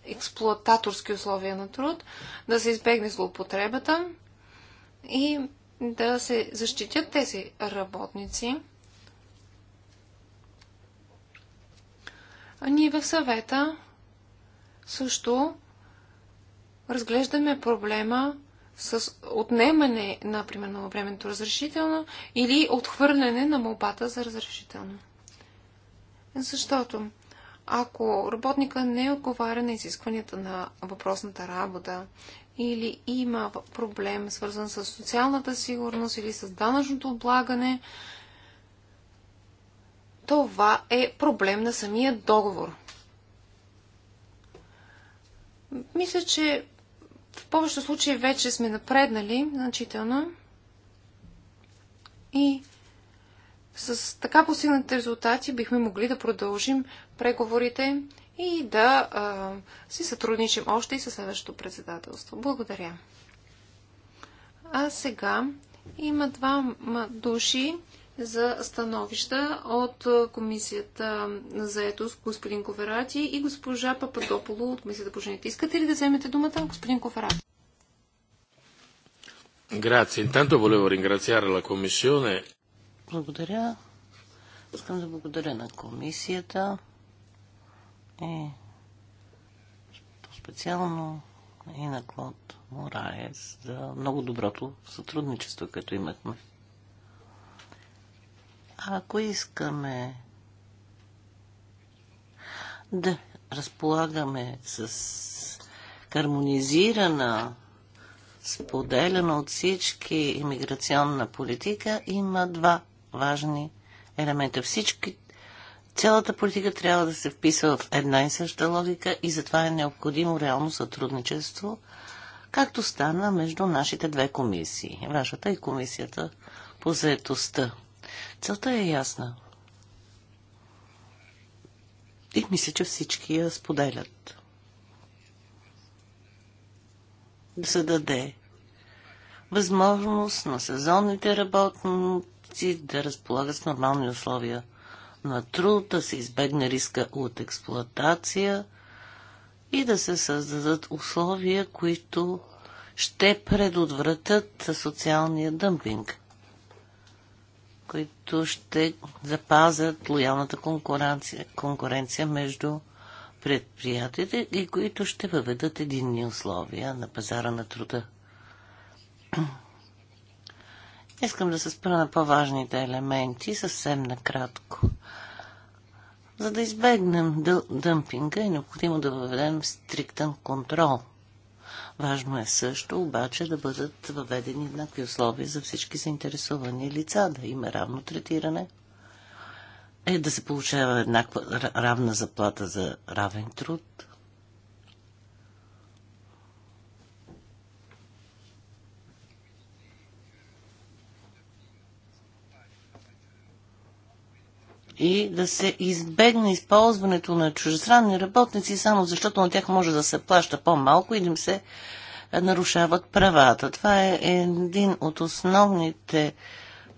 експлуататорски условия на труд, да се избегне злоупотребата и да се защитят тези работници. А ние в съвета също разглеждаме проблема с отнемане, например, на временното разрешително или отхвърляне на молбата за разрешително. Защото ако работника не отговаря на изискванията на въпросната работа или има проблем свързан с социалната сигурност или с данъчното облагане, това е проблем на самия договор. Мисля, че в повечето случаи вече сме напреднали значително и с така постигнатите резултати бихме могли да продължим преговорите и да а, си сътрудничим още и със следващото председателство. Благодаря. А сега има два души, за становища от комисията за етос, господин Коверати и госпожа Пападополо от комисията по жените. Искате ли да вземете думата, господин Коверати? Grazie, intanto volevo ringraziare la Commissione. Благодаря. Искам да благодаря на комисията и по-специално и на Клод Мораес за много доброто сътрудничество, като имахме. Ако искаме да разполагаме с хармонизирана, споделена от всички иммиграционна политика, има два важни елемента. Всички, цялата политика трябва да се вписва в една и съща логика и затова е необходимо реално сътрудничество, както стана между нашите две комисии, вашата и комисията по заетостта. Целта е ясна. И мисля, че всички я споделят. Да се даде възможност на сезонните работници да разполагат с нормални условия на труд, да се избегне риска от експлоатация и да се създадат условия, които ще предотвратят социалния дъмпинг които ще запазят лоялната конкуренция, конкуренция между предприятията и които ще въведат единни условия на пазара на труда. Искам да се спра на по-важните елементи съвсем накратко. За да избегнем дъмпинга е необходимо да въведем стриктен контрол Важно е също обаче да бъдат въведени еднакви условия за всички заинтересовани лица, да има равно третиране, е да се получава еднаква равна заплата за равен труд, и да се избегне използването на чужестранни работници само защото на тях може да се плаща по-малко и да им се е, нарушават правата. Това е един от основните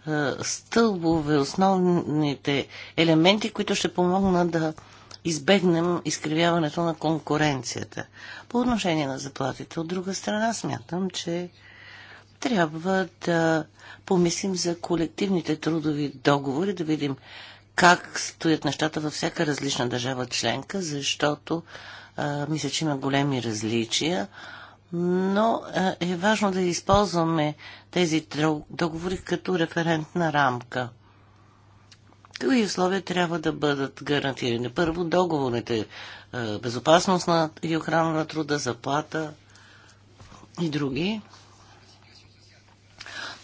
е, стълбове, основните елементи, които ще помогнат да избегнем изкривяването на конкуренцията. По отношение на заплатите, от друга страна, смятам, че трябва да помислим за колективните трудови договори, да видим как стоят нещата във всяка различна държава членка, защото а, мисля, че има големи различия, но а, е важно да използваме тези договори като референтна рамка. Какви условия трябва да бъдат гарантирани? Първо, договорите а, безопасност на, и охрана на труда, заплата и други,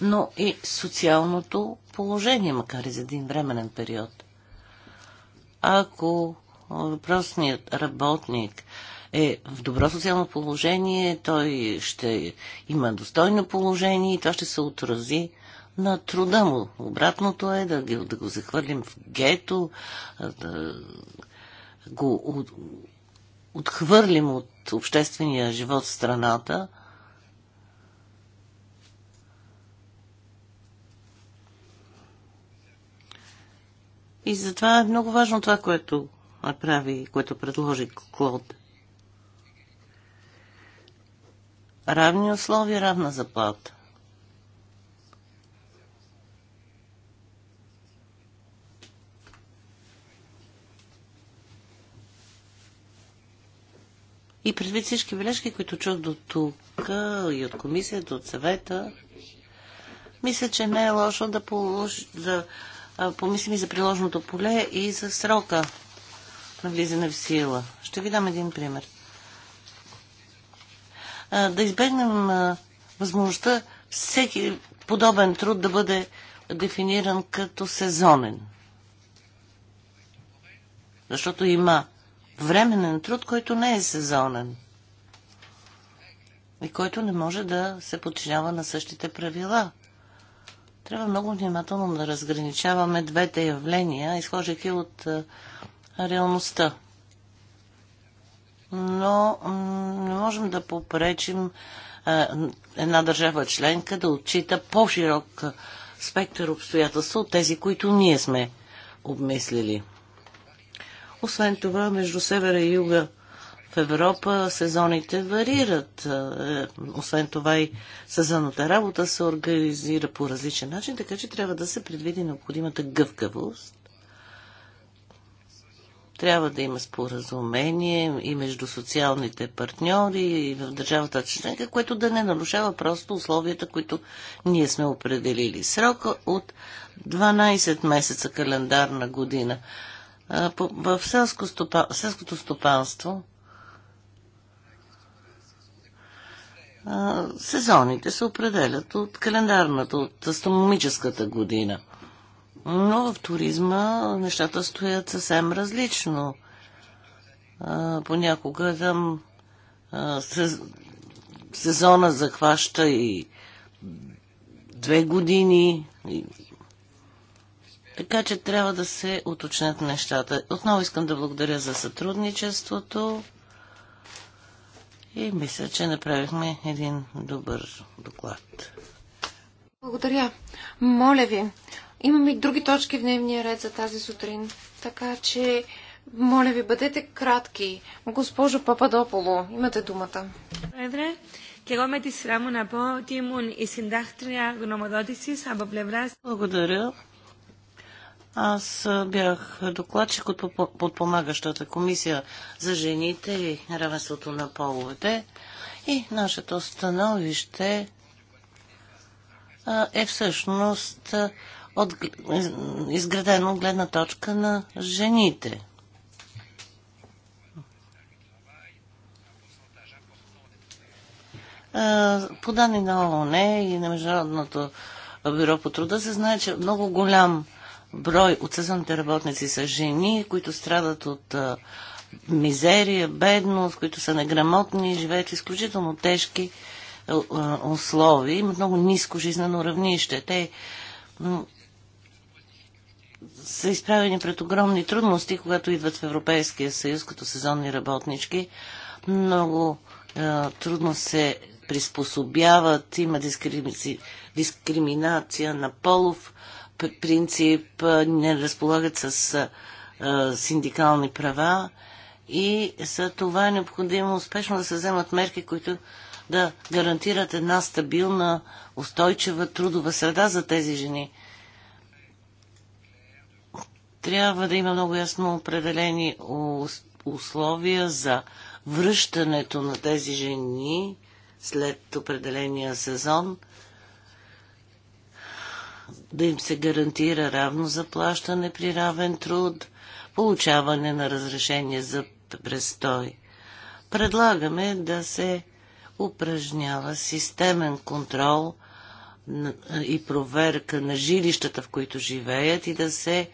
но и социалното положение, макар и за един временен период. Ако въпросният работник е в добро социално положение, той ще има достойно положение и това ще се отрази на труда му. Обратното е да, ги, да го захвърлим в гето, да го от, отхвърлим от обществения живот в страната – И затова е много важно това, което направи, което предложи Клод. Равни условия, равна заплата. И предвид всички бележки, които чух до тук и от комисията, от съвета, мисля, че не е лошо да, положи, да помислим и за приложното поле и за срока на влизане в сила. Ще ви дам един пример. Да избегнем възможността всеки подобен труд да бъде дефиниран като сезонен. Защото има временен труд, който не е сезонен и който не може да се подчинява на същите правила. Трябва много внимателно да разграничаваме двете явления, изхождайки от реалността. Но не можем да попречим една държава членка да отчита по-широк спектър обстоятелства от тези, които ние сме обмислили. Освен това, между севера и юга в Европа сезоните варират. Е, освен това и сезонната работа се организира по различен начин, така че трябва да се предвиди необходимата гъвкавост. Трябва да има споразумение и между социалните партньори и в държавата членка, което да не нарушава просто условията, които ние сме определили. Срока от 12 месеца календарна година в селско стопа, селското стопанство сезоните се определят от календарната, от астрономическата година. Но в туризма нещата стоят съвсем различно. А, понякога е там а, сезона захваща и две години. И... Така че трябва да се уточнят нещата. Отново искам да благодаря за сътрудничеството. И мисля, че направихме един добър доклад. Благодаря. Моля ви, имаме и други точки в дневния ред за тази сутрин, така че, моля ви, бъдете кратки. Госпожо Пападополо, имате думата. Добре. και εγώ με τη σειρά μου να πω ότι ήμουν η συντάκτρια γνωμοδότησης από πλευράς... Благодаря. Аз бях докладчик от подпомагащата комисия за жените и равенството на половете и нашето становище е всъщност от, изградено от гледна точка на жените. По данни на ООН и на Международното бюро по труда се знае, че много голям брой от сезонните работници са жени, които страдат от а, мизерия, бедност, които са неграмотни, живеят в изключително тежки а, условия, имат много ниско жизнено равнище. Те са изправени пред огромни трудности, когато идват в Европейския съюз като сезонни работнички. Много а, трудно се приспособяват, има дискриминация на полов принцип не разполагат с синдикални права и за това е необходимо успешно да се вземат мерки, които да гарантират една стабилна, устойчива трудова среда за тези жени. Трябва да има много ясно определени условия за връщането на тези жени след определения сезон да им се гарантира равно заплащане при равен труд, получаване на разрешение за престой. Предлагаме да се упражнява системен контрол и проверка на жилищата, в които живеят и да се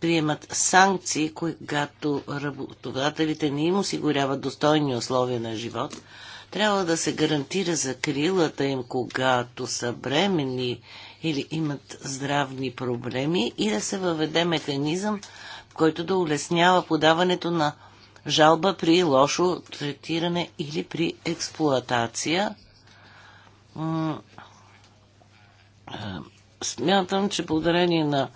приемат санкции, когато работодателите не им осигуряват достойни условия на живот, трябва да се гарантира закрилата им, когато са бремени или имат здравни проблеми и да се въведе механизъм, който да улеснява подаването на жалба при лошо третиране или при експлоатация. Смятам, че благодарение на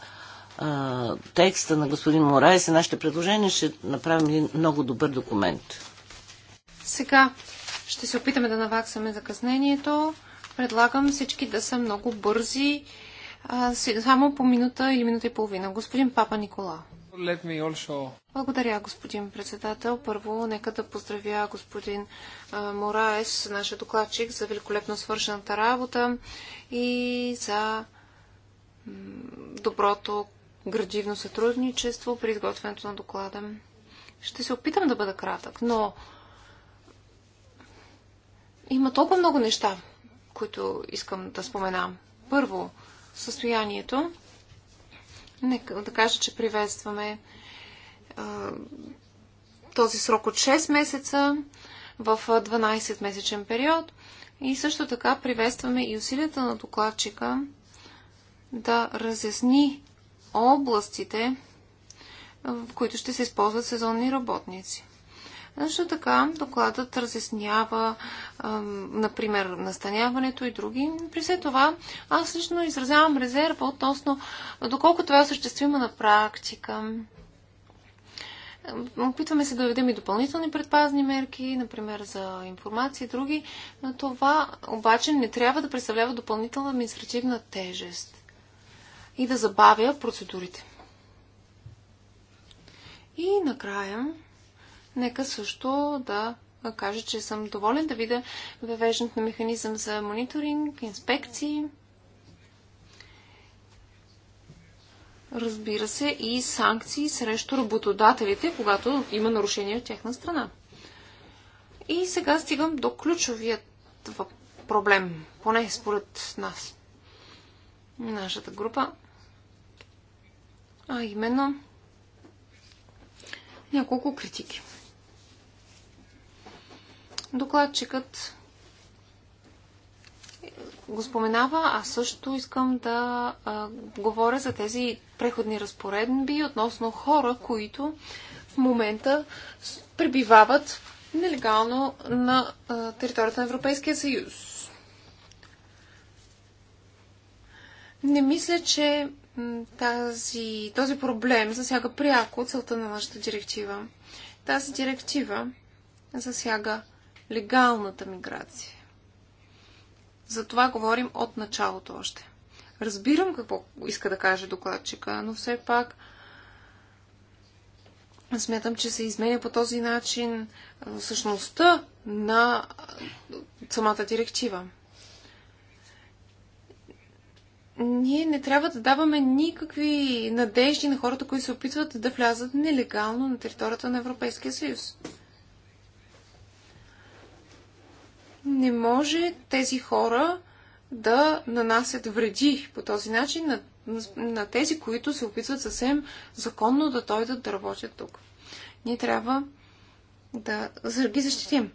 текста на господин Морайс и нашите предложения ще направим един много добър документ. Сега ще се опитаме да наваксаме закъснението. Предлагам всички да са много бързи, само по минута или минута и половина. Господин Папа Никола. Also... Благодаря, господин председател. Първо, нека да поздравя господин Мораес, нашия докладчик, за великолепно свършената работа и за доброто градивно сътрудничество при изготвянето на доклада. Ще се опитам да бъда кратък, но има толкова много неща, които искам да споменам. Първо, състоянието. Нека да кажа, че приветстваме а, този срок от 6 месеца в 12-месечен период. И също така приветстваме и усилията на докладчика да разясни областите, в които ще се използват сезонни работници. Също така докладът разяснява, например, настаняването и други. При все това аз лично изразявам резерва относно доколко това е осъществимо на практика. Опитваме се да введем и допълнителни предпазни мерки, например за информация и други, но това обаче не трябва да представлява допълнителна административна тежест и да забавя процедурите. И накрая Нека също да кажа, че съм доволен да видя въвеждането на механизъм за мониторинг, инспекции. Разбира се, и санкции срещу работодателите, когато има нарушения от тяхна страна. И сега стигам до ключовият проблем, поне според нас, нашата група. А именно няколко критики. Докладчикът го споменава, а също искам да а, говоря за тези преходни разпоредби относно хора, които в момента пребивават нелегално на а, територията на Европейския съюз. Не мисля, че тази, този проблем засяга пряко целта на нашата директива. Тази директива засяга легалната миграция. За това говорим от началото още. Разбирам какво иска да каже докладчика, но все пак смятам, че се изменя по този начин същността на самата директива. Ние не трябва да даваме никакви надежди на хората, които се опитват да влязат нелегално на територията на Европейския съюз. не може тези хора да нанасят вреди по този начин на, на тези, които се опитват съвсем законно да дойдат да работят тук. Ние трябва да ги защитим.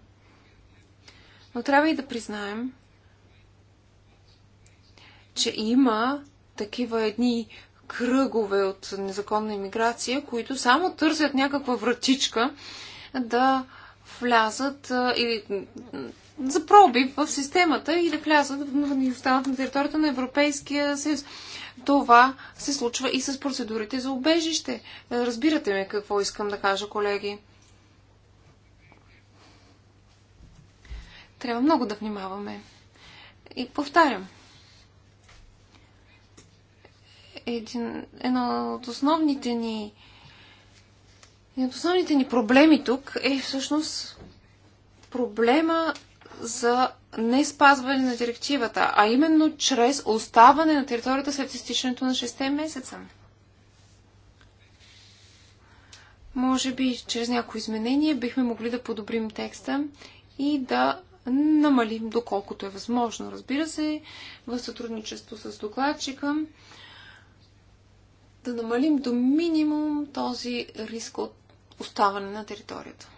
Но трябва и да признаем, че има такива едни кръгове от незаконна иммиграция, които само търсят някаква вратичка да влязат или за проби в системата и да влязат и останат на територията на Европейския съюз. Това се случва и с процедурите за убежище. Разбирате ме какво искам да кажа, колеги. Трябва много да внимаваме. И повтарям. Един, едно от основните ни един от основните ни проблеми тук е всъщност проблема за не спазване на директивата, а именно чрез оставане на територията след изтичането на 6 месеца. Може би чрез някои изменение бихме могли да подобрим текста и да намалим доколкото е възможно, разбира се, в сътрудничество с докладчика, да намалим до минимум този риск от оставане на територията.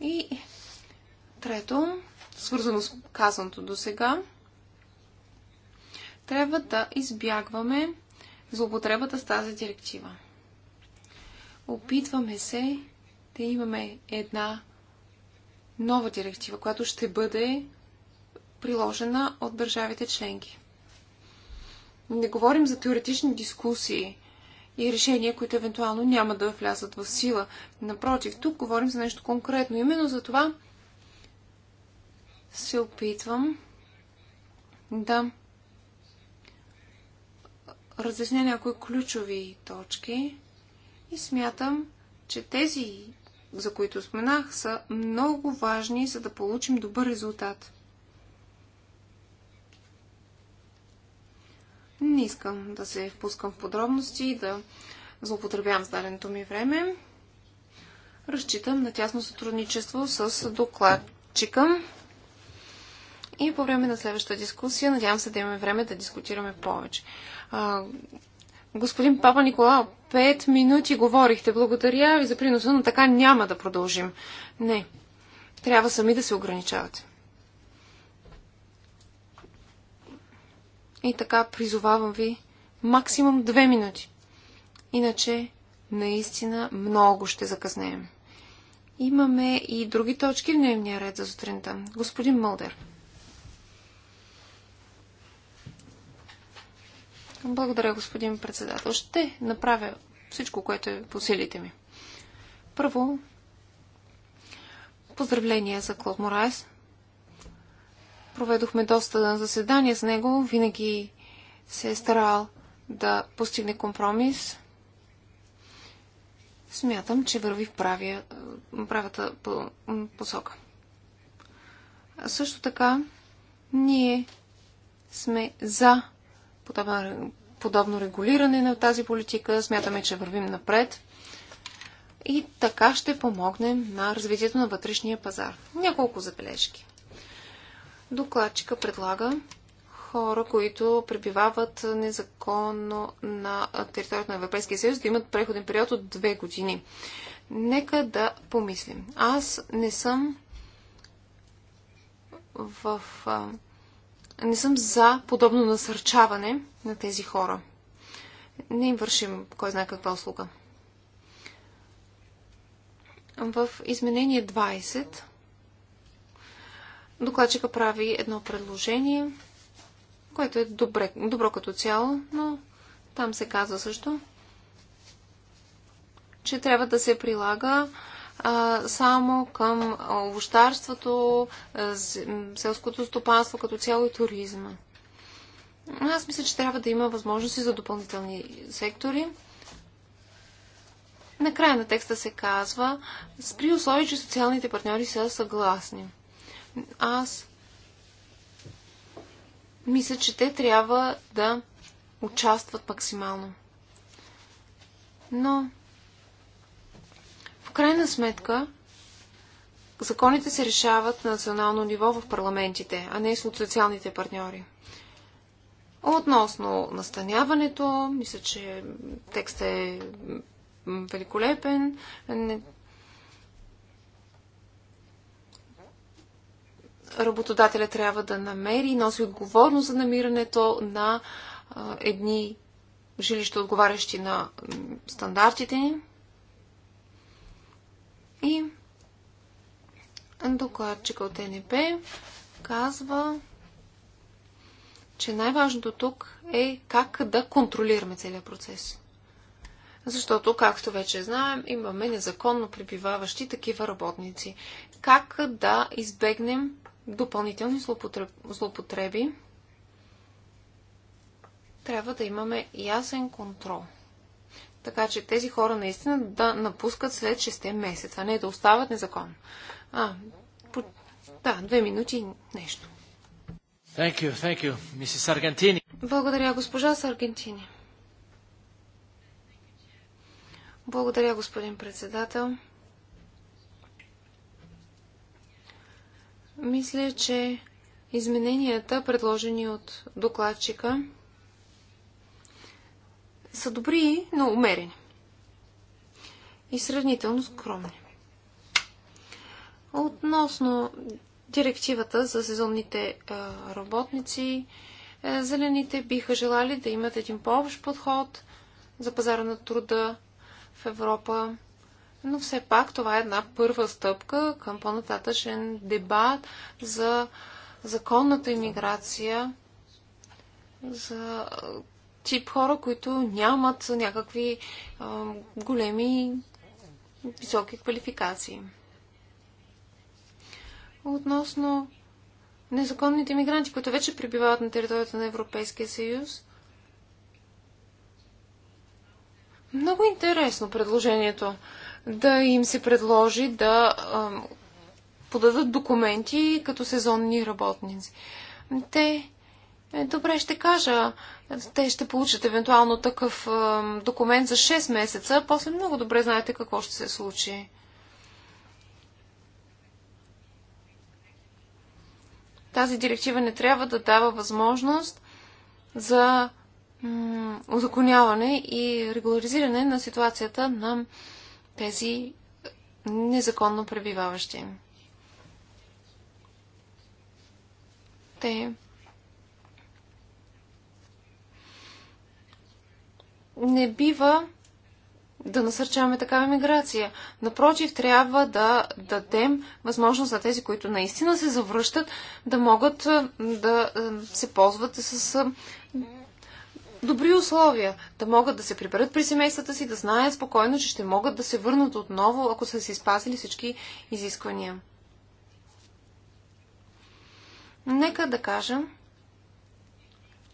И Трето, свързано с казаното до сега, трябва да избягваме злоупотребата с тази директива. Опитваме се да имаме една нова директива, която ще бъде приложена от държавите членки. Не говорим за теоретични дискусии и решения, които евентуално няма да влязат в сила. Напротив, тук говорим за нещо конкретно. Именно за това се опитвам да разясня някои ключови точки и смятам, че тези, за които споменах, са много важни, за да получим добър резултат. Не искам да се впускам в подробности и да злоупотребявам с даденото ми време. Разчитам на тясно сътрудничество с докладчика. И по време на следващата дискусия, надявам се да имаме време да дискутираме повече. А, господин Папа Николао, пет минути говорихте. Благодаря ви за приноса, но така няма да продължим. Не. Трябва сами да се ограничавате. И така призовавам ви максимум две минути. Иначе наистина много ще закъснеем. Имаме и други точки в дневния ред за сутринта. Господин Мълдер. Благодаря, господин председател. Ще направя всичко, което е по силите ми. Първо, поздравления за Клод Морайс. Проведохме доста заседания с него. Винаги се е старал да постигне компромис. Смятам, че върви в правия, правата посока. А също така, ние сме за подобно, подобно регулиране на тази политика. Смятаме, че вървим напред и така ще помогнем на развитието на вътрешния пазар. Няколко забележки. Докладчика предлага хора, които пребивават незаконно на територията на Европейския съюз, да имат преходен период от две години. Нека да помислим. Аз не съм в не съм за подобно насърчаване на тези хора. Не им вършим кой знае каква услуга. В изменение 20 докладчика прави едно предложение, което е добре, добро като цяло, но там се казва също, че трябва да се прилага а, само към овощарството, селското стопанство като цяло и туризма. Аз мисля, че трябва да има възможности за допълнителни сектори. Накрая на текста се казва, при условие, че социалните партньори са съгласни. Аз мисля, че те трябва да участват максимално. Но крайна сметка законите се решават на национално ниво в парламентите, а не от социалните партньори. Относно настаняването, мисля, че текстът е великолепен. Работодателя трябва да намери и носи отговорност за намирането на едни жилища, отговарящи на стандартите ни. И докладчика от НП казва, че най-важното тук е как да контролираме целият процес. Защото, както вече знаем, имаме незаконно пребиваващи такива работници. Как да избегнем допълнителни злоупотреби? Трябва да имаме ясен контрол – така че тези хора наистина да напускат след 6 месеца, а не да остават незаконно. А, по... да, две минути нещо. Thank you, thank you, Mrs. Argentini. Благодаря, госпожа Саргентини. Благодаря, господин председател. Мисля, че измененията, предложени от докладчика, са добри, но умерени. И сравнително скромни. Относно директивата за сезонните работници, зелените биха желали да имат един по-общ подход за пазара на труда в Европа. Но все пак това е една първа стъпка към по-нататъчен дебат за законната иммиграция, за тип хора, които нямат някакви а, големи високи квалификации. Относно незаконните мигранти, които вече прибивават на територията на Европейския съюз, много интересно предложението да им се предложи да а, подадат документи като сезонни работници. Те, е, добре ще кажа, те ще получат евентуално такъв е, документ за 6 месеца, после много добре знаете какво ще се случи. Тази директива не трябва да дава възможност за узаконяване и регуларизиране на ситуацията на тези незаконно пребиваващи. Те не бива да насърчаваме такава миграция. Напротив, трябва да дадем възможност на тези, които наистина се завръщат, да могат да се ползват с добри условия, да могат да се приберат при семействата си, да знаят спокойно, че ще могат да се върнат отново, ако са си спазили всички изисквания. Нека да кажем,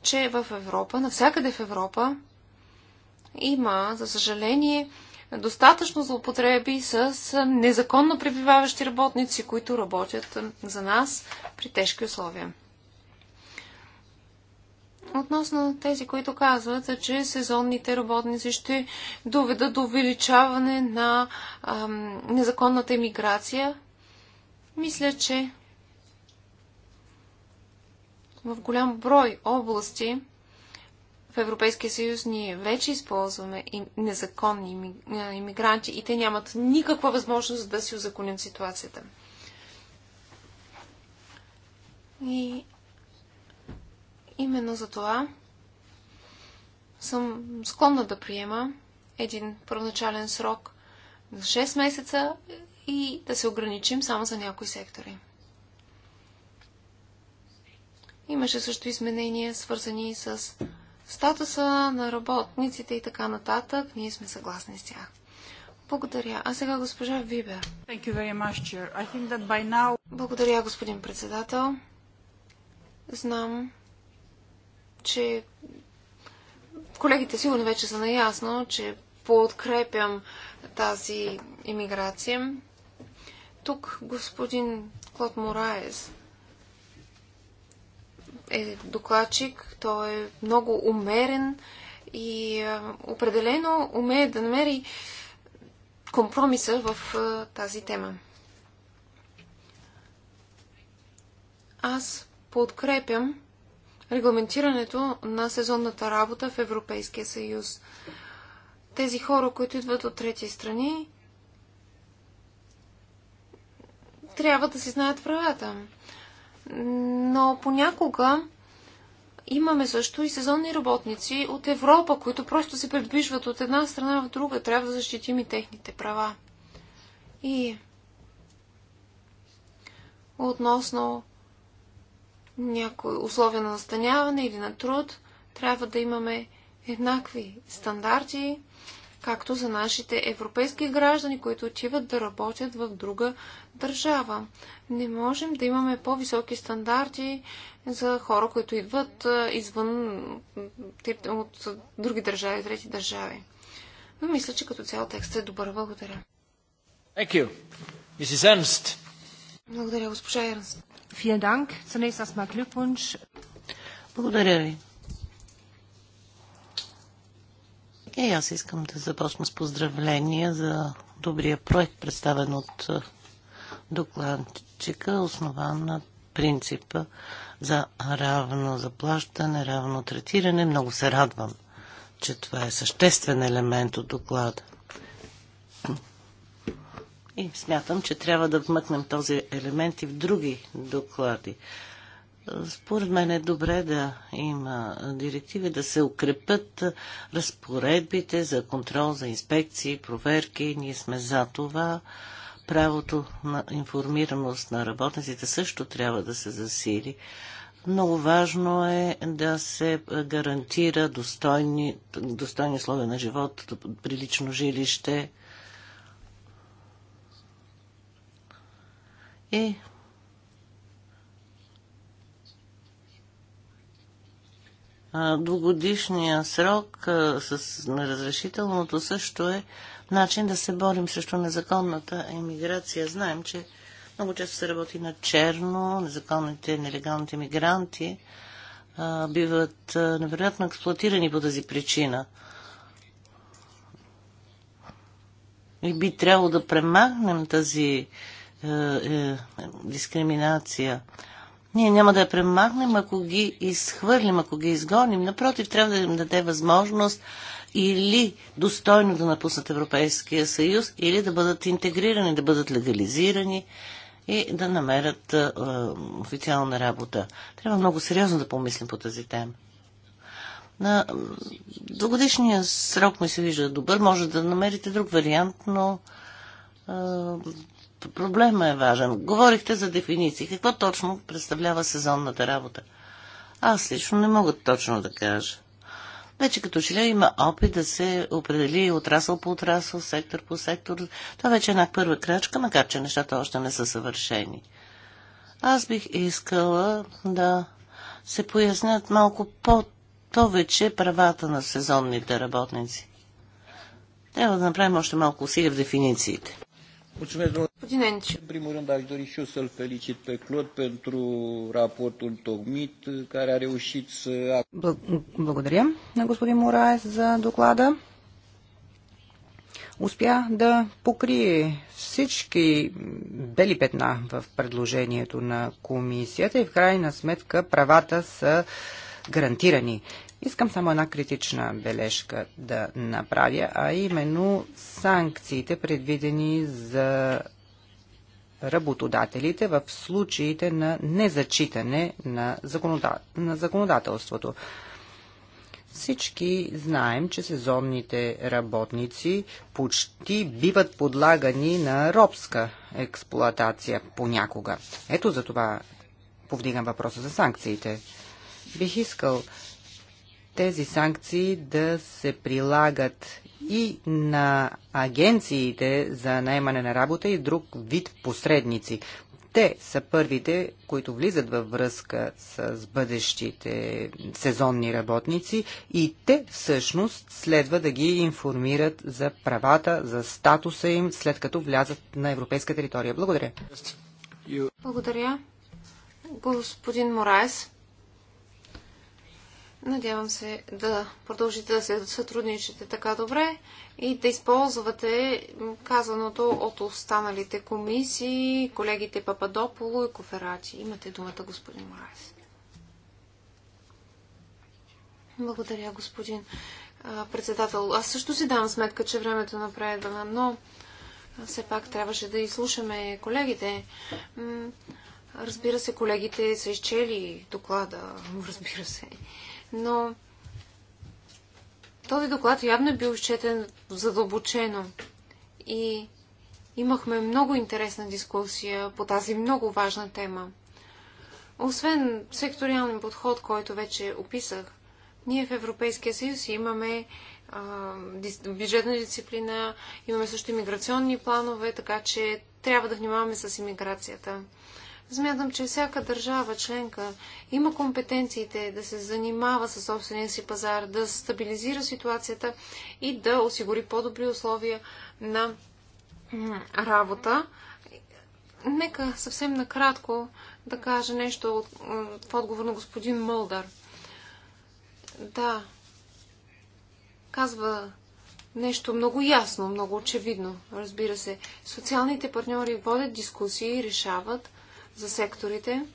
че в Европа, навсякъде в Европа, има, за съжаление, достатъчно злоупотреби с незаконно пребиваващи работници, които работят за нас при тежки условия. Относно тези, които казват, че сезонните работници ще доведат до увеличаване на ам, незаконната емиграция, мисля, че в голям брой области в Европейския съюз ние вече използваме незаконни иммигранти и те нямат никаква възможност да си узаконят ситуацията. И именно за това съм склонна да приема един първоначален срок на 6 месеца и да се ограничим само за някои сектори. Имаше също изменения, свързани с статуса на работниците и така нататък, ние сме съгласни с тях. Благодаря. А сега госпожа Вибер. Much, now... Благодаря, господин председател. Знам, че колегите сигурно вече са наясно, че подкрепям тази иммиграция. Тук господин Клод Мораес е докладчик. Той е много умерен и а, определено умее да намери компромиса в а, тази тема. Аз подкрепям регламентирането на сезонната работа в Европейския съюз. Тези хора, които идват от трети страни, трябва да си знаят правата. Но понякога имаме също и сезонни работници от Европа, които просто се предвижват от една страна в друга. Трябва да защитим и техните права. И относно някои условия на настаняване или на труд, трябва да имаме еднакви стандарти както за нашите европейски граждани, които отиват да работят в друга държава. Не можем да имаме по-високи стандарти за хора, които идват извън от други държави, трети държави. Но мисля, че като цял текст е добър. Благодаря. Thank you. Mrs. Ernst. Благодаря, госпожа Ернст. Vielen Dank. Zunächst erstmal Glückwunsch. Благодаря ви. И е, аз искам да започна с поздравления за добрия проект, представен от е, докладчика, основан на принципа за равно заплащане, равно третиране. Много се радвам, че това е съществен елемент от доклада. И смятам, че трябва да вмъкнем този елемент и в други доклади. Според мен е добре да има директиви, да се укрепят разпоредбите за контрол, за инспекции, проверки. Ние сме за това. Правото на информираност на работниците също трябва да се засили. Много важно е да се гарантира достойни, достойни условия на живот, прилично жилище. И двугодишния срок с неразрешителното също е начин да се борим срещу незаконната емиграция. Знаем, че много често се работи на черно, незаконните, нелегалните мигранти биват невероятно експлуатирани по тази причина. И би трябвало да премахнем тази е, е, дискриминация. Ние няма да я премахнем, ако ги изхвърлим, ако ги изгоним. Напротив, трябва да им даде възможност или достойно да напуснат Европейския съюз, или да бъдат интегрирани, да бъдат легализирани и да намерят е, официална работа. Трябва много сериозно да помислим по тази тема. На двогодишния срок ми се вижда добър, може да намерите друг вариант, но Проблема е важен. Говорихте за дефиниции. Какво точно представлява сезонната работа? Аз лично не мога точно да кажа. Вече като че ли има опит да се определи отрасъл по отрасъл, сектор по сектор. Това вече е една първа крачка, макар че нещата още не са съвършени. Аз бих искала да се пояснят малко по-повече правата на сезонните работници. Трябва да направим още малко усилия в дефинициите. Господин Енчев. În primul rând aș dori și eu să-l felicit pe Clot pentru raportul tocmit care a reușit să... Благодаря на господин Мораес за доклада. Успя да покрие всички бели петна в предложението на комисията и в крайна сметка правата са гарантирани Искам само една критична бележка да направя, а именно санкциите предвидени за работодателите в случаите на незачитане на, законода... на законодателството. Всички знаем, че сезонните работници почти биват подлагани на робска експлоатация понякога. Ето за това повдигам въпроса за санкциите. Бих искал тези санкции да се прилагат и на агенциите за найемане на работа и друг вид посредници. Те са първите, които влизат във връзка с бъдещите сезонни работници и те всъщност следва да ги информират за правата, за статуса им, след като влязат на европейска територия. Благодаря. Благодаря. Господин Мораес. Надявам се да продължите да се сътрудничате така добре и да използвате казаното от останалите комисии, колегите Пападополо и Коферати. Имате думата, господин Морайс. Благодаря, господин председател. Аз също си давам сметка, че времето напредва, но все пак трябваше да изслушаме колегите. Разбира се, колегите са изчели доклада, разбира се но този доклад явно е бил изчетен задълбочено и имахме много интересна дискусия по тази много важна тема. Освен секториалния подход, който вече описах, ние в Европейския съюз имаме а, бюджетна дисциплина, имаме също иммиграционни планове, така че трябва да внимаваме с иммиграцията. Смятам, че всяка държава членка има компетенциите да се занимава със собствения си пазар, да стабилизира ситуацията и да осигури по-добри условия на работа. Нека съвсем накратко да кажа нещо от, в отговор на господин Мълдър. Да, казва нещо много ясно, много очевидно, разбира се. Социалните партньори водят дискусии и решават за секторите,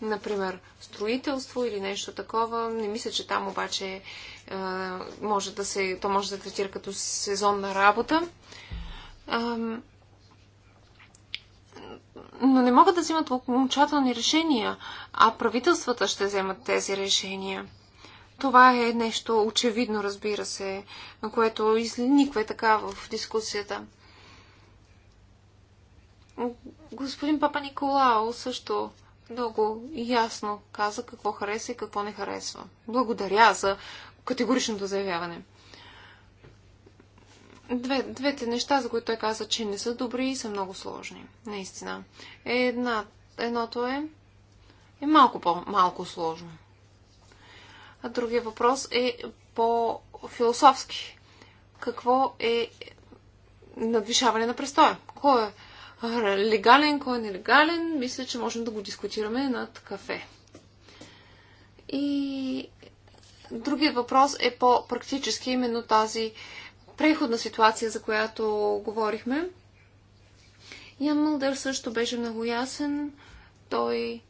например строителство или нещо такова. Не мисля, че там обаче е, може да се, то може да третира като сезонна работа. Ам... но не могат да взимат окончателни решения, а правителствата ще вземат тези решения. Това е нещо очевидно, разбира се, което изниква така в дискусията. Господин Папа Николао също много ясно каза какво хареса и какво не харесва. Благодаря за категоричното заявяване. Две, двете неща, за които той каза, че не са добри и са много сложни. Наистина. Е, една, едното е, е малко по-малко сложно. А другия въпрос е по-философски. Какво е надвишаване на престоя? Кой е легален, кой е нелегален, мисля, че можем да го дискутираме над кафе. И другият въпрос е по-практически именно тази преходна ситуация, за която говорихме. Ян Мълдър също беше много ясен. Той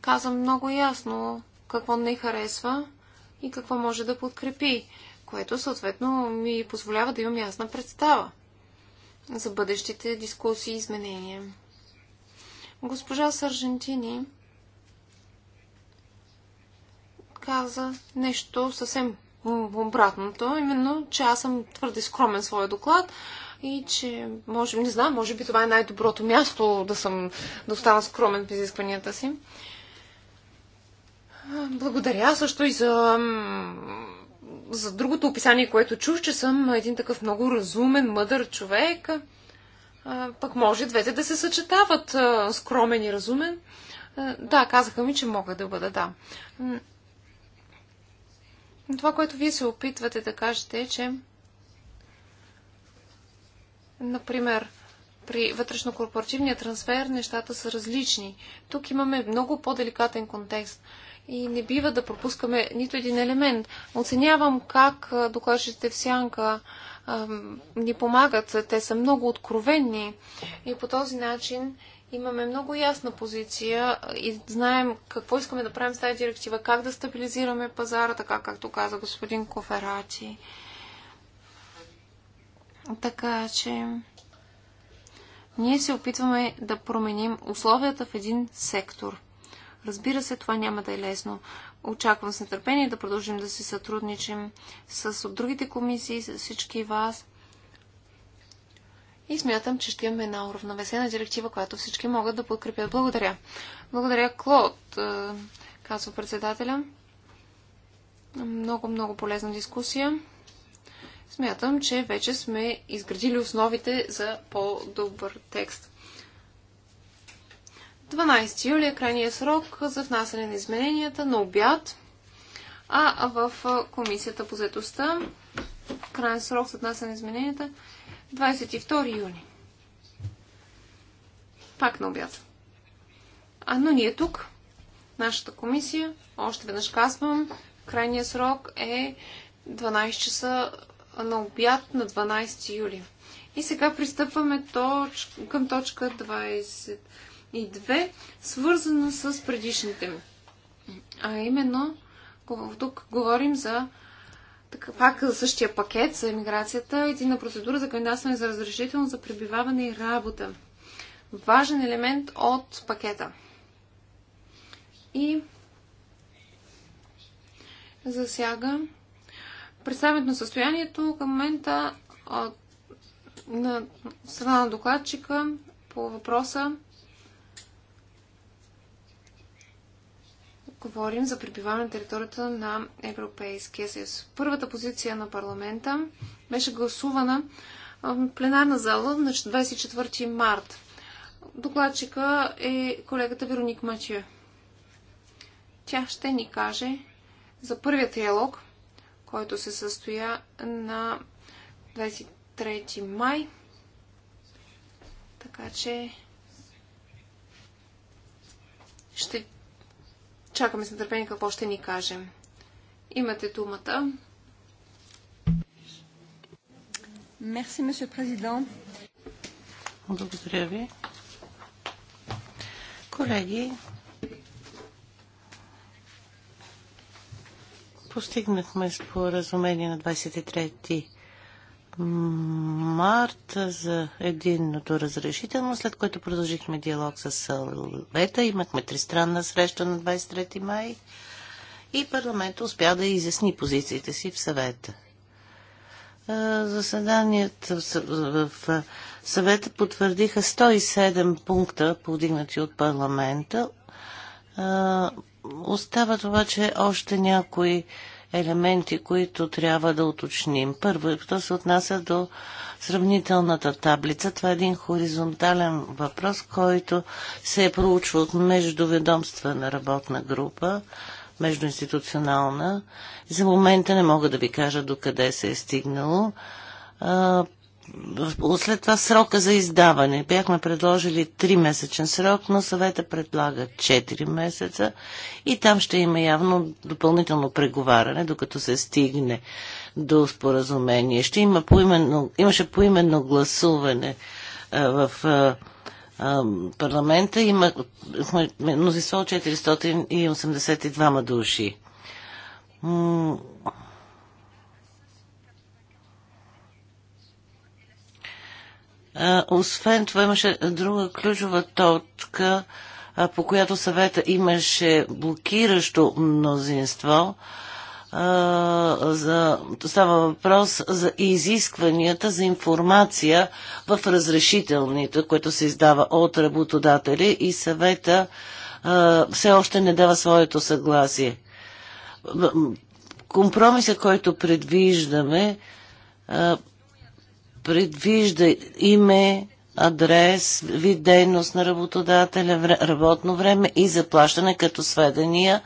каза много ясно какво не харесва и какво може да подкрепи, което съответно ми позволява да имам ясна представа за бъдещите дискусии и изменения. Госпожа Саржентини каза нещо съвсем обратното, именно, че аз съм твърде скромен в своя доклад и че, може, не знам, може би това е най-доброто място да съм, да остана скромен в изискванията си. Благодаря също и за за другото описание, което чух, че съм един такъв много разумен, мъдър човек. А, пък може двете да се съчетават, а, скромен и разумен. А, да, казаха ми, че мога да бъда, да. Това, което вие се опитвате да кажете е, че например, при вътрешно-корпоративния трансфер нещата са различни. Тук имаме много по-деликатен контекст и не бива да пропускаме нито един елемент. Оценявам как докажете в сянка ни помагат. Те са много откровенни и по този начин имаме много ясна позиция и знаем какво искаме да правим с тази директива, как да стабилизираме пазара, така както каза господин Коферати. Така че ние се опитваме да променим условията в един сектор – Разбира се, това няма да е лесно. Очаквам с нетърпение да продължим да си сътрудничим с от другите комисии, с всички вас. И смятам, че ще имаме една уравновесена директива, която всички могат да подкрепят. Благодаря. Благодаря, Клод, е, казва председателя. Много, много полезна дискусия. Смятам, че вече сме изградили основите за по-добър текст. 12 юли е крайния срок за внасяне на измененията на обяд, а в комисията по заедостта крайен срок за внасяне на измененията 22 е юни. Пак на обяд. А, но ние тук, нашата комисия, още веднъж казвам, крайният срок е 12 часа на обяд на 12 юли. И сега пристъпваме точ... към точка 20. 2, свързано с предишните му. А именно, тук говорим за така, пак за същия пакет за емиграцията, единна процедура за кандидатстване за разрешително за пребиваване и работа. Важен елемент от пакета. И засяга представянето на състоянието към момента от, на страна на докладчика по въпроса говорим за пребиваване на територията на Европейския съюз. Първата позиция на парламента беше гласувана в пленарна зала на 24 март. Докладчика е колегата Вероник Матио. Тя ще ни каже за първия триалог, който се състоя на 23 май. Така че ще Чакаме с нетърпение какво ще ни кажем. Имате думата. Мерси, месье президент. Благодаря ви. Колеги, постигнахме споразумение на 23 март за единното разрешително, след което продължихме диалог с Лета. Имахме тристранна среща на 23 май и парламент успя да изясни позициите си в съвета. Заседанията в съвета потвърдиха 107 пункта, повдигнати от парламента. Остават обаче още някои елементи, които трябва да уточним. Първо, то се отнася до сравнителната таблица. Това е един хоризонтален въпрос, който се е проучва от междуведомствена работна група, междуинституционална. За момента не мога да ви кажа до къде се е стигнало. След това срока за издаване. Бяхме предложили 3-месечен срок, но съвета предлага 4 месеца и там ще има явно допълнително преговаране, докато се стигне до споразумение. Ще има поименно, имаше поименно гласуване а, е, в а, е, а, е, парламента. Има мнозинство 482 души. М Е, освен това имаше друга ключова точка, е, по която съвета имаше блокиращо мнозинство. Е, за, става въпрос за изискванията за информация в разрешителните, което се издава от работодатели и съвета все още не дава своето съгласие. Компромиса, който предвиждаме, предвижда име, адрес, вид дейност на работодателя, работно време и заплащане като сведения,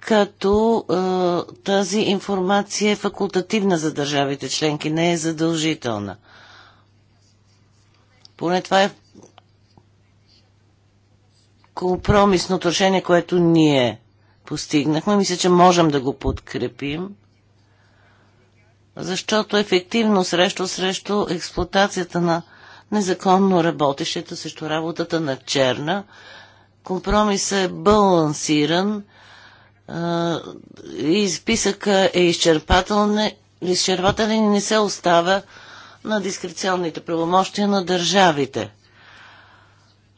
като е, тази информация е факултативна за държавите членки, не е задължителна. Поне това е компромисното решение, което ние постигнахме. Мисля, че можем да го подкрепим защото ефективно срещу, срещу експлуатацията на незаконно работещите, срещу работата на черна. Компромисът е балансиран и списъка е изчерпателен, изчерпателен и не се остава на дискреционните правомощия на държавите.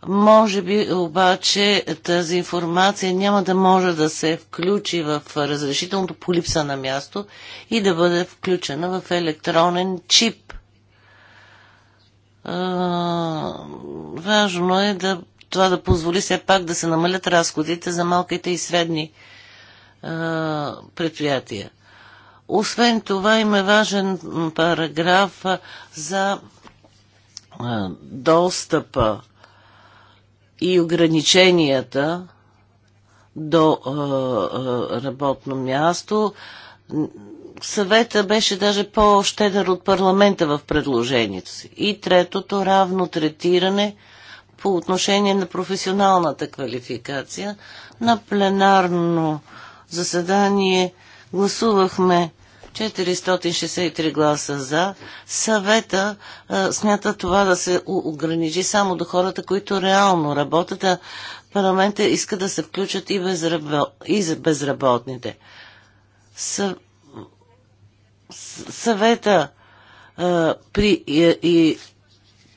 Може би обаче тази информация няма да може да се включи в разрешителното по липса на място и да бъде включена в електронен чип. А, важно е да, това да позволи все пак да се намалят разходите за малките и средни а, предприятия. Освен това има важен параграф за а, достъпа и ограниченията до работно място. Съвета беше даже по-щедър от парламента в предложението си. И третото равно третиране по отношение на професионалната квалификация. На пленарно заседание гласувахме 463 гласа за. Съвета а, смята това да се ограничи само до хората, които реално работят, а парламента иска да се включат и, безрабо... и безработните. Съ... Съвета а, при и, и,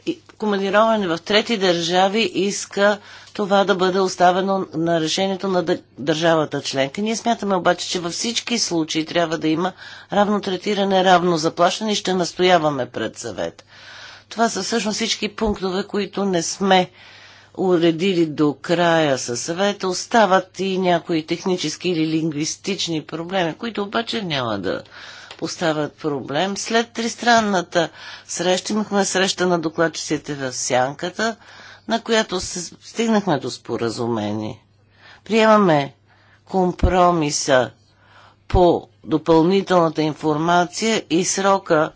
и командироване в трети държави иска това да бъде оставено на решението на държавата членка. Ние смятаме обаче, че във всички случаи трябва да има равно третиране, равно заплащане и ще настояваме пред съвет. Това са всъщност всички пунктове, които не сме уредили до края със съвета. Остават и някои технически или лингвистични проблеми, които обаче няма да поставят проблем. След тристранната среща имахме среща на докладчиците в Сянката – на която се стигнахме до споразумение. Приемаме компромиса по допълнителната информация и срока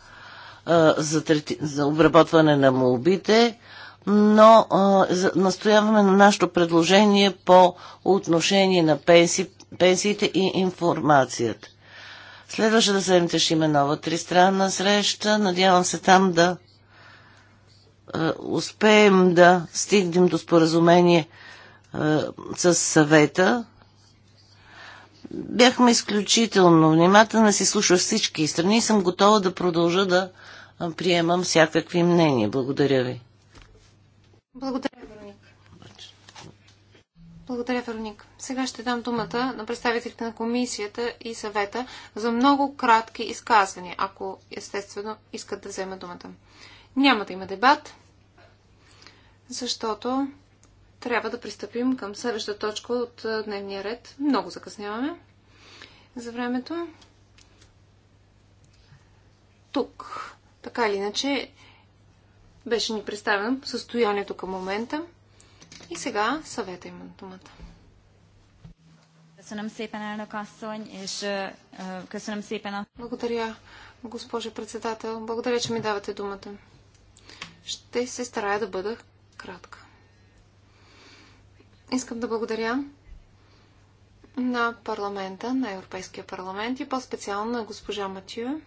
а, за, трети, за обработване на молбите, но а, настояваме на нашето предложение по отношение на пенси, пенсиите и информацията. Следваше да вземете, ще има нова тристранна среща. Надявам се там да е, успеем да стигнем до споразумение е, с съвета, бяхме изключително внимателни, си слушах всички страни и съм готова да продължа да е, приемам всякакви мнения. Благодаря ви. Благодаря, Вероник. Благодаря, Вероник. Сега ще дам думата на представителите на комисията и съвета за много кратки изказвания, ако естествено искат да вземат думата. Няма да има дебат защото трябва да пристъпим към следващата точка от дневния ред. Много закъсняваме за времето. Тук, така или иначе, беше ни представено състоянието към момента. И сега съвета има думата. Благодаря, госпожа председател. Благодаря, че ми давате думата. Ще се старая да бъда кратка. Искам да благодаря на парламента, на Европейския парламент и по-специално на госпожа Матю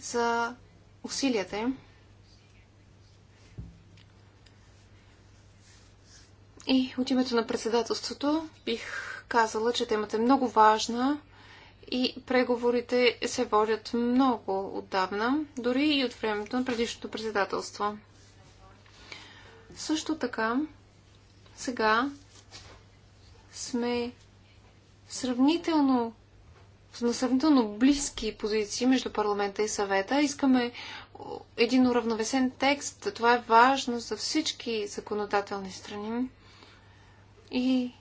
за усилията им И от името на председателството бих казала, че темата е много важна и преговорите се водят много отдавна, дори и от времето на предишното председателство. Също така, сега сме сравнително на сравнително близки позиции между парламента и съвета. Искаме един уравновесен текст. Това е важно за всички законодателни страни. И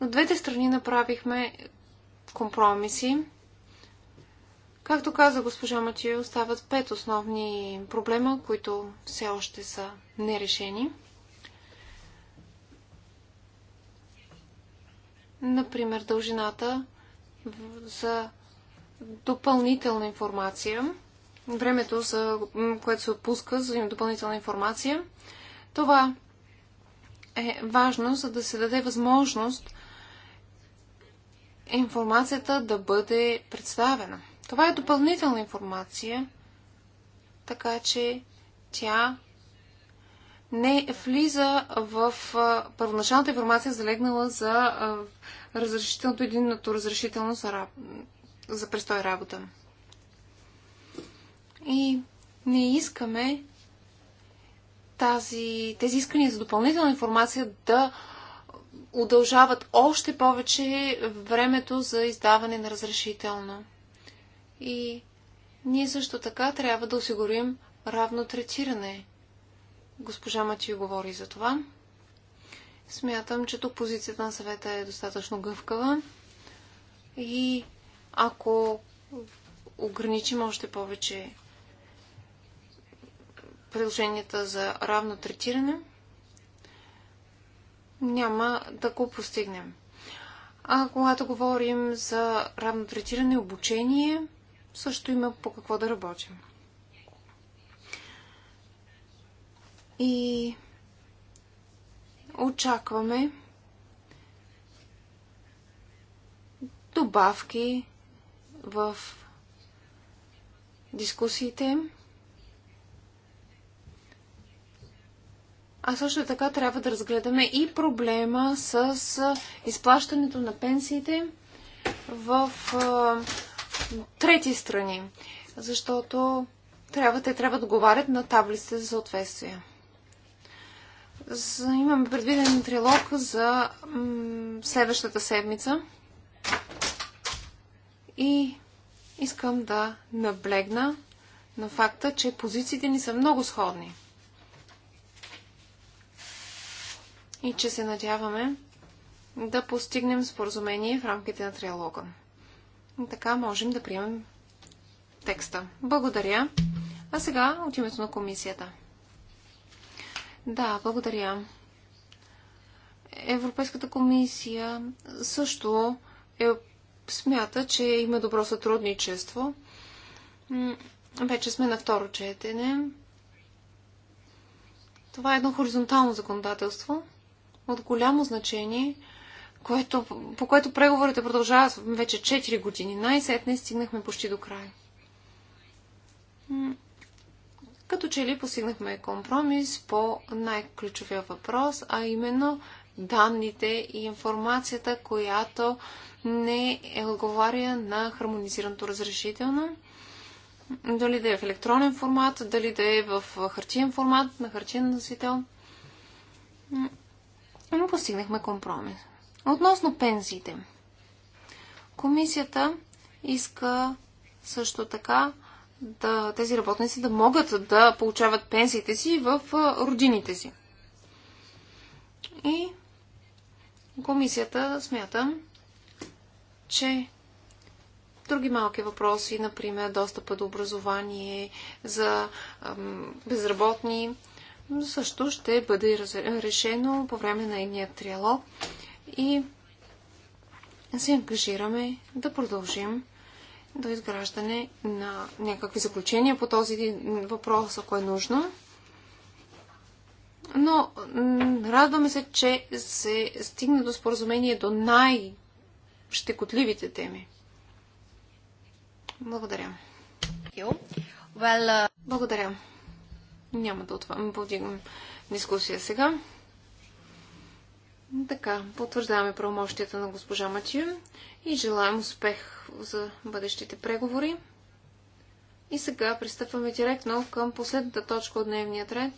на двете страни направихме компромиси. Както каза госпожа Матио, остават пет основни проблема, които все още са нерешени. Например, дължината за допълнителна информация, времето, за, което се отпуска за допълнителна информация. Това е важно, за да се даде възможност информацията да бъде представена. Това е допълнителна информация, така че тя не влиза в първоначалната информация, залегнала за разрешителното единното разрешително за, за престой работа. И не искаме тази, тези искания за допълнителна информация да удължават още повече времето за издаване на разрешително. И ние също така трябва да осигурим равно третиране. Госпожа Матио говори за това. Смятам, че тук позицията на съвета е достатъчно гъвкава и ако ограничим още повече предложенията за равно третиране, няма да го постигнем. А когато говорим за равно третиране, обучение – също има по какво да работим. И очакваме добавки в дискусиите. А също така трябва да разгледаме и проблема с изплащането на пенсиите в трети страни, защото трябва, те трябва да отговарят на таблиците за съответствие. За, имаме предвиден трилог за м, следващата седмица и искам да наблегна на факта, че позициите ни са много сходни. И че се надяваме да постигнем споразумение в рамките на триалога. Така можем да приемем текста. Благодаря. А сега от името на комисията. Да, благодаря. Европейската комисия също е, смята, че има добро сътрудничество. Вече сме на второ четене. Това е едно хоризонтално законодателство от голямо значение – което, по което преговорите продължават вече 4 години. Най-сетне стигнахме почти до края. Като че ли постигнахме компромис по най-ключовия въпрос, а именно данните и информацията, която не е отговаря на хармонизираното разрешително. Дали да е в електронен формат, дали да е в хартиен формат, на хартиен носител. Но постигнахме компромис. Относно пензиите. Комисията иска също така да, тези работници да могат да получават пенсиите си в родините си. И комисията смята, че други малки въпроси, например достъпа до образование за безработни, също ще бъде решено по време на едния триалог и се ангажираме да продължим до изграждане на някакви заключения по този въпрос, ако е нужно. Но радваме се, че се стигна до споразумение до най-щекотливите теми. Благодаря. Uh, Благодаря. Няма да отвам. дискусия сега. Така, потвърждаваме правомощията на госпожа Матю и желаем успех за бъдещите преговори. И сега пристъпваме директно към последната точка от дневния ред.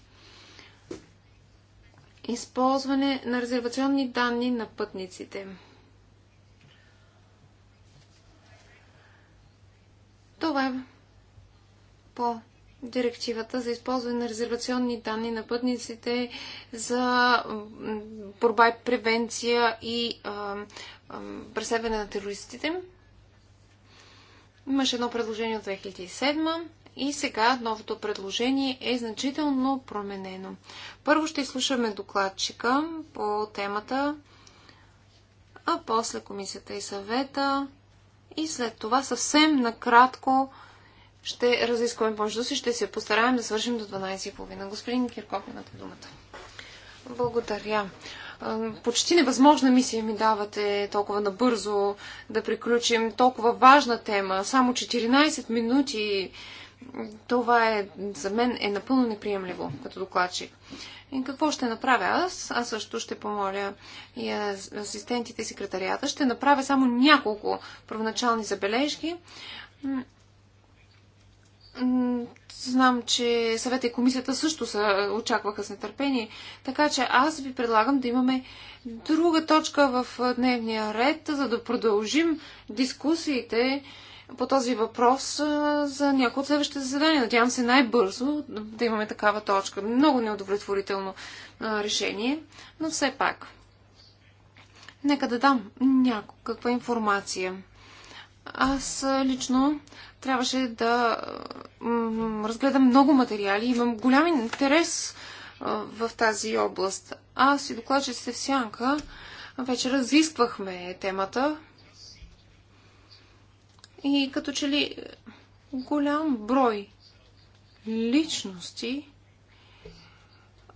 Използване на резервационни данни на пътниците. Това е по директивата за използване на резервационни данни на пътниците за борба и превенция и преследване на терористите. Имаше едно предложение от 2007 и сега новото предложение е значително променено. Първо ще изслушаме докладчика по темата, а после комисията и съвета и след това съвсем накратко ще разискваме помощта си, ще се постараем да свършим до 12.30. Господин Кирков, имате думата. Благодаря. Почти невъзможна мисия ми давате толкова набързо да приключим толкова важна тема. Само 14 минути. Това е, за мен е напълно неприемливо като докладчик. И какво ще направя аз? Аз също ще помоля и асистентите и секретарията. Ще направя само няколко първоначални забележки. Знам, че съвета и комисията също са, очакваха с нетърпение. Така че аз ви предлагам да имаме друга точка в дневния ред, за да продължим дискусиите по този въпрос за някои от следващите заседания. Надявам се най-бързо да имаме такава точка. Много неудовлетворително решение, но все пак. Нека да дам някаква информация. Аз лично трябваше да разгледам много материали, имам голям интерес в тази област. Аз и докладчиците в Сянка вече разисквахме темата и като че ли е, голям брой личности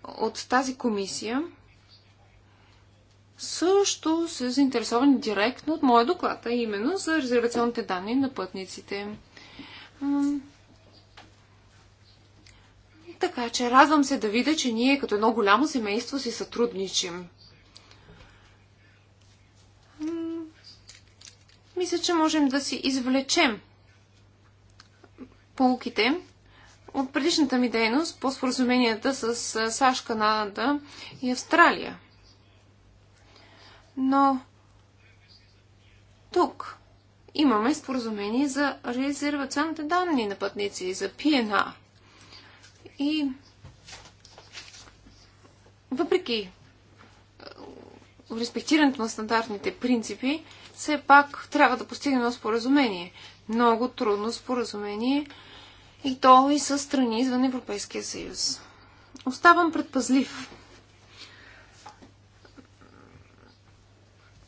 от тази комисия също са заинтересовани директно от моя доклад, а именно за резервационните данни на пътниците. Така че радвам се да видя, че ние като едно голямо семейство си сътрудничим. Мисля, че можем да си извлечем полуките от предишната ми дейност по споразуменията с САЩ, Канада и Австралия. Но тук имаме споразумение за резервационните данни на пътници, за ПНА. И въпреки е, респектирането на стандартните принципи, все пак трябва да постигнем едно споразумение. Много трудно споразумение и то и с страни извън Европейския съюз. Оставам предпазлив.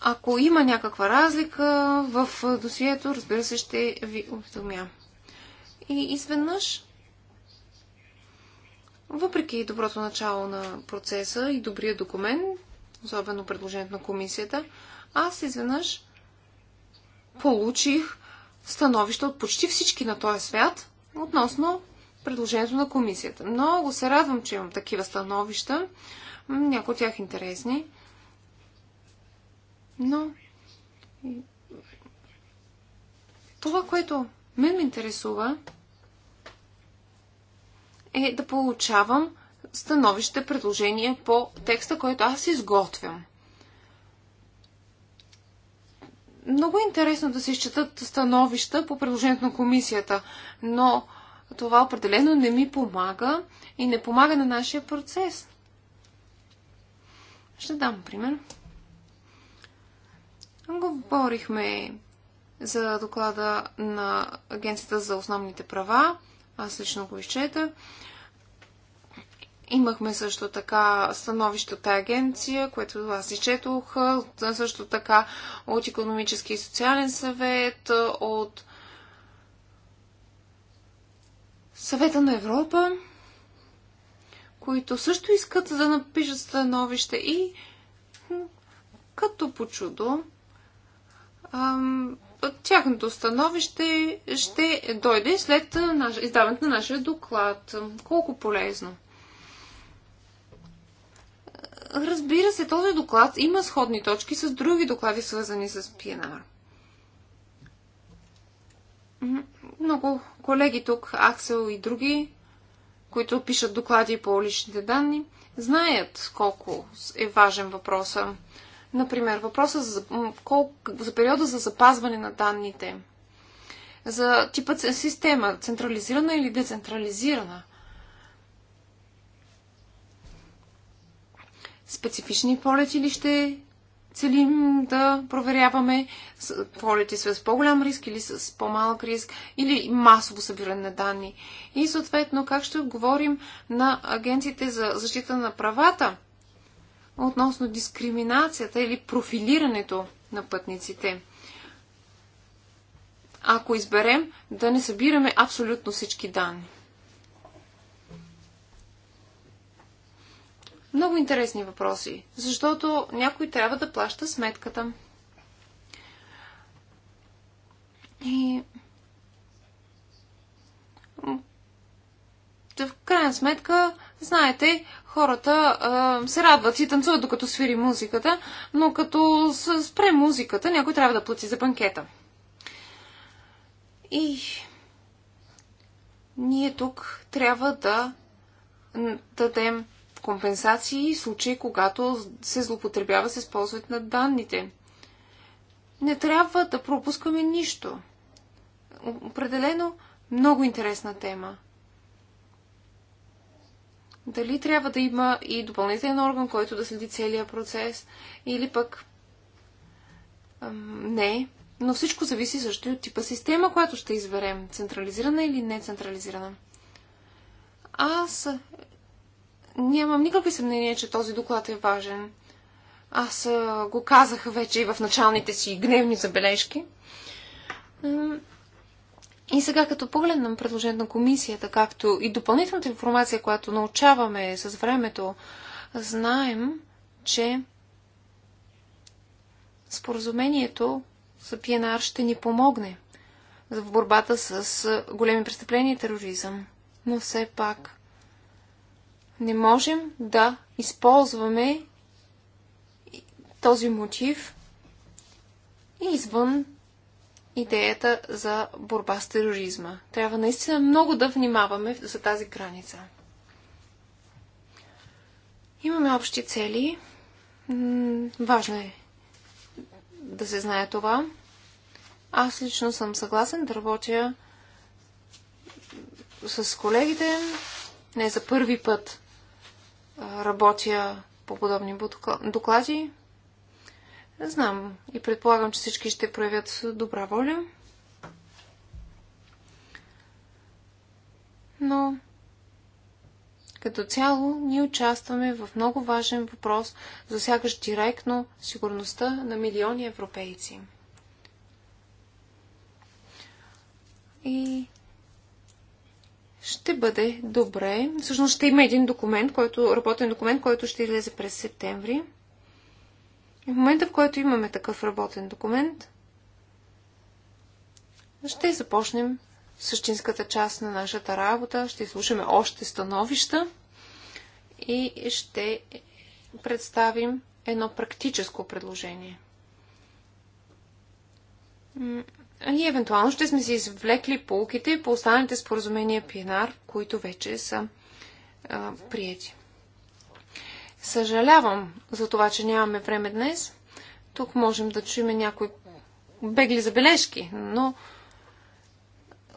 Ако има някаква разлика в досието, разбира се, ще ви уведомя. И изведнъж въпреки доброто начало на процеса и добрия документ, особено предложението на комисията, аз изведнъж получих становища от почти всички на този свят относно предложението на комисията. Много се радвам, че имам такива становища, някои от тях интересни. Но това, което мен ме интересува, е да получавам становище, предложение по текста, който аз изготвям. Много е интересно да се изчитат становища по предложението на комисията, но това определено не ми помага и не помага на нашия процес. Ще дам пример. Говорихме за доклада на Агенцията за основните права аз лично го изчета. Имахме също така становище от агенция, което аз изчетох, също така от економически и социален съвет, от съвета на Европа, които също искат да напишат становище и като по чудо ам, тяхното становище ще дойде след издаването на нашия доклад. Колко полезно! Разбира се, този доклад има сходни точки с други доклади, свързани с ПНР. Много колеги тук, Аксел и други, които пишат доклади по личните данни, знаят колко е важен въпросът. Например, въпроса за, за периода за запазване на данните, за типът система, централизирана или децентрализирана, специфични полети ли ще целим да проверяваме полети с по-голям риск или с по-малък риск, или масово събиране на данни. И съответно как ще отговорим на агенциите за защита на правата, относно дискриминацията или профилирането на пътниците. Ако изберем да не събираме абсолютно всички данни. Много интересни въпроси, защото някой трябва да плаща сметката. И в крайна сметка, знаете, хората а, се радват и танцуват докато свири музиката, но като спре музиката, някой трябва да плати за банкета. И ние тук трябва да дадем компенсации в случаи, когато се злоупотребява с използването на данните. Не трябва да пропускаме нищо. Определено много интересна тема. Дали трябва да има и допълнителен орган, който да следи целия процес, или пък не. Но всичко зависи също и от типа система, която ще изберем. Централизирана или нецентрализирана. Аз е, нямам никакви съмнения, че този доклад е важен. Аз е, го казах вече и в началните си гневни забележки. И сега, като погледнем предложението на комисията, както и допълнителната информация, която научаваме с времето, знаем, че споразумението за ПНР ще ни помогне в борбата с големи престъпления и тероризъм. Но все пак не можем да използваме този мотив извън идеята за борба с тероризма. Трябва наистина много да внимаваме за тази граница. Имаме общи цели. Важно е да се знае това. Аз лично съм съгласен да работя с колегите. Не за първи път работя по подобни доклади. Знам и предполагам, че всички ще проявят добра воля. Но като цяло ние участваме в много важен въпрос, засягащ директно сигурността на милиони европейци. И ще бъде добре. Всъщност ще има един документ, който, работен документ, който ще излезе през септември – и в момента, в който имаме такъв работен документ, ще започнем същинската част на нашата работа, ще слушаме още становища и ще представим едно практическо предложение. И евентуално ще сме си извлекли полките по останалите споразумения пинар, които вече са а, прияти. Съжалявам за това, че нямаме време днес. Тук можем да чуем някои бегли забележки, но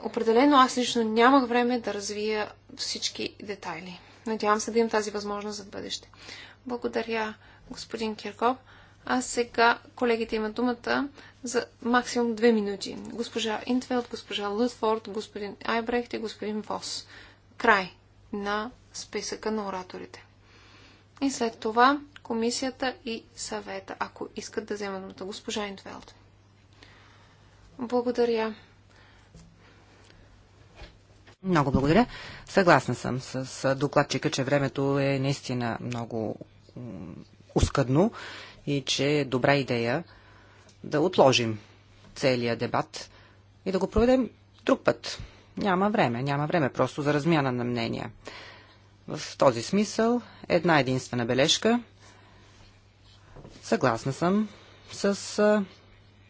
определено аз лично нямах време да развия всички детайли. Надявам се да имам тази възможност за бъдеще. Благодаря, господин Кирков. А сега колегите имат думата за максимум две минути. Госпожа Интвелд, госпожа Лутфорд, господин Айбрехт и господин Вос. Край на списъка на ораторите. И след това комисията и съвета, ако искат да вземат думата. Госпожа Интвелд. Благодаря. Много благодаря. Съгласна съм с докладчика, че времето е наистина много ускъдно и че е добра идея да отложим целия дебат и да го проведем друг път. Няма време, няма време просто за размяна на мнения. В този смисъл една единствена бележка. Съгласна съм с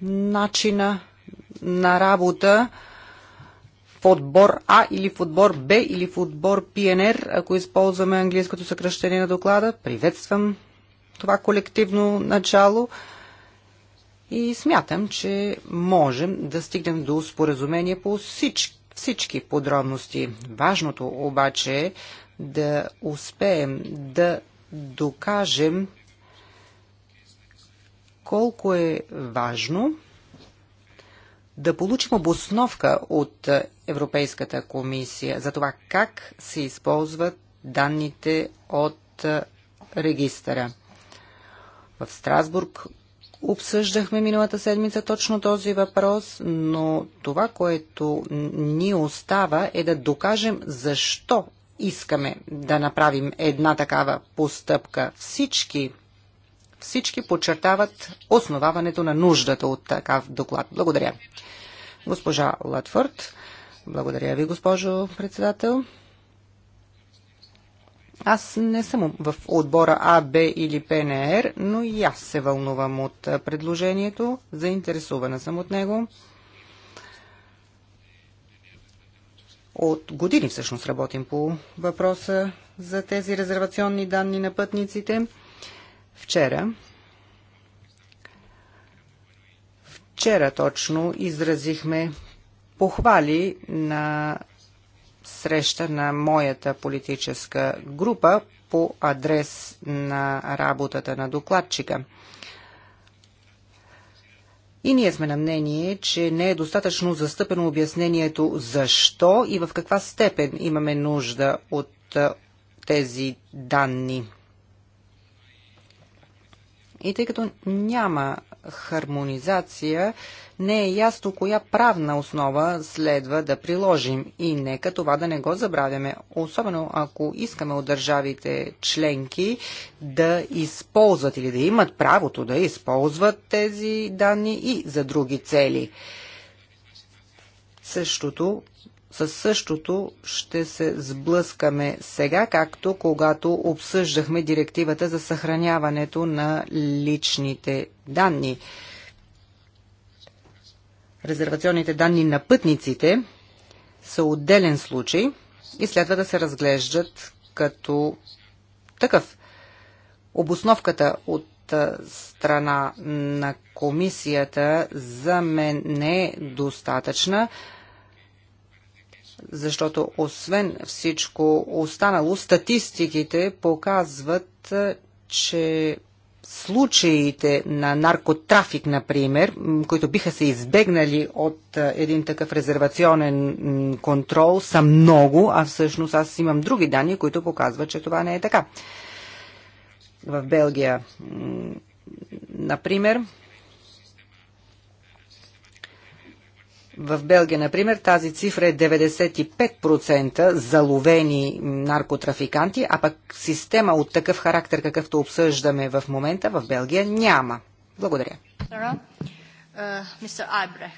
начина на работа в отбор А или в отбор Б или в отбор ПНР, ако използваме английското съкръщение на доклада. Приветствам това колективно начало и смятам, че можем да стигнем до споразумение по всички всички подробности. Важното обаче е да успеем да докажем колко е важно да получим обосновка от Европейската комисия за това как се използват данните от регистъра. В Страсбург обсъждахме миналата седмица точно този въпрос, но това, което ни остава е да докажем защо искаме да направим една такава постъпка. Всички, всички подчертават основаването на нуждата от такав доклад. Благодаря. Госпожа Латфорд, благодаря ви, госпожо председател. Аз не съм в отбора А, Б или ПНР, но и аз се вълнувам от предложението, заинтересувана съм от него. От години всъщност работим по въпроса за тези резервационни данни на пътниците. Вчера вчера точно изразихме похвали на среща на моята политическа група по адрес на работата на докладчика. И ние сме на мнение, че не е достатъчно застъпено обяснението защо и в каква степен имаме нужда от тези данни. И тъй като няма хармонизация, не е ясно коя правна основа следва да приложим. И нека това да не го забравяме, особено ако искаме от държавите членки да използват или да имат правото да използват тези данни и за други цели. Същото със същото ще се сблъскаме сега, както когато обсъждахме директивата за съхраняването на личните данни. Резервационните данни на пътниците са отделен случай и следва да се разглеждат като такъв. Обосновката от страна на комисията за мен не е достатъчна защото освен всичко останало, статистиките показват, е, че случаите на наркотрафик, например, които биха се избегнали от е, един такъв резервационен контрол, са много, а всъщност аз имам други данни, които показват, че това не е така. В Белгия, например, В Белгия, например, тази цифра е 95% заловени наркотрафиканти, а пък система от такъв характер, какъвто обсъждаме в момента, в Белгия няма. Благодаря. Uh,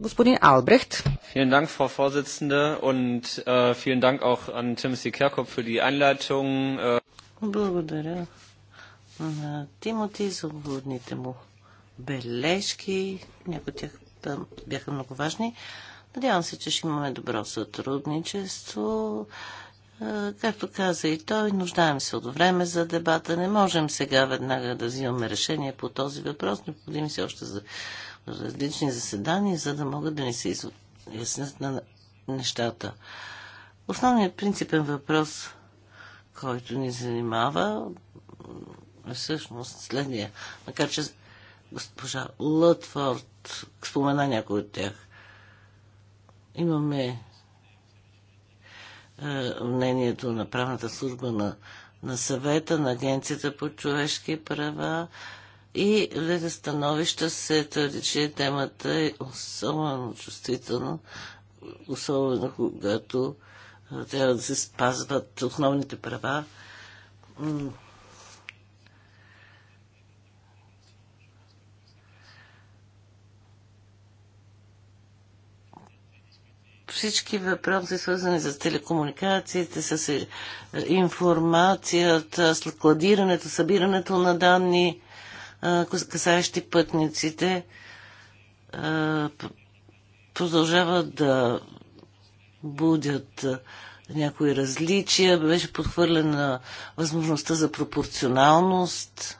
Господин Албрехт. Vielen Dank, Frau Vorsitzende, und äh, vielen Dank auch an Timothy Kirkhope für die Einleitung. Äh, Благодаря на Тимоти за уводните му бележки. Някои тях те бяха много важни. Надявам се, че ще имаме добро сътрудничество. Както каза и той, нуждаем се от време за дебата. Не можем сега веднага да взимаме решение по този въпрос. Необходими се още за различни заседания, за да могат да ни се изяснят на нещата. Основният принципен въпрос, който ни занимава, е всъщност следния. Макар, че госпожа Лътфорд спомена някой от тях. Имаме е, мнението на правната служба на, на съвета, на Агенцията по човешки права и леда становища се твърди, че темата е особено чувствителна, особено когато е, трябва да се спазват основните права всички въпроси, свързани с телекомуникациите, с е, е, информацията, с кладирането, събирането на данни, е, касаещи пътниците, продължават да будят някои различия. Беше подхвърлена възможността за пропорционалност.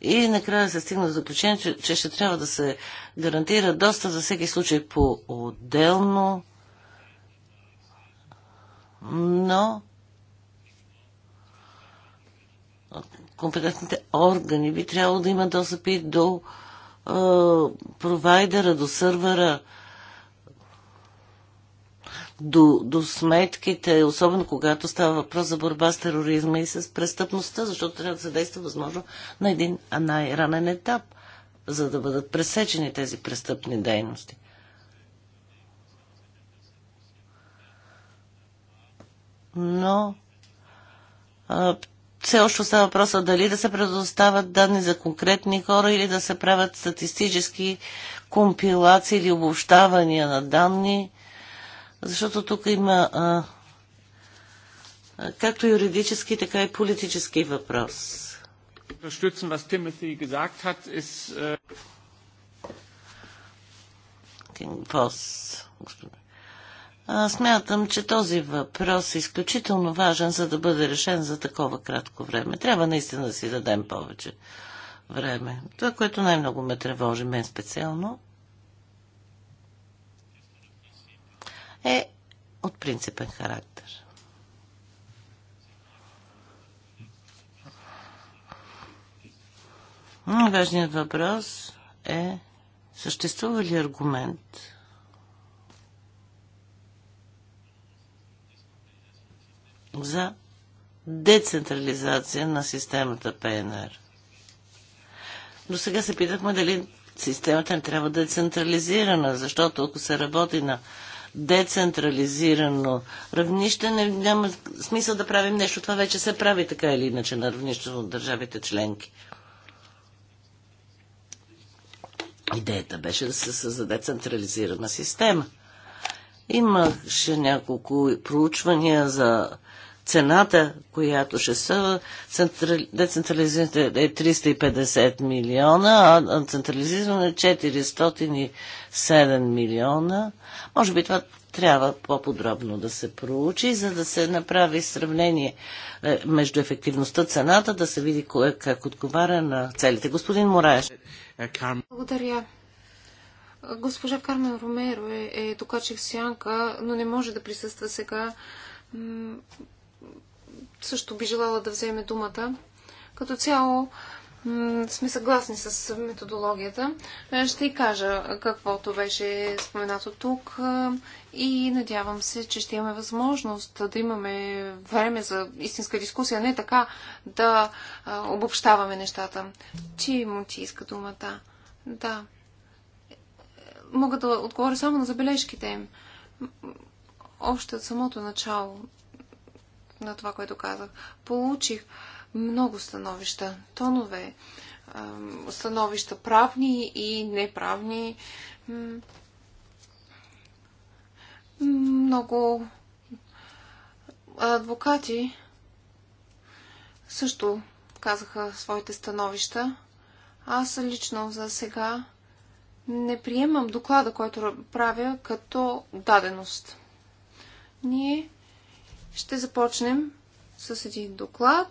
И накрая се стигна до заключение, че, че ще трябва да се гарантира доста за всеки случай по-отделно, но компетентните органи би трябвало да имат достъп и до е, провайдера, до сървъра, до, до сметките, особено когато става въпрос за борба с тероризма и с престъпността, защото трябва да се действа възможно на един най-ранен етап, за да бъдат пресечени тези престъпни дейности. Но а, все още става въпроса дали да се предоставят данни за конкретни хора или да се правят статистически компилации или обобщавания на данни защото тук има а, както юридически, така и политически въпрос. Äh, смятам, че този въпрос е изключително важен, за да бъде решен за такова кратко време. Трябва наистина да си дадем повече време. Това, което най-много ме тревожи, мен специално, е от принципен характер. Важният въпрос е съществува ли аргумент за децентрализация на системата ПНР. До сега се питахме дали системата не трябва да е централизирана, защото ако се работи на децентрализирано равнище, не, няма смисъл да правим нещо. Това вече се прави така или иначе на равнището от държавите членки. Идеята беше да се създаде централизирана система. Имаше няколко проучвания за цената, която ще са децентрализираните е 350 милиона, а централизиране 407 милиона. Може би това трябва по-подробно да се проучи, за да се направи сравнение е, между ефективността цената, да се види кое как отговаря на целите. Господин Мораеш. Благодаря. Госпожа Кармен Ромеро е, е докачих сянка, но не може да присъства сега също би желала да вземе думата. Като цяло сме съгласни с методологията. Е, ще и кажа каквото беше споменато тук е, и надявам се, че ще имаме възможност да имаме време за истинска дискусия, не така да е, обобщаваме нещата. Чи му ти иска думата? Да. Мога да отговоря само на забележките им. Още от самото начало на това, което казах. Получих много становища, тонове, становища правни и неправни. Много адвокати също казаха своите становища. Аз лично за сега не приемам доклада, който правя като даденост. Ние ще започнем с един доклад,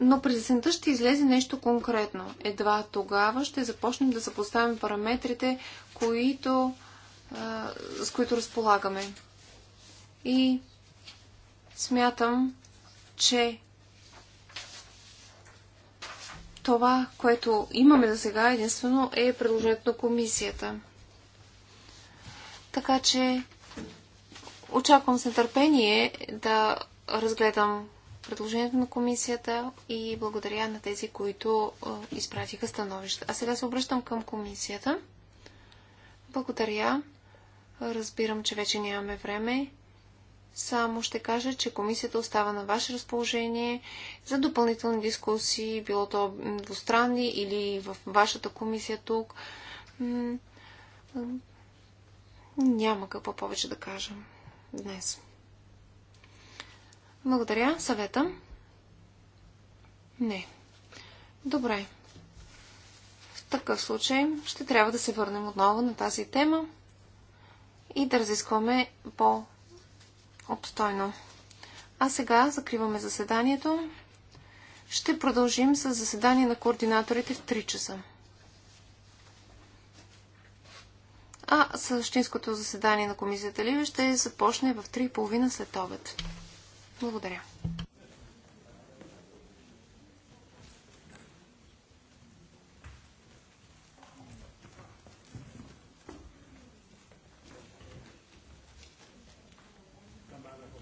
но през есента ще излезе нещо конкретно. Едва тогава ще започнем да съпоставим параметрите, които, а, с които разполагаме. И смятам, че това, което имаме за сега, единствено е предложението на комисията. Така че Очаквам с нетърпение да разгледам предложението на комисията и благодаря на тези, които изпратиха становища. А сега се обръщам към комисията. Благодаря. Разбирам, че вече нямаме време. Само ще кажа, че комисията остава на ваше разположение за допълнителни дискусии, било то двустранни или в вашата комисия тук. Няма какво повече да кажа днес. Благодаря. Съвета? Не. Добре. В такъв случай ще трябва да се върнем отново на тази тема и да разискваме по-обстойно. А сега закриваме заседанието. Ще продължим с заседание на координаторите в 3 часа. а същинското заседание на комисията Ливе ще започне в 3.30 след обед. Благодаря.